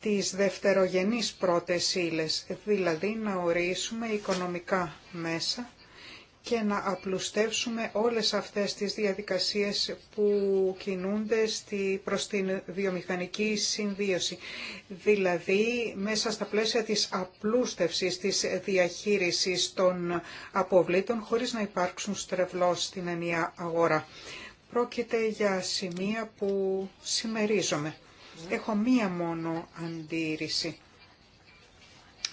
τις δευτερογενείς πρώτες ύλες, δηλαδή να ορίσουμε οικονομικά μέσα και να απλουστεύσουμε όλες αυτές τις διαδικασίες που κινούνται στη, προς την βιομηχανική συνδύωση. Δηλαδή, μέσα στα πλαίσια της απλούστευσης της διαχείρισης των αποβλήτων, χωρίς να υπάρξουν στρεβλώς στην ενιαία αγορά. Πρόκειται για σημεία που συμμερίζομαι. Ναι. Έχω μία μόνο αντίρρηση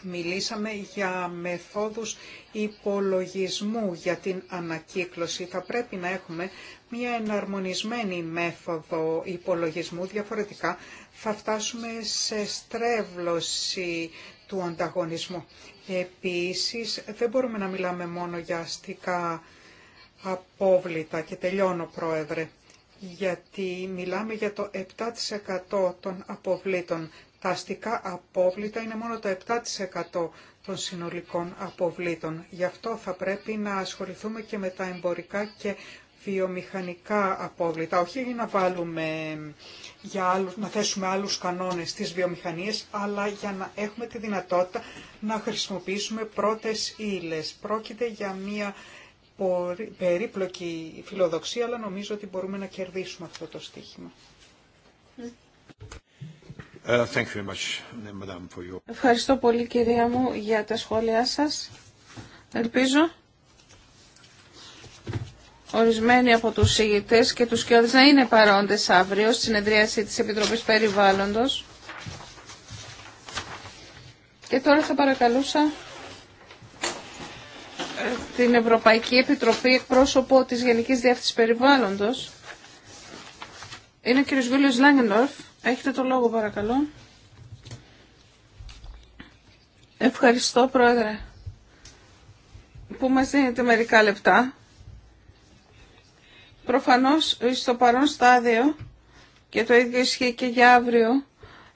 Μιλήσαμε για μεθόδους υπολογισμού για την ανακύκλωση. Θα πρέπει να έχουμε μια εναρμονισμένη μέθοδο υπολογισμού. Διαφορετικά θα φτάσουμε σε στρέβλωση του ανταγωνισμού. Επίσης, δεν μπορούμε να μιλάμε μόνο για αστικά απόβλητα και τελειώνω πρόεδρε γιατί μιλάμε για το 7% των αποβλήτων τα αστικά απόβλητα είναι μόνο το 7% των συνολικών αποβλήτων. Γι' αυτό θα πρέπει να ασχοληθούμε και με τα εμπορικά και βιομηχανικά απόβλητα, όχι για να βάλουμε για άλλους, να θέσουμε άλλους κανόνες στις βιομηχανίες, αλλά για να έχουμε τη δυνατότητα να χρησιμοποιήσουμε πρώτες ύλες. Πρόκειται για μια περίπλοκη φιλοδοξία, αλλά νομίζω ότι μπορούμε να κερδίσουμε αυτό το στίχημα. Uh, Ευχαριστώ πολύ κυρία μου για τα σχόλιά σας. Ελπίζω ορισμένοι από τους συγητές και τους κοιόδες να είναι παρόντες αύριο στη συνεδρίαση της Επιτροπής Περιβάλλοντος. Και τώρα θα παρακαλούσα ε, την Ευρωπαϊκή Επιτροπή εκπρόσωπο της Γενικής Διεύθυνσης Περιβάλλοντος. Είναι ο κ. Βίλιος Λάγκενορφ Έχετε το λόγο παρακαλώ. Ευχαριστώ Πρόεδρε που μας δίνετε μερικά λεπτά. Προφανώς στο παρόν στάδιο και το ίδιο ισχύει και για αύριο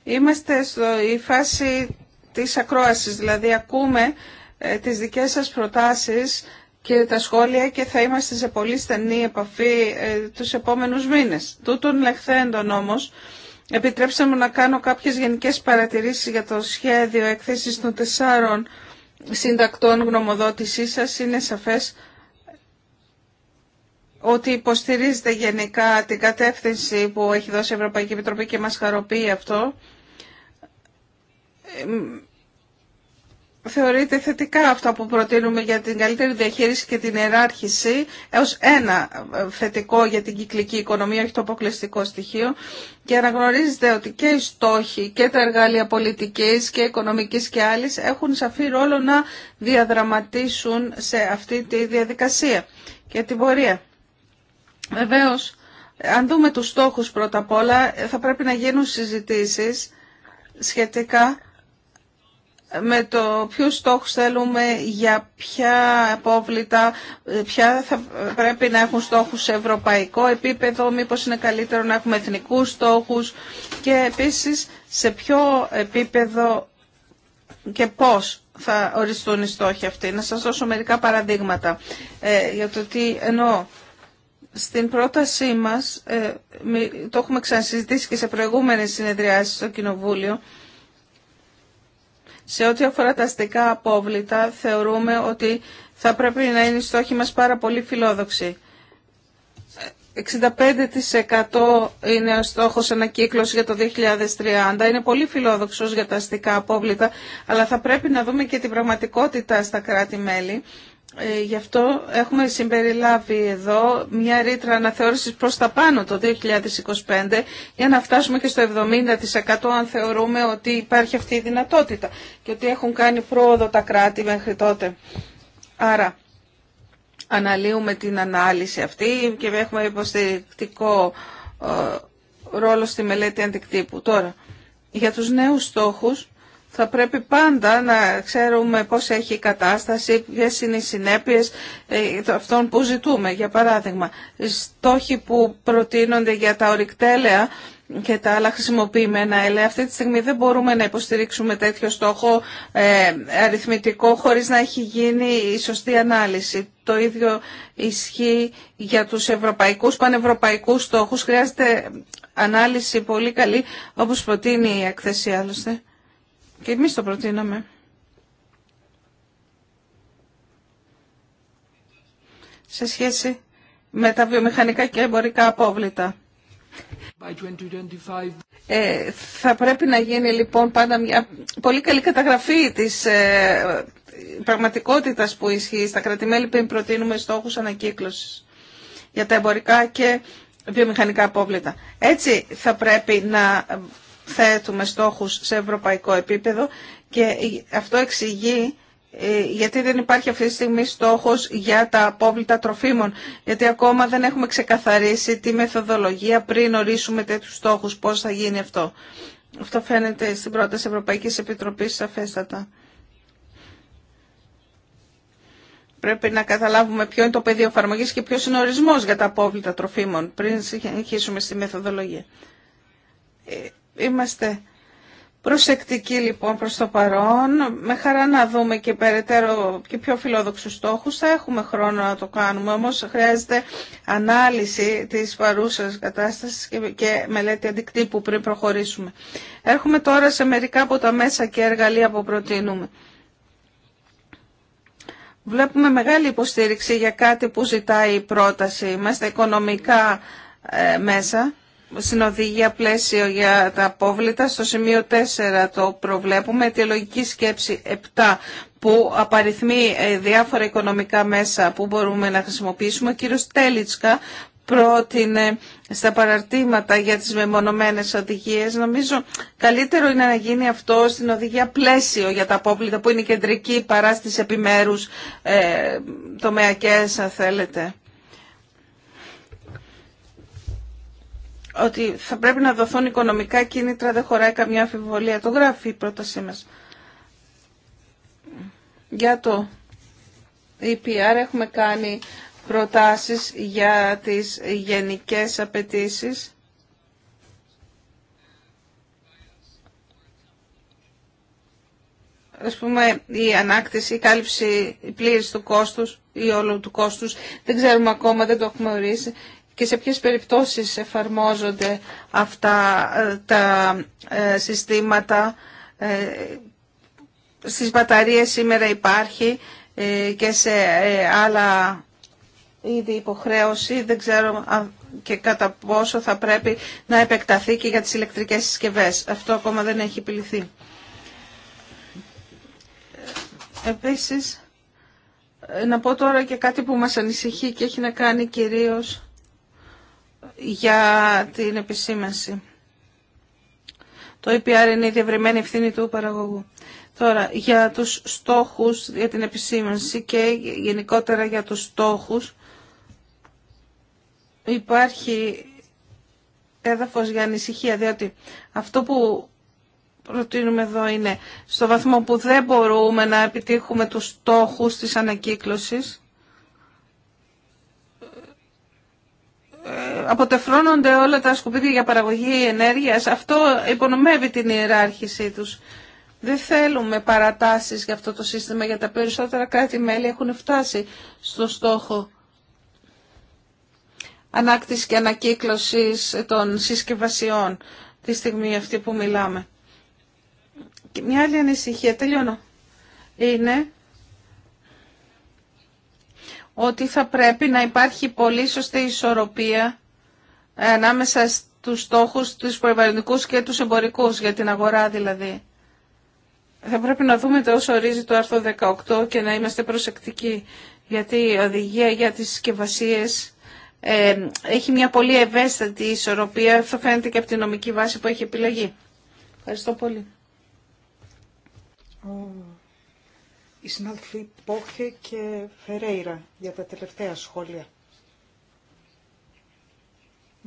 είμαστε στη φάση της ακρόασης, δηλαδή ακούμε ε, τις δικές σας προτάσεις και τα σχόλια και θα είμαστε σε πολύ στενή επαφή ε, τους επόμενους μήνες. Τούτων λεχθέντων όμως Επιτρέψτε μου να κάνω κάποιες γενικές παρατηρήσεις για το σχέδιο εκθέσεις των τεσσάρων συντακτών γνωμοδότησής σας. Είναι σαφές ότι υποστηρίζετε γενικά την κατεύθυνση που έχει δώσει η Ευρωπαϊκή Επιτροπή και μας χαροποιεί αυτό. Θεωρείται θετικά αυτά που προτείνουμε για την καλύτερη διαχείριση και την ιεράρχηση ως ένα ε, θετικό για την κυκλική οικονομία, όχι το αποκλειστικό στοιχείο και αναγνωρίζετε ότι και οι στόχοι και τα εργαλεία πολιτικής και οικονομικής και άλλης έχουν σαφή ρόλο να διαδραματίσουν σε αυτή τη διαδικασία και την πορεία. Βεβαίως, αν δούμε τους στόχους πρώτα απ' όλα, θα πρέπει να γίνουν συζητήσεις σχετικά με το ποιους στόχους θέλουμε, για ποια απόβλητα, ποια θα πρέπει να έχουν στόχους σε ευρωπαϊκό επίπεδο, μήπως είναι καλύτερο να έχουμε εθνικούς στόχους και επίσης σε ποιο επίπεδο και πώς θα οριστούν οι στόχοι αυτοί. Να σας δώσω μερικά παραδείγματα ε, για το τι εννοώ. Στην πρότασή μας, ε, το έχουμε ξανασυζητήσει και σε προηγούμενες συνεδριάσεις στο Κοινοβούλιο, σε ό,τι αφορά τα αστικά απόβλητα, θεωρούμε ότι θα πρέπει να είναι η στόχη μας πάρα πολύ φιλόδοξη. 65% είναι ο στόχος ανακύκλωση για το 2030. Είναι πολύ φιλόδοξος για τα αστικά απόβλητα, αλλά θα πρέπει να δούμε και την πραγματικότητα στα κράτη-μέλη ε, γι' αυτό έχουμε συμπεριλάβει εδώ μια ρήτρα αναθεώρησης προς τα πάνω το 2025 για να φτάσουμε και στο 70% αν θεωρούμε ότι υπάρχει αυτή η δυνατότητα και ότι έχουν κάνει πρόοδο τα κράτη μέχρι τότε. Άρα αναλύουμε την ανάλυση αυτή και έχουμε υποστηρικτικό ε, ρόλο στη μελέτη αντικτύπου. Τώρα, για τους νέους στόχους θα πρέπει πάντα να ξέρουμε πώς έχει η κατάσταση, ποιες είναι οι συνέπειες ε, αυτών που ζητούμε. Για παράδειγμα, στόχοι που προτείνονται για τα ορυκτέλεα και τα άλλα χρησιμοποιημένα ελέα. Αυτή τη στιγμή δεν μπορούμε να υποστηρίξουμε τέτοιο στόχο ε, αριθμητικό χωρίς να έχει γίνει η σωστή ανάλυση. Το ίδιο ισχύει για τους ευρωπαϊκούς, πανευρωπαϊκούς στόχους. Χρειάζεται ανάλυση πολύ καλή, όπως προτείνει η έκθεση άλλωστε. Και εμείς το προτείναμε. Σε σχέση με τα βιομηχανικά και εμπορικά απόβλητα. Ε, θα πρέπει να γίνει λοιπόν πάντα μια πολύ καλή καταγραφή της ε, πραγματικότητας που ισχύει στα κρατημέλη πριν προτείνουμε στόχους ανακύκλωσης για τα εμπορικά και βιομηχανικά απόβλητα. Έτσι θα πρέπει να θέτουμε στόχους σε ευρωπαϊκό επίπεδο και αυτό εξηγεί ε, γιατί δεν υπάρχει αυτή τη στιγμή στόχος για τα απόβλητα τροφίμων, γιατί ακόμα δεν έχουμε ξεκαθαρίσει τη μεθοδολογία πριν ορίσουμε τέτοιους στόχους, πώς θα γίνει αυτό. Αυτό φαίνεται στην πρόταση Ευρωπαϊκής Επιτροπής σαφέστατα. Πρέπει να καταλάβουμε ποιο είναι το πεδίο εφαρμογή και ποιο είναι ο ορισμό για τα απόβλητα τροφίμων πριν συνεχίσουμε στη μεθοδολογία. Ε, Είμαστε προσεκτικοί λοιπόν προς το παρόν. Με χαρά να δούμε και περαιτέρω και πιο φιλόδοξους στόχους. Θα έχουμε χρόνο να το κάνουμε, όμως χρειάζεται ανάλυση της παρούσας κατάστασης και μελέτη αντικτύπου πριν προχωρήσουμε. Έρχομαι τώρα σε μερικά από τα μέσα και εργαλεία που προτείνουμε. Βλέπουμε μεγάλη υποστήριξη για κάτι που ζητάει η πρόταση ε, μέσα οικονομικά μέσα συνοδηγία πλαίσιο για τα απόβλητα. Στο σημείο 4 το προβλέπουμε. Αιτιολογική σκέψη 7 που απαριθμεί ε, διάφορα οικονομικά μέσα που μπορούμε να χρησιμοποιήσουμε. Ο κύριος Τέλιτσκα πρότεινε στα παραρτήματα για τις μεμονωμένες οδηγίες. Νομίζω καλύτερο είναι να γίνει αυτό στην οδηγία πλαίσιο για τα απόβλητα που είναι κεντρική παρά στις επιμέρους ε, τομεακές αν θέλετε. ότι θα πρέπει να δοθούν οικονομικά κίνητρα, δεν χωράει καμιά αμφιβολία. Το γράφει η πρότασή μας. Για το EPR έχουμε κάνει προτάσεις για τις γενικές απαιτήσεις. Ας πούμε, η ανάκτηση, η κάλυψη η πλήρης του κόστους ή όλου του κόστους, δεν ξέρουμε ακόμα, δεν το έχουμε ορίσει και σε ποιες περιπτώσεις εφαρμόζονται αυτά ε, τα ε, συστήματα. Ε, στις μπαταρίες σήμερα υπάρχει και σε άλλα είδη υποχρέωση. Δεν ξέρω και κατά πόσο θα πρέπει να επεκταθεί και για τις ηλεκτρικές συσκευές. Αυτό ακόμα δεν έχει επιληθεί. Επίσης, να πω τώρα και κάτι που μας ανησυχεί και έχει να κάνει κυρίως για την επισήμανση. Το EPR είναι η διευρυμένη ευθύνη του παραγωγού. Τώρα, για τους στόχους, για την επισήμανση και γενικότερα για τους στόχους, υπάρχει έδαφος για ανησυχία, διότι αυτό που προτείνουμε εδώ είναι στο βαθμό που δεν μπορούμε να επιτύχουμε τους στόχους της ανακύκλωσης, αποτεφρώνονται όλα τα σκουπίδια για παραγωγή ενέργειας, αυτό υπονομεύει την ιεράρχησή τους. Δεν θέλουμε παρατάσεις για αυτό το σύστημα, για τα περισσότερα κράτη-μέλη έχουν φτάσει στο στόχο ανάκτηση και ανακύκλωση των συσκευασιών τη στιγμή αυτή που μιλάμε. Και μια άλλη ανησυχία, τελειώνω, είναι ότι θα πρέπει να υπάρχει πολύ σωστή ισορροπία ανάμεσα στους στόχους τους περιβαλλοντικούς και τους εμπορικούς για την αγορά δηλαδή. Θα πρέπει να δούμε το όσο ορίζει το άρθρο 18 και να είμαστε προσεκτικοί γιατί η οδηγία για τις συσκευασίε ε, έχει μια πολύ ευαίσθητη ισορροπία. Αυτό φαίνεται και από την νομική βάση που έχει επιλεγεί. Ευχαριστώ πολύ. Η συνάδελφοι Πόχε και Φερέιρα για τα τελευταία σχόλια.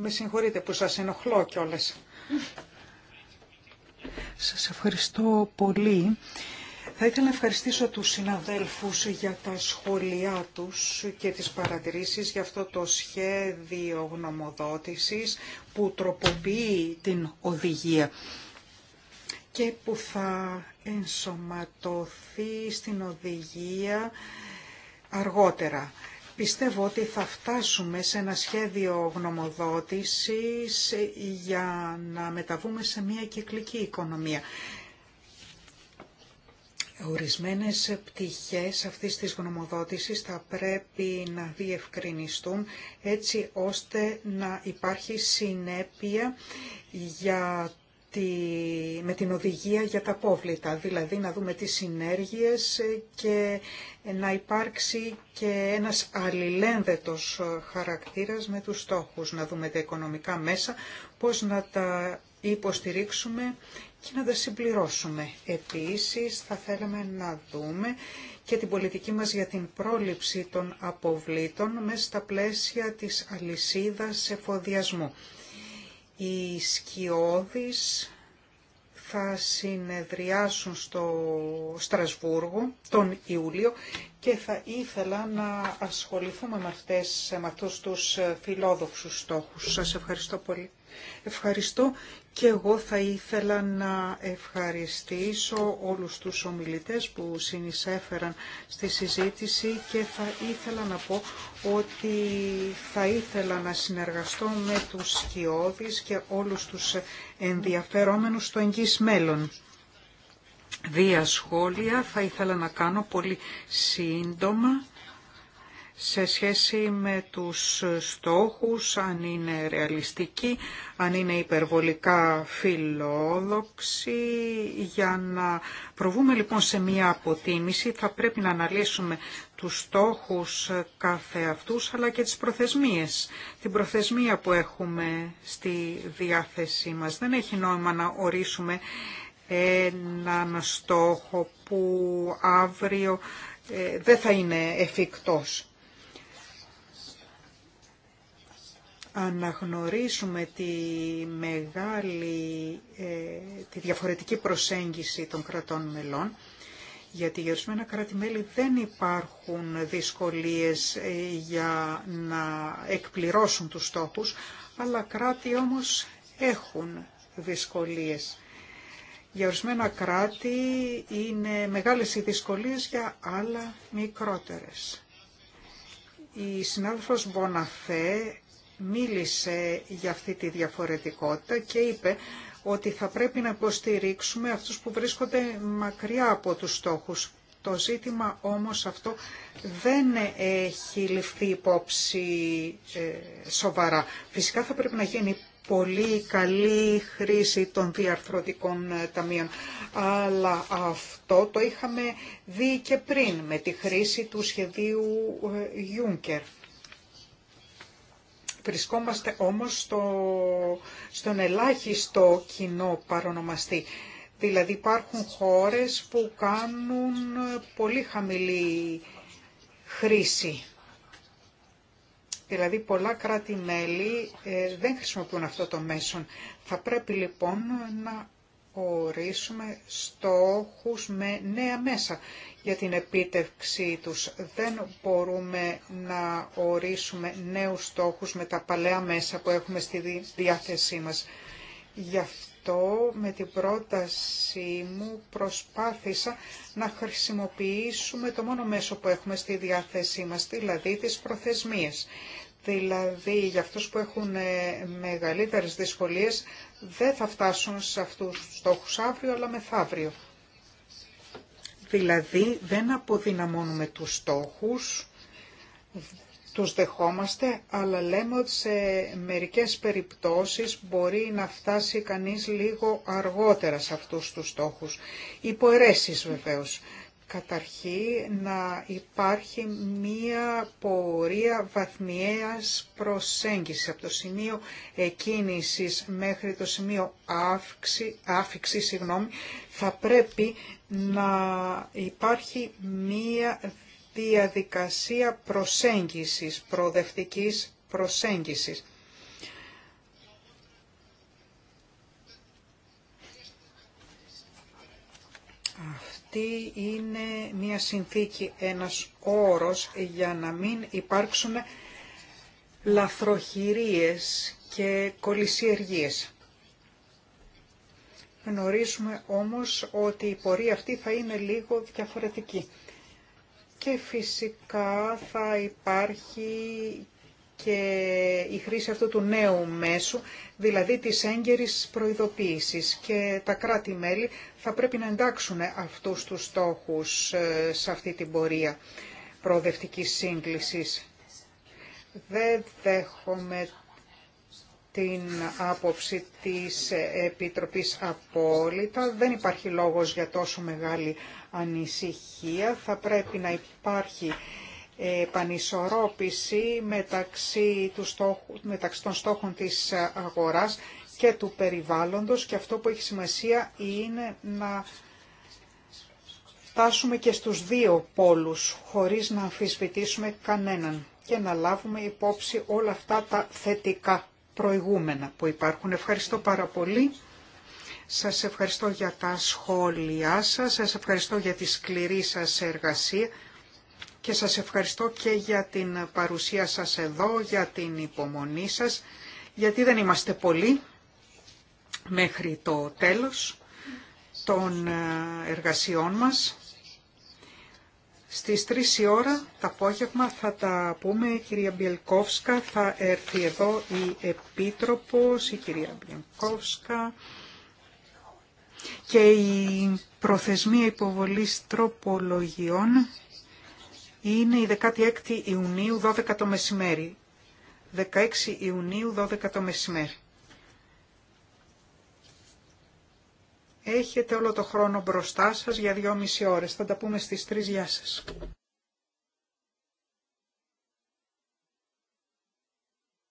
Με συγχωρείτε που σας ενοχλώ κιόλας. Σας ευχαριστώ πολύ. Θα ήθελα να ευχαριστήσω τους συναδέλφους για τα σχόλιά τους και τις παρατηρήσεις για αυτό το σχέδιο γνωμοδότησης που τροποποιεί την οδηγία και που θα ενσωματωθεί στην οδηγία αργότερα πιστεύω ότι θα φτάσουμε σε ένα σχέδιο γνωμοδότησης για να μεταβούμε σε μια κυκλική οικονομία. Ορισμένες πτυχές αυτής της γνωμοδότησης θα πρέπει να διευκρινιστούν έτσι ώστε να υπάρχει συνέπεια για τη, με την οδηγία για τα αποβλήτα, δηλαδή να δούμε τις συνέργειες και να υπάρξει και ένας αλληλένδετος χαρακτήρας με τους στόχους, να δούμε τα οικονομικά μέσα, πώς να τα υποστηρίξουμε και να τα συμπληρώσουμε. Επίσης θα θέλαμε να δούμε και την πολιτική μας για την πρόληψη των αποβλήτων μέσα στα πλαίσια της αλυσίδας εφοδιασμού. Οι σκιώδεις θα συνεδριάσουν στο Στρασβούργο τον Ιούλιο και θα ήθελα να ασχοληθούμε με, αυτές, με αυτούς τους φιλόδοξους στόχους. Σας ευχαριστώ πολύ. Ευχαριστώ και εγώ θα ήθελα να ευχαριστήσω όλους τους ομιλητές που συνεισέφεραν στη συζήτηση και θα ήθελα να πω ότι θα ήθελα να συνεργαστώ με τους σκιώδεις και όλους τους ενδιαφερόμενους στο εγγύς μέλλον. Δύο σχόλια θα ήθελα να κάνω πολύ σύντομα σε σχέση με τους στόχους, αν είναι ρεαλιστικοί, αν είναι υπερβολικά φιλόδοξοι. Για να προβούμε λοιπόν σε μια αποτίμηση θα πρέπει να αναλύσουμε τους στόχους κάθε αυτούς αλλά και τις προθεσμίες. Την προθεσμία που έχουμε στη διάθεσή μας δεν έχει νόημα να ορίσουμε έναν στόχο που αύριο ε, δεν θα είναι εφικτός. αναγνωρίσουμε τη μεγάλη, ε, τη διαφορετική προσέγγιση των κρατών μελών, γιατί για ορισμένα κράτη-μέλη δεν υπάρχουν δυσκολίες ε, για να εκπληρώσουν τους στόχους, αλλά κράτη όμως έχουν δυσκολίες. Για ορισμένα κράτη είναι μεγάλες οι δυσκολίες, για άλλα μικρότερες. Η συνάδελφος Μποναφέ μίλησε για αυτή τη διαφορετικότητα και είπε ότι θα πρέπει να υποστηρίξουμε αυτούς που βρίσκονται μακριά από τους στόχους. Το ζήτημα όμως αυτό δεν έχει ληφθεί υπόψη ε, σοβαρά. Φυσικά θα πρέπει να γίνει πολύ καλή χρήση των διαρθρωτικών ε, ταμείων. Αλλά αυτό το είχαμε δει και πριν με τη χρήση του σχεδίου ε, Juncker. Βρισκόμαστε όμως στο, στον ελάχιστο κοινό παρονομαστή. Δηλαδή υπάρχουν χώρες που κάνουν πολύ χαμηλή χρήση. Δηλαδή πολλά κράτη-μέλη ε, δεν χρησιμοποιούν αυτό το μέσον. Θα πρέπει λοιπόν να ορίσουμε στόχους με νέα μέσα για την επίτευξή τους. Δεν μπορούμε να ορίσουμε νέους στόχους με τα παλαιά μέσα που έχουμε στη διάθεσή μας. Γι' αυτό με την πρότασή μου προσπάθησα να χρησιμοποιήσουμε το μόνο μέσο που έχουμε στη διάθεσή μας, δηλαδή τις προθεσμίες. Δηλαδή για αυτούς που έχουν ε, μεγαλύτερες δυσκολίες δεν θα φτάσουν σε αυτούς τους στόχους αύριο, αλλά μεθαύριο. Δηλαδή δεν αποδυναμώνουμε τους στόχους, τους δεχόμαστε, αλλά λέμε ότι σε μερικές περιπτώσεις μπορεί να φτάσει κανείς λίγο αργότερα σε αυτούς τους στόχους. Υποαιρέσεις βεβαίως καταρχή να υπάρχει μία πορεία βαθμιαίας προσέγγισης από το σημείο εκκίνησης μέχρι το σημείο άφηξη, θα πρέπει να υπάρχει μία διαδικασία προσέγγισης, προοδευτικής προσέγγισης. αυτή είναι μια συνθήκη, ένας όρος για να μην υπάρξουν λαθροχειρίες και κολυσιεργίες. Γνωρίζουμε όμως ότι η πορεία αυτή θα είναι λίγο διαφορετική. Και φυσικά θα υπάρχει και η χρήση αυτού του νέου μέσου, δηλαδή της έγκαιρης προειδοποίησης. Και τα κράτη-μέλη θα πρέπει να εντάξουν αυτούς τους στόχους ε, σε αυτή την πορεία προοδευτικής σύγκλησης. Δεν δέχομαι την άποψη της Επιτροπής απόλυτα. Δεν υπάρχει λόγος για τόσο μεγάλη ανησυχία. Θα πρέπει να υπάρχει επανισορρόπηση μεταξύ, του στόχου, μεταξύ των στόχων της αγοράς και του περιβάλλοντος και αυτό που έχει σημασία είναι να φτάσουμε και στους δύο πόλους χωρίς να αμφισβητήσουμε κανέναν και να λάβουμε υπόψη όλα αυτά τα θετικά προηγούμενα που υπάρχουν. Ευχαριστώ πάρα πολύ. Σας ευχαριστώ για τα σχόλιά σας, σας ευχαριστώ για τη σκληρή σας εργασία και σας ευχαριστώ και για την παρουσία σας εδώ, για την υπομονή σας, γιατί δεν είμαστε πολλοί μέχρι το τέλος των ε, εργασιών μας. Στις 3 η ώρα το απόγευμα θα τα πούμε, η κυρία Μπιελκόφσκα, θα έρθει εδώ η Επίτροπος, η κυρία Μπιελκόφσκα και η προθεσμία υποβολής τροπολογιών είναι η 16η Ιουνίου 12 το μεσημέρι. 16 Ιουνίου 12 το μεσημέρι. Έχετε όλο το χρόνο μπροστά σας για δυόμιση ώρες. Θα τα πούμε στις 3. Γεια σας.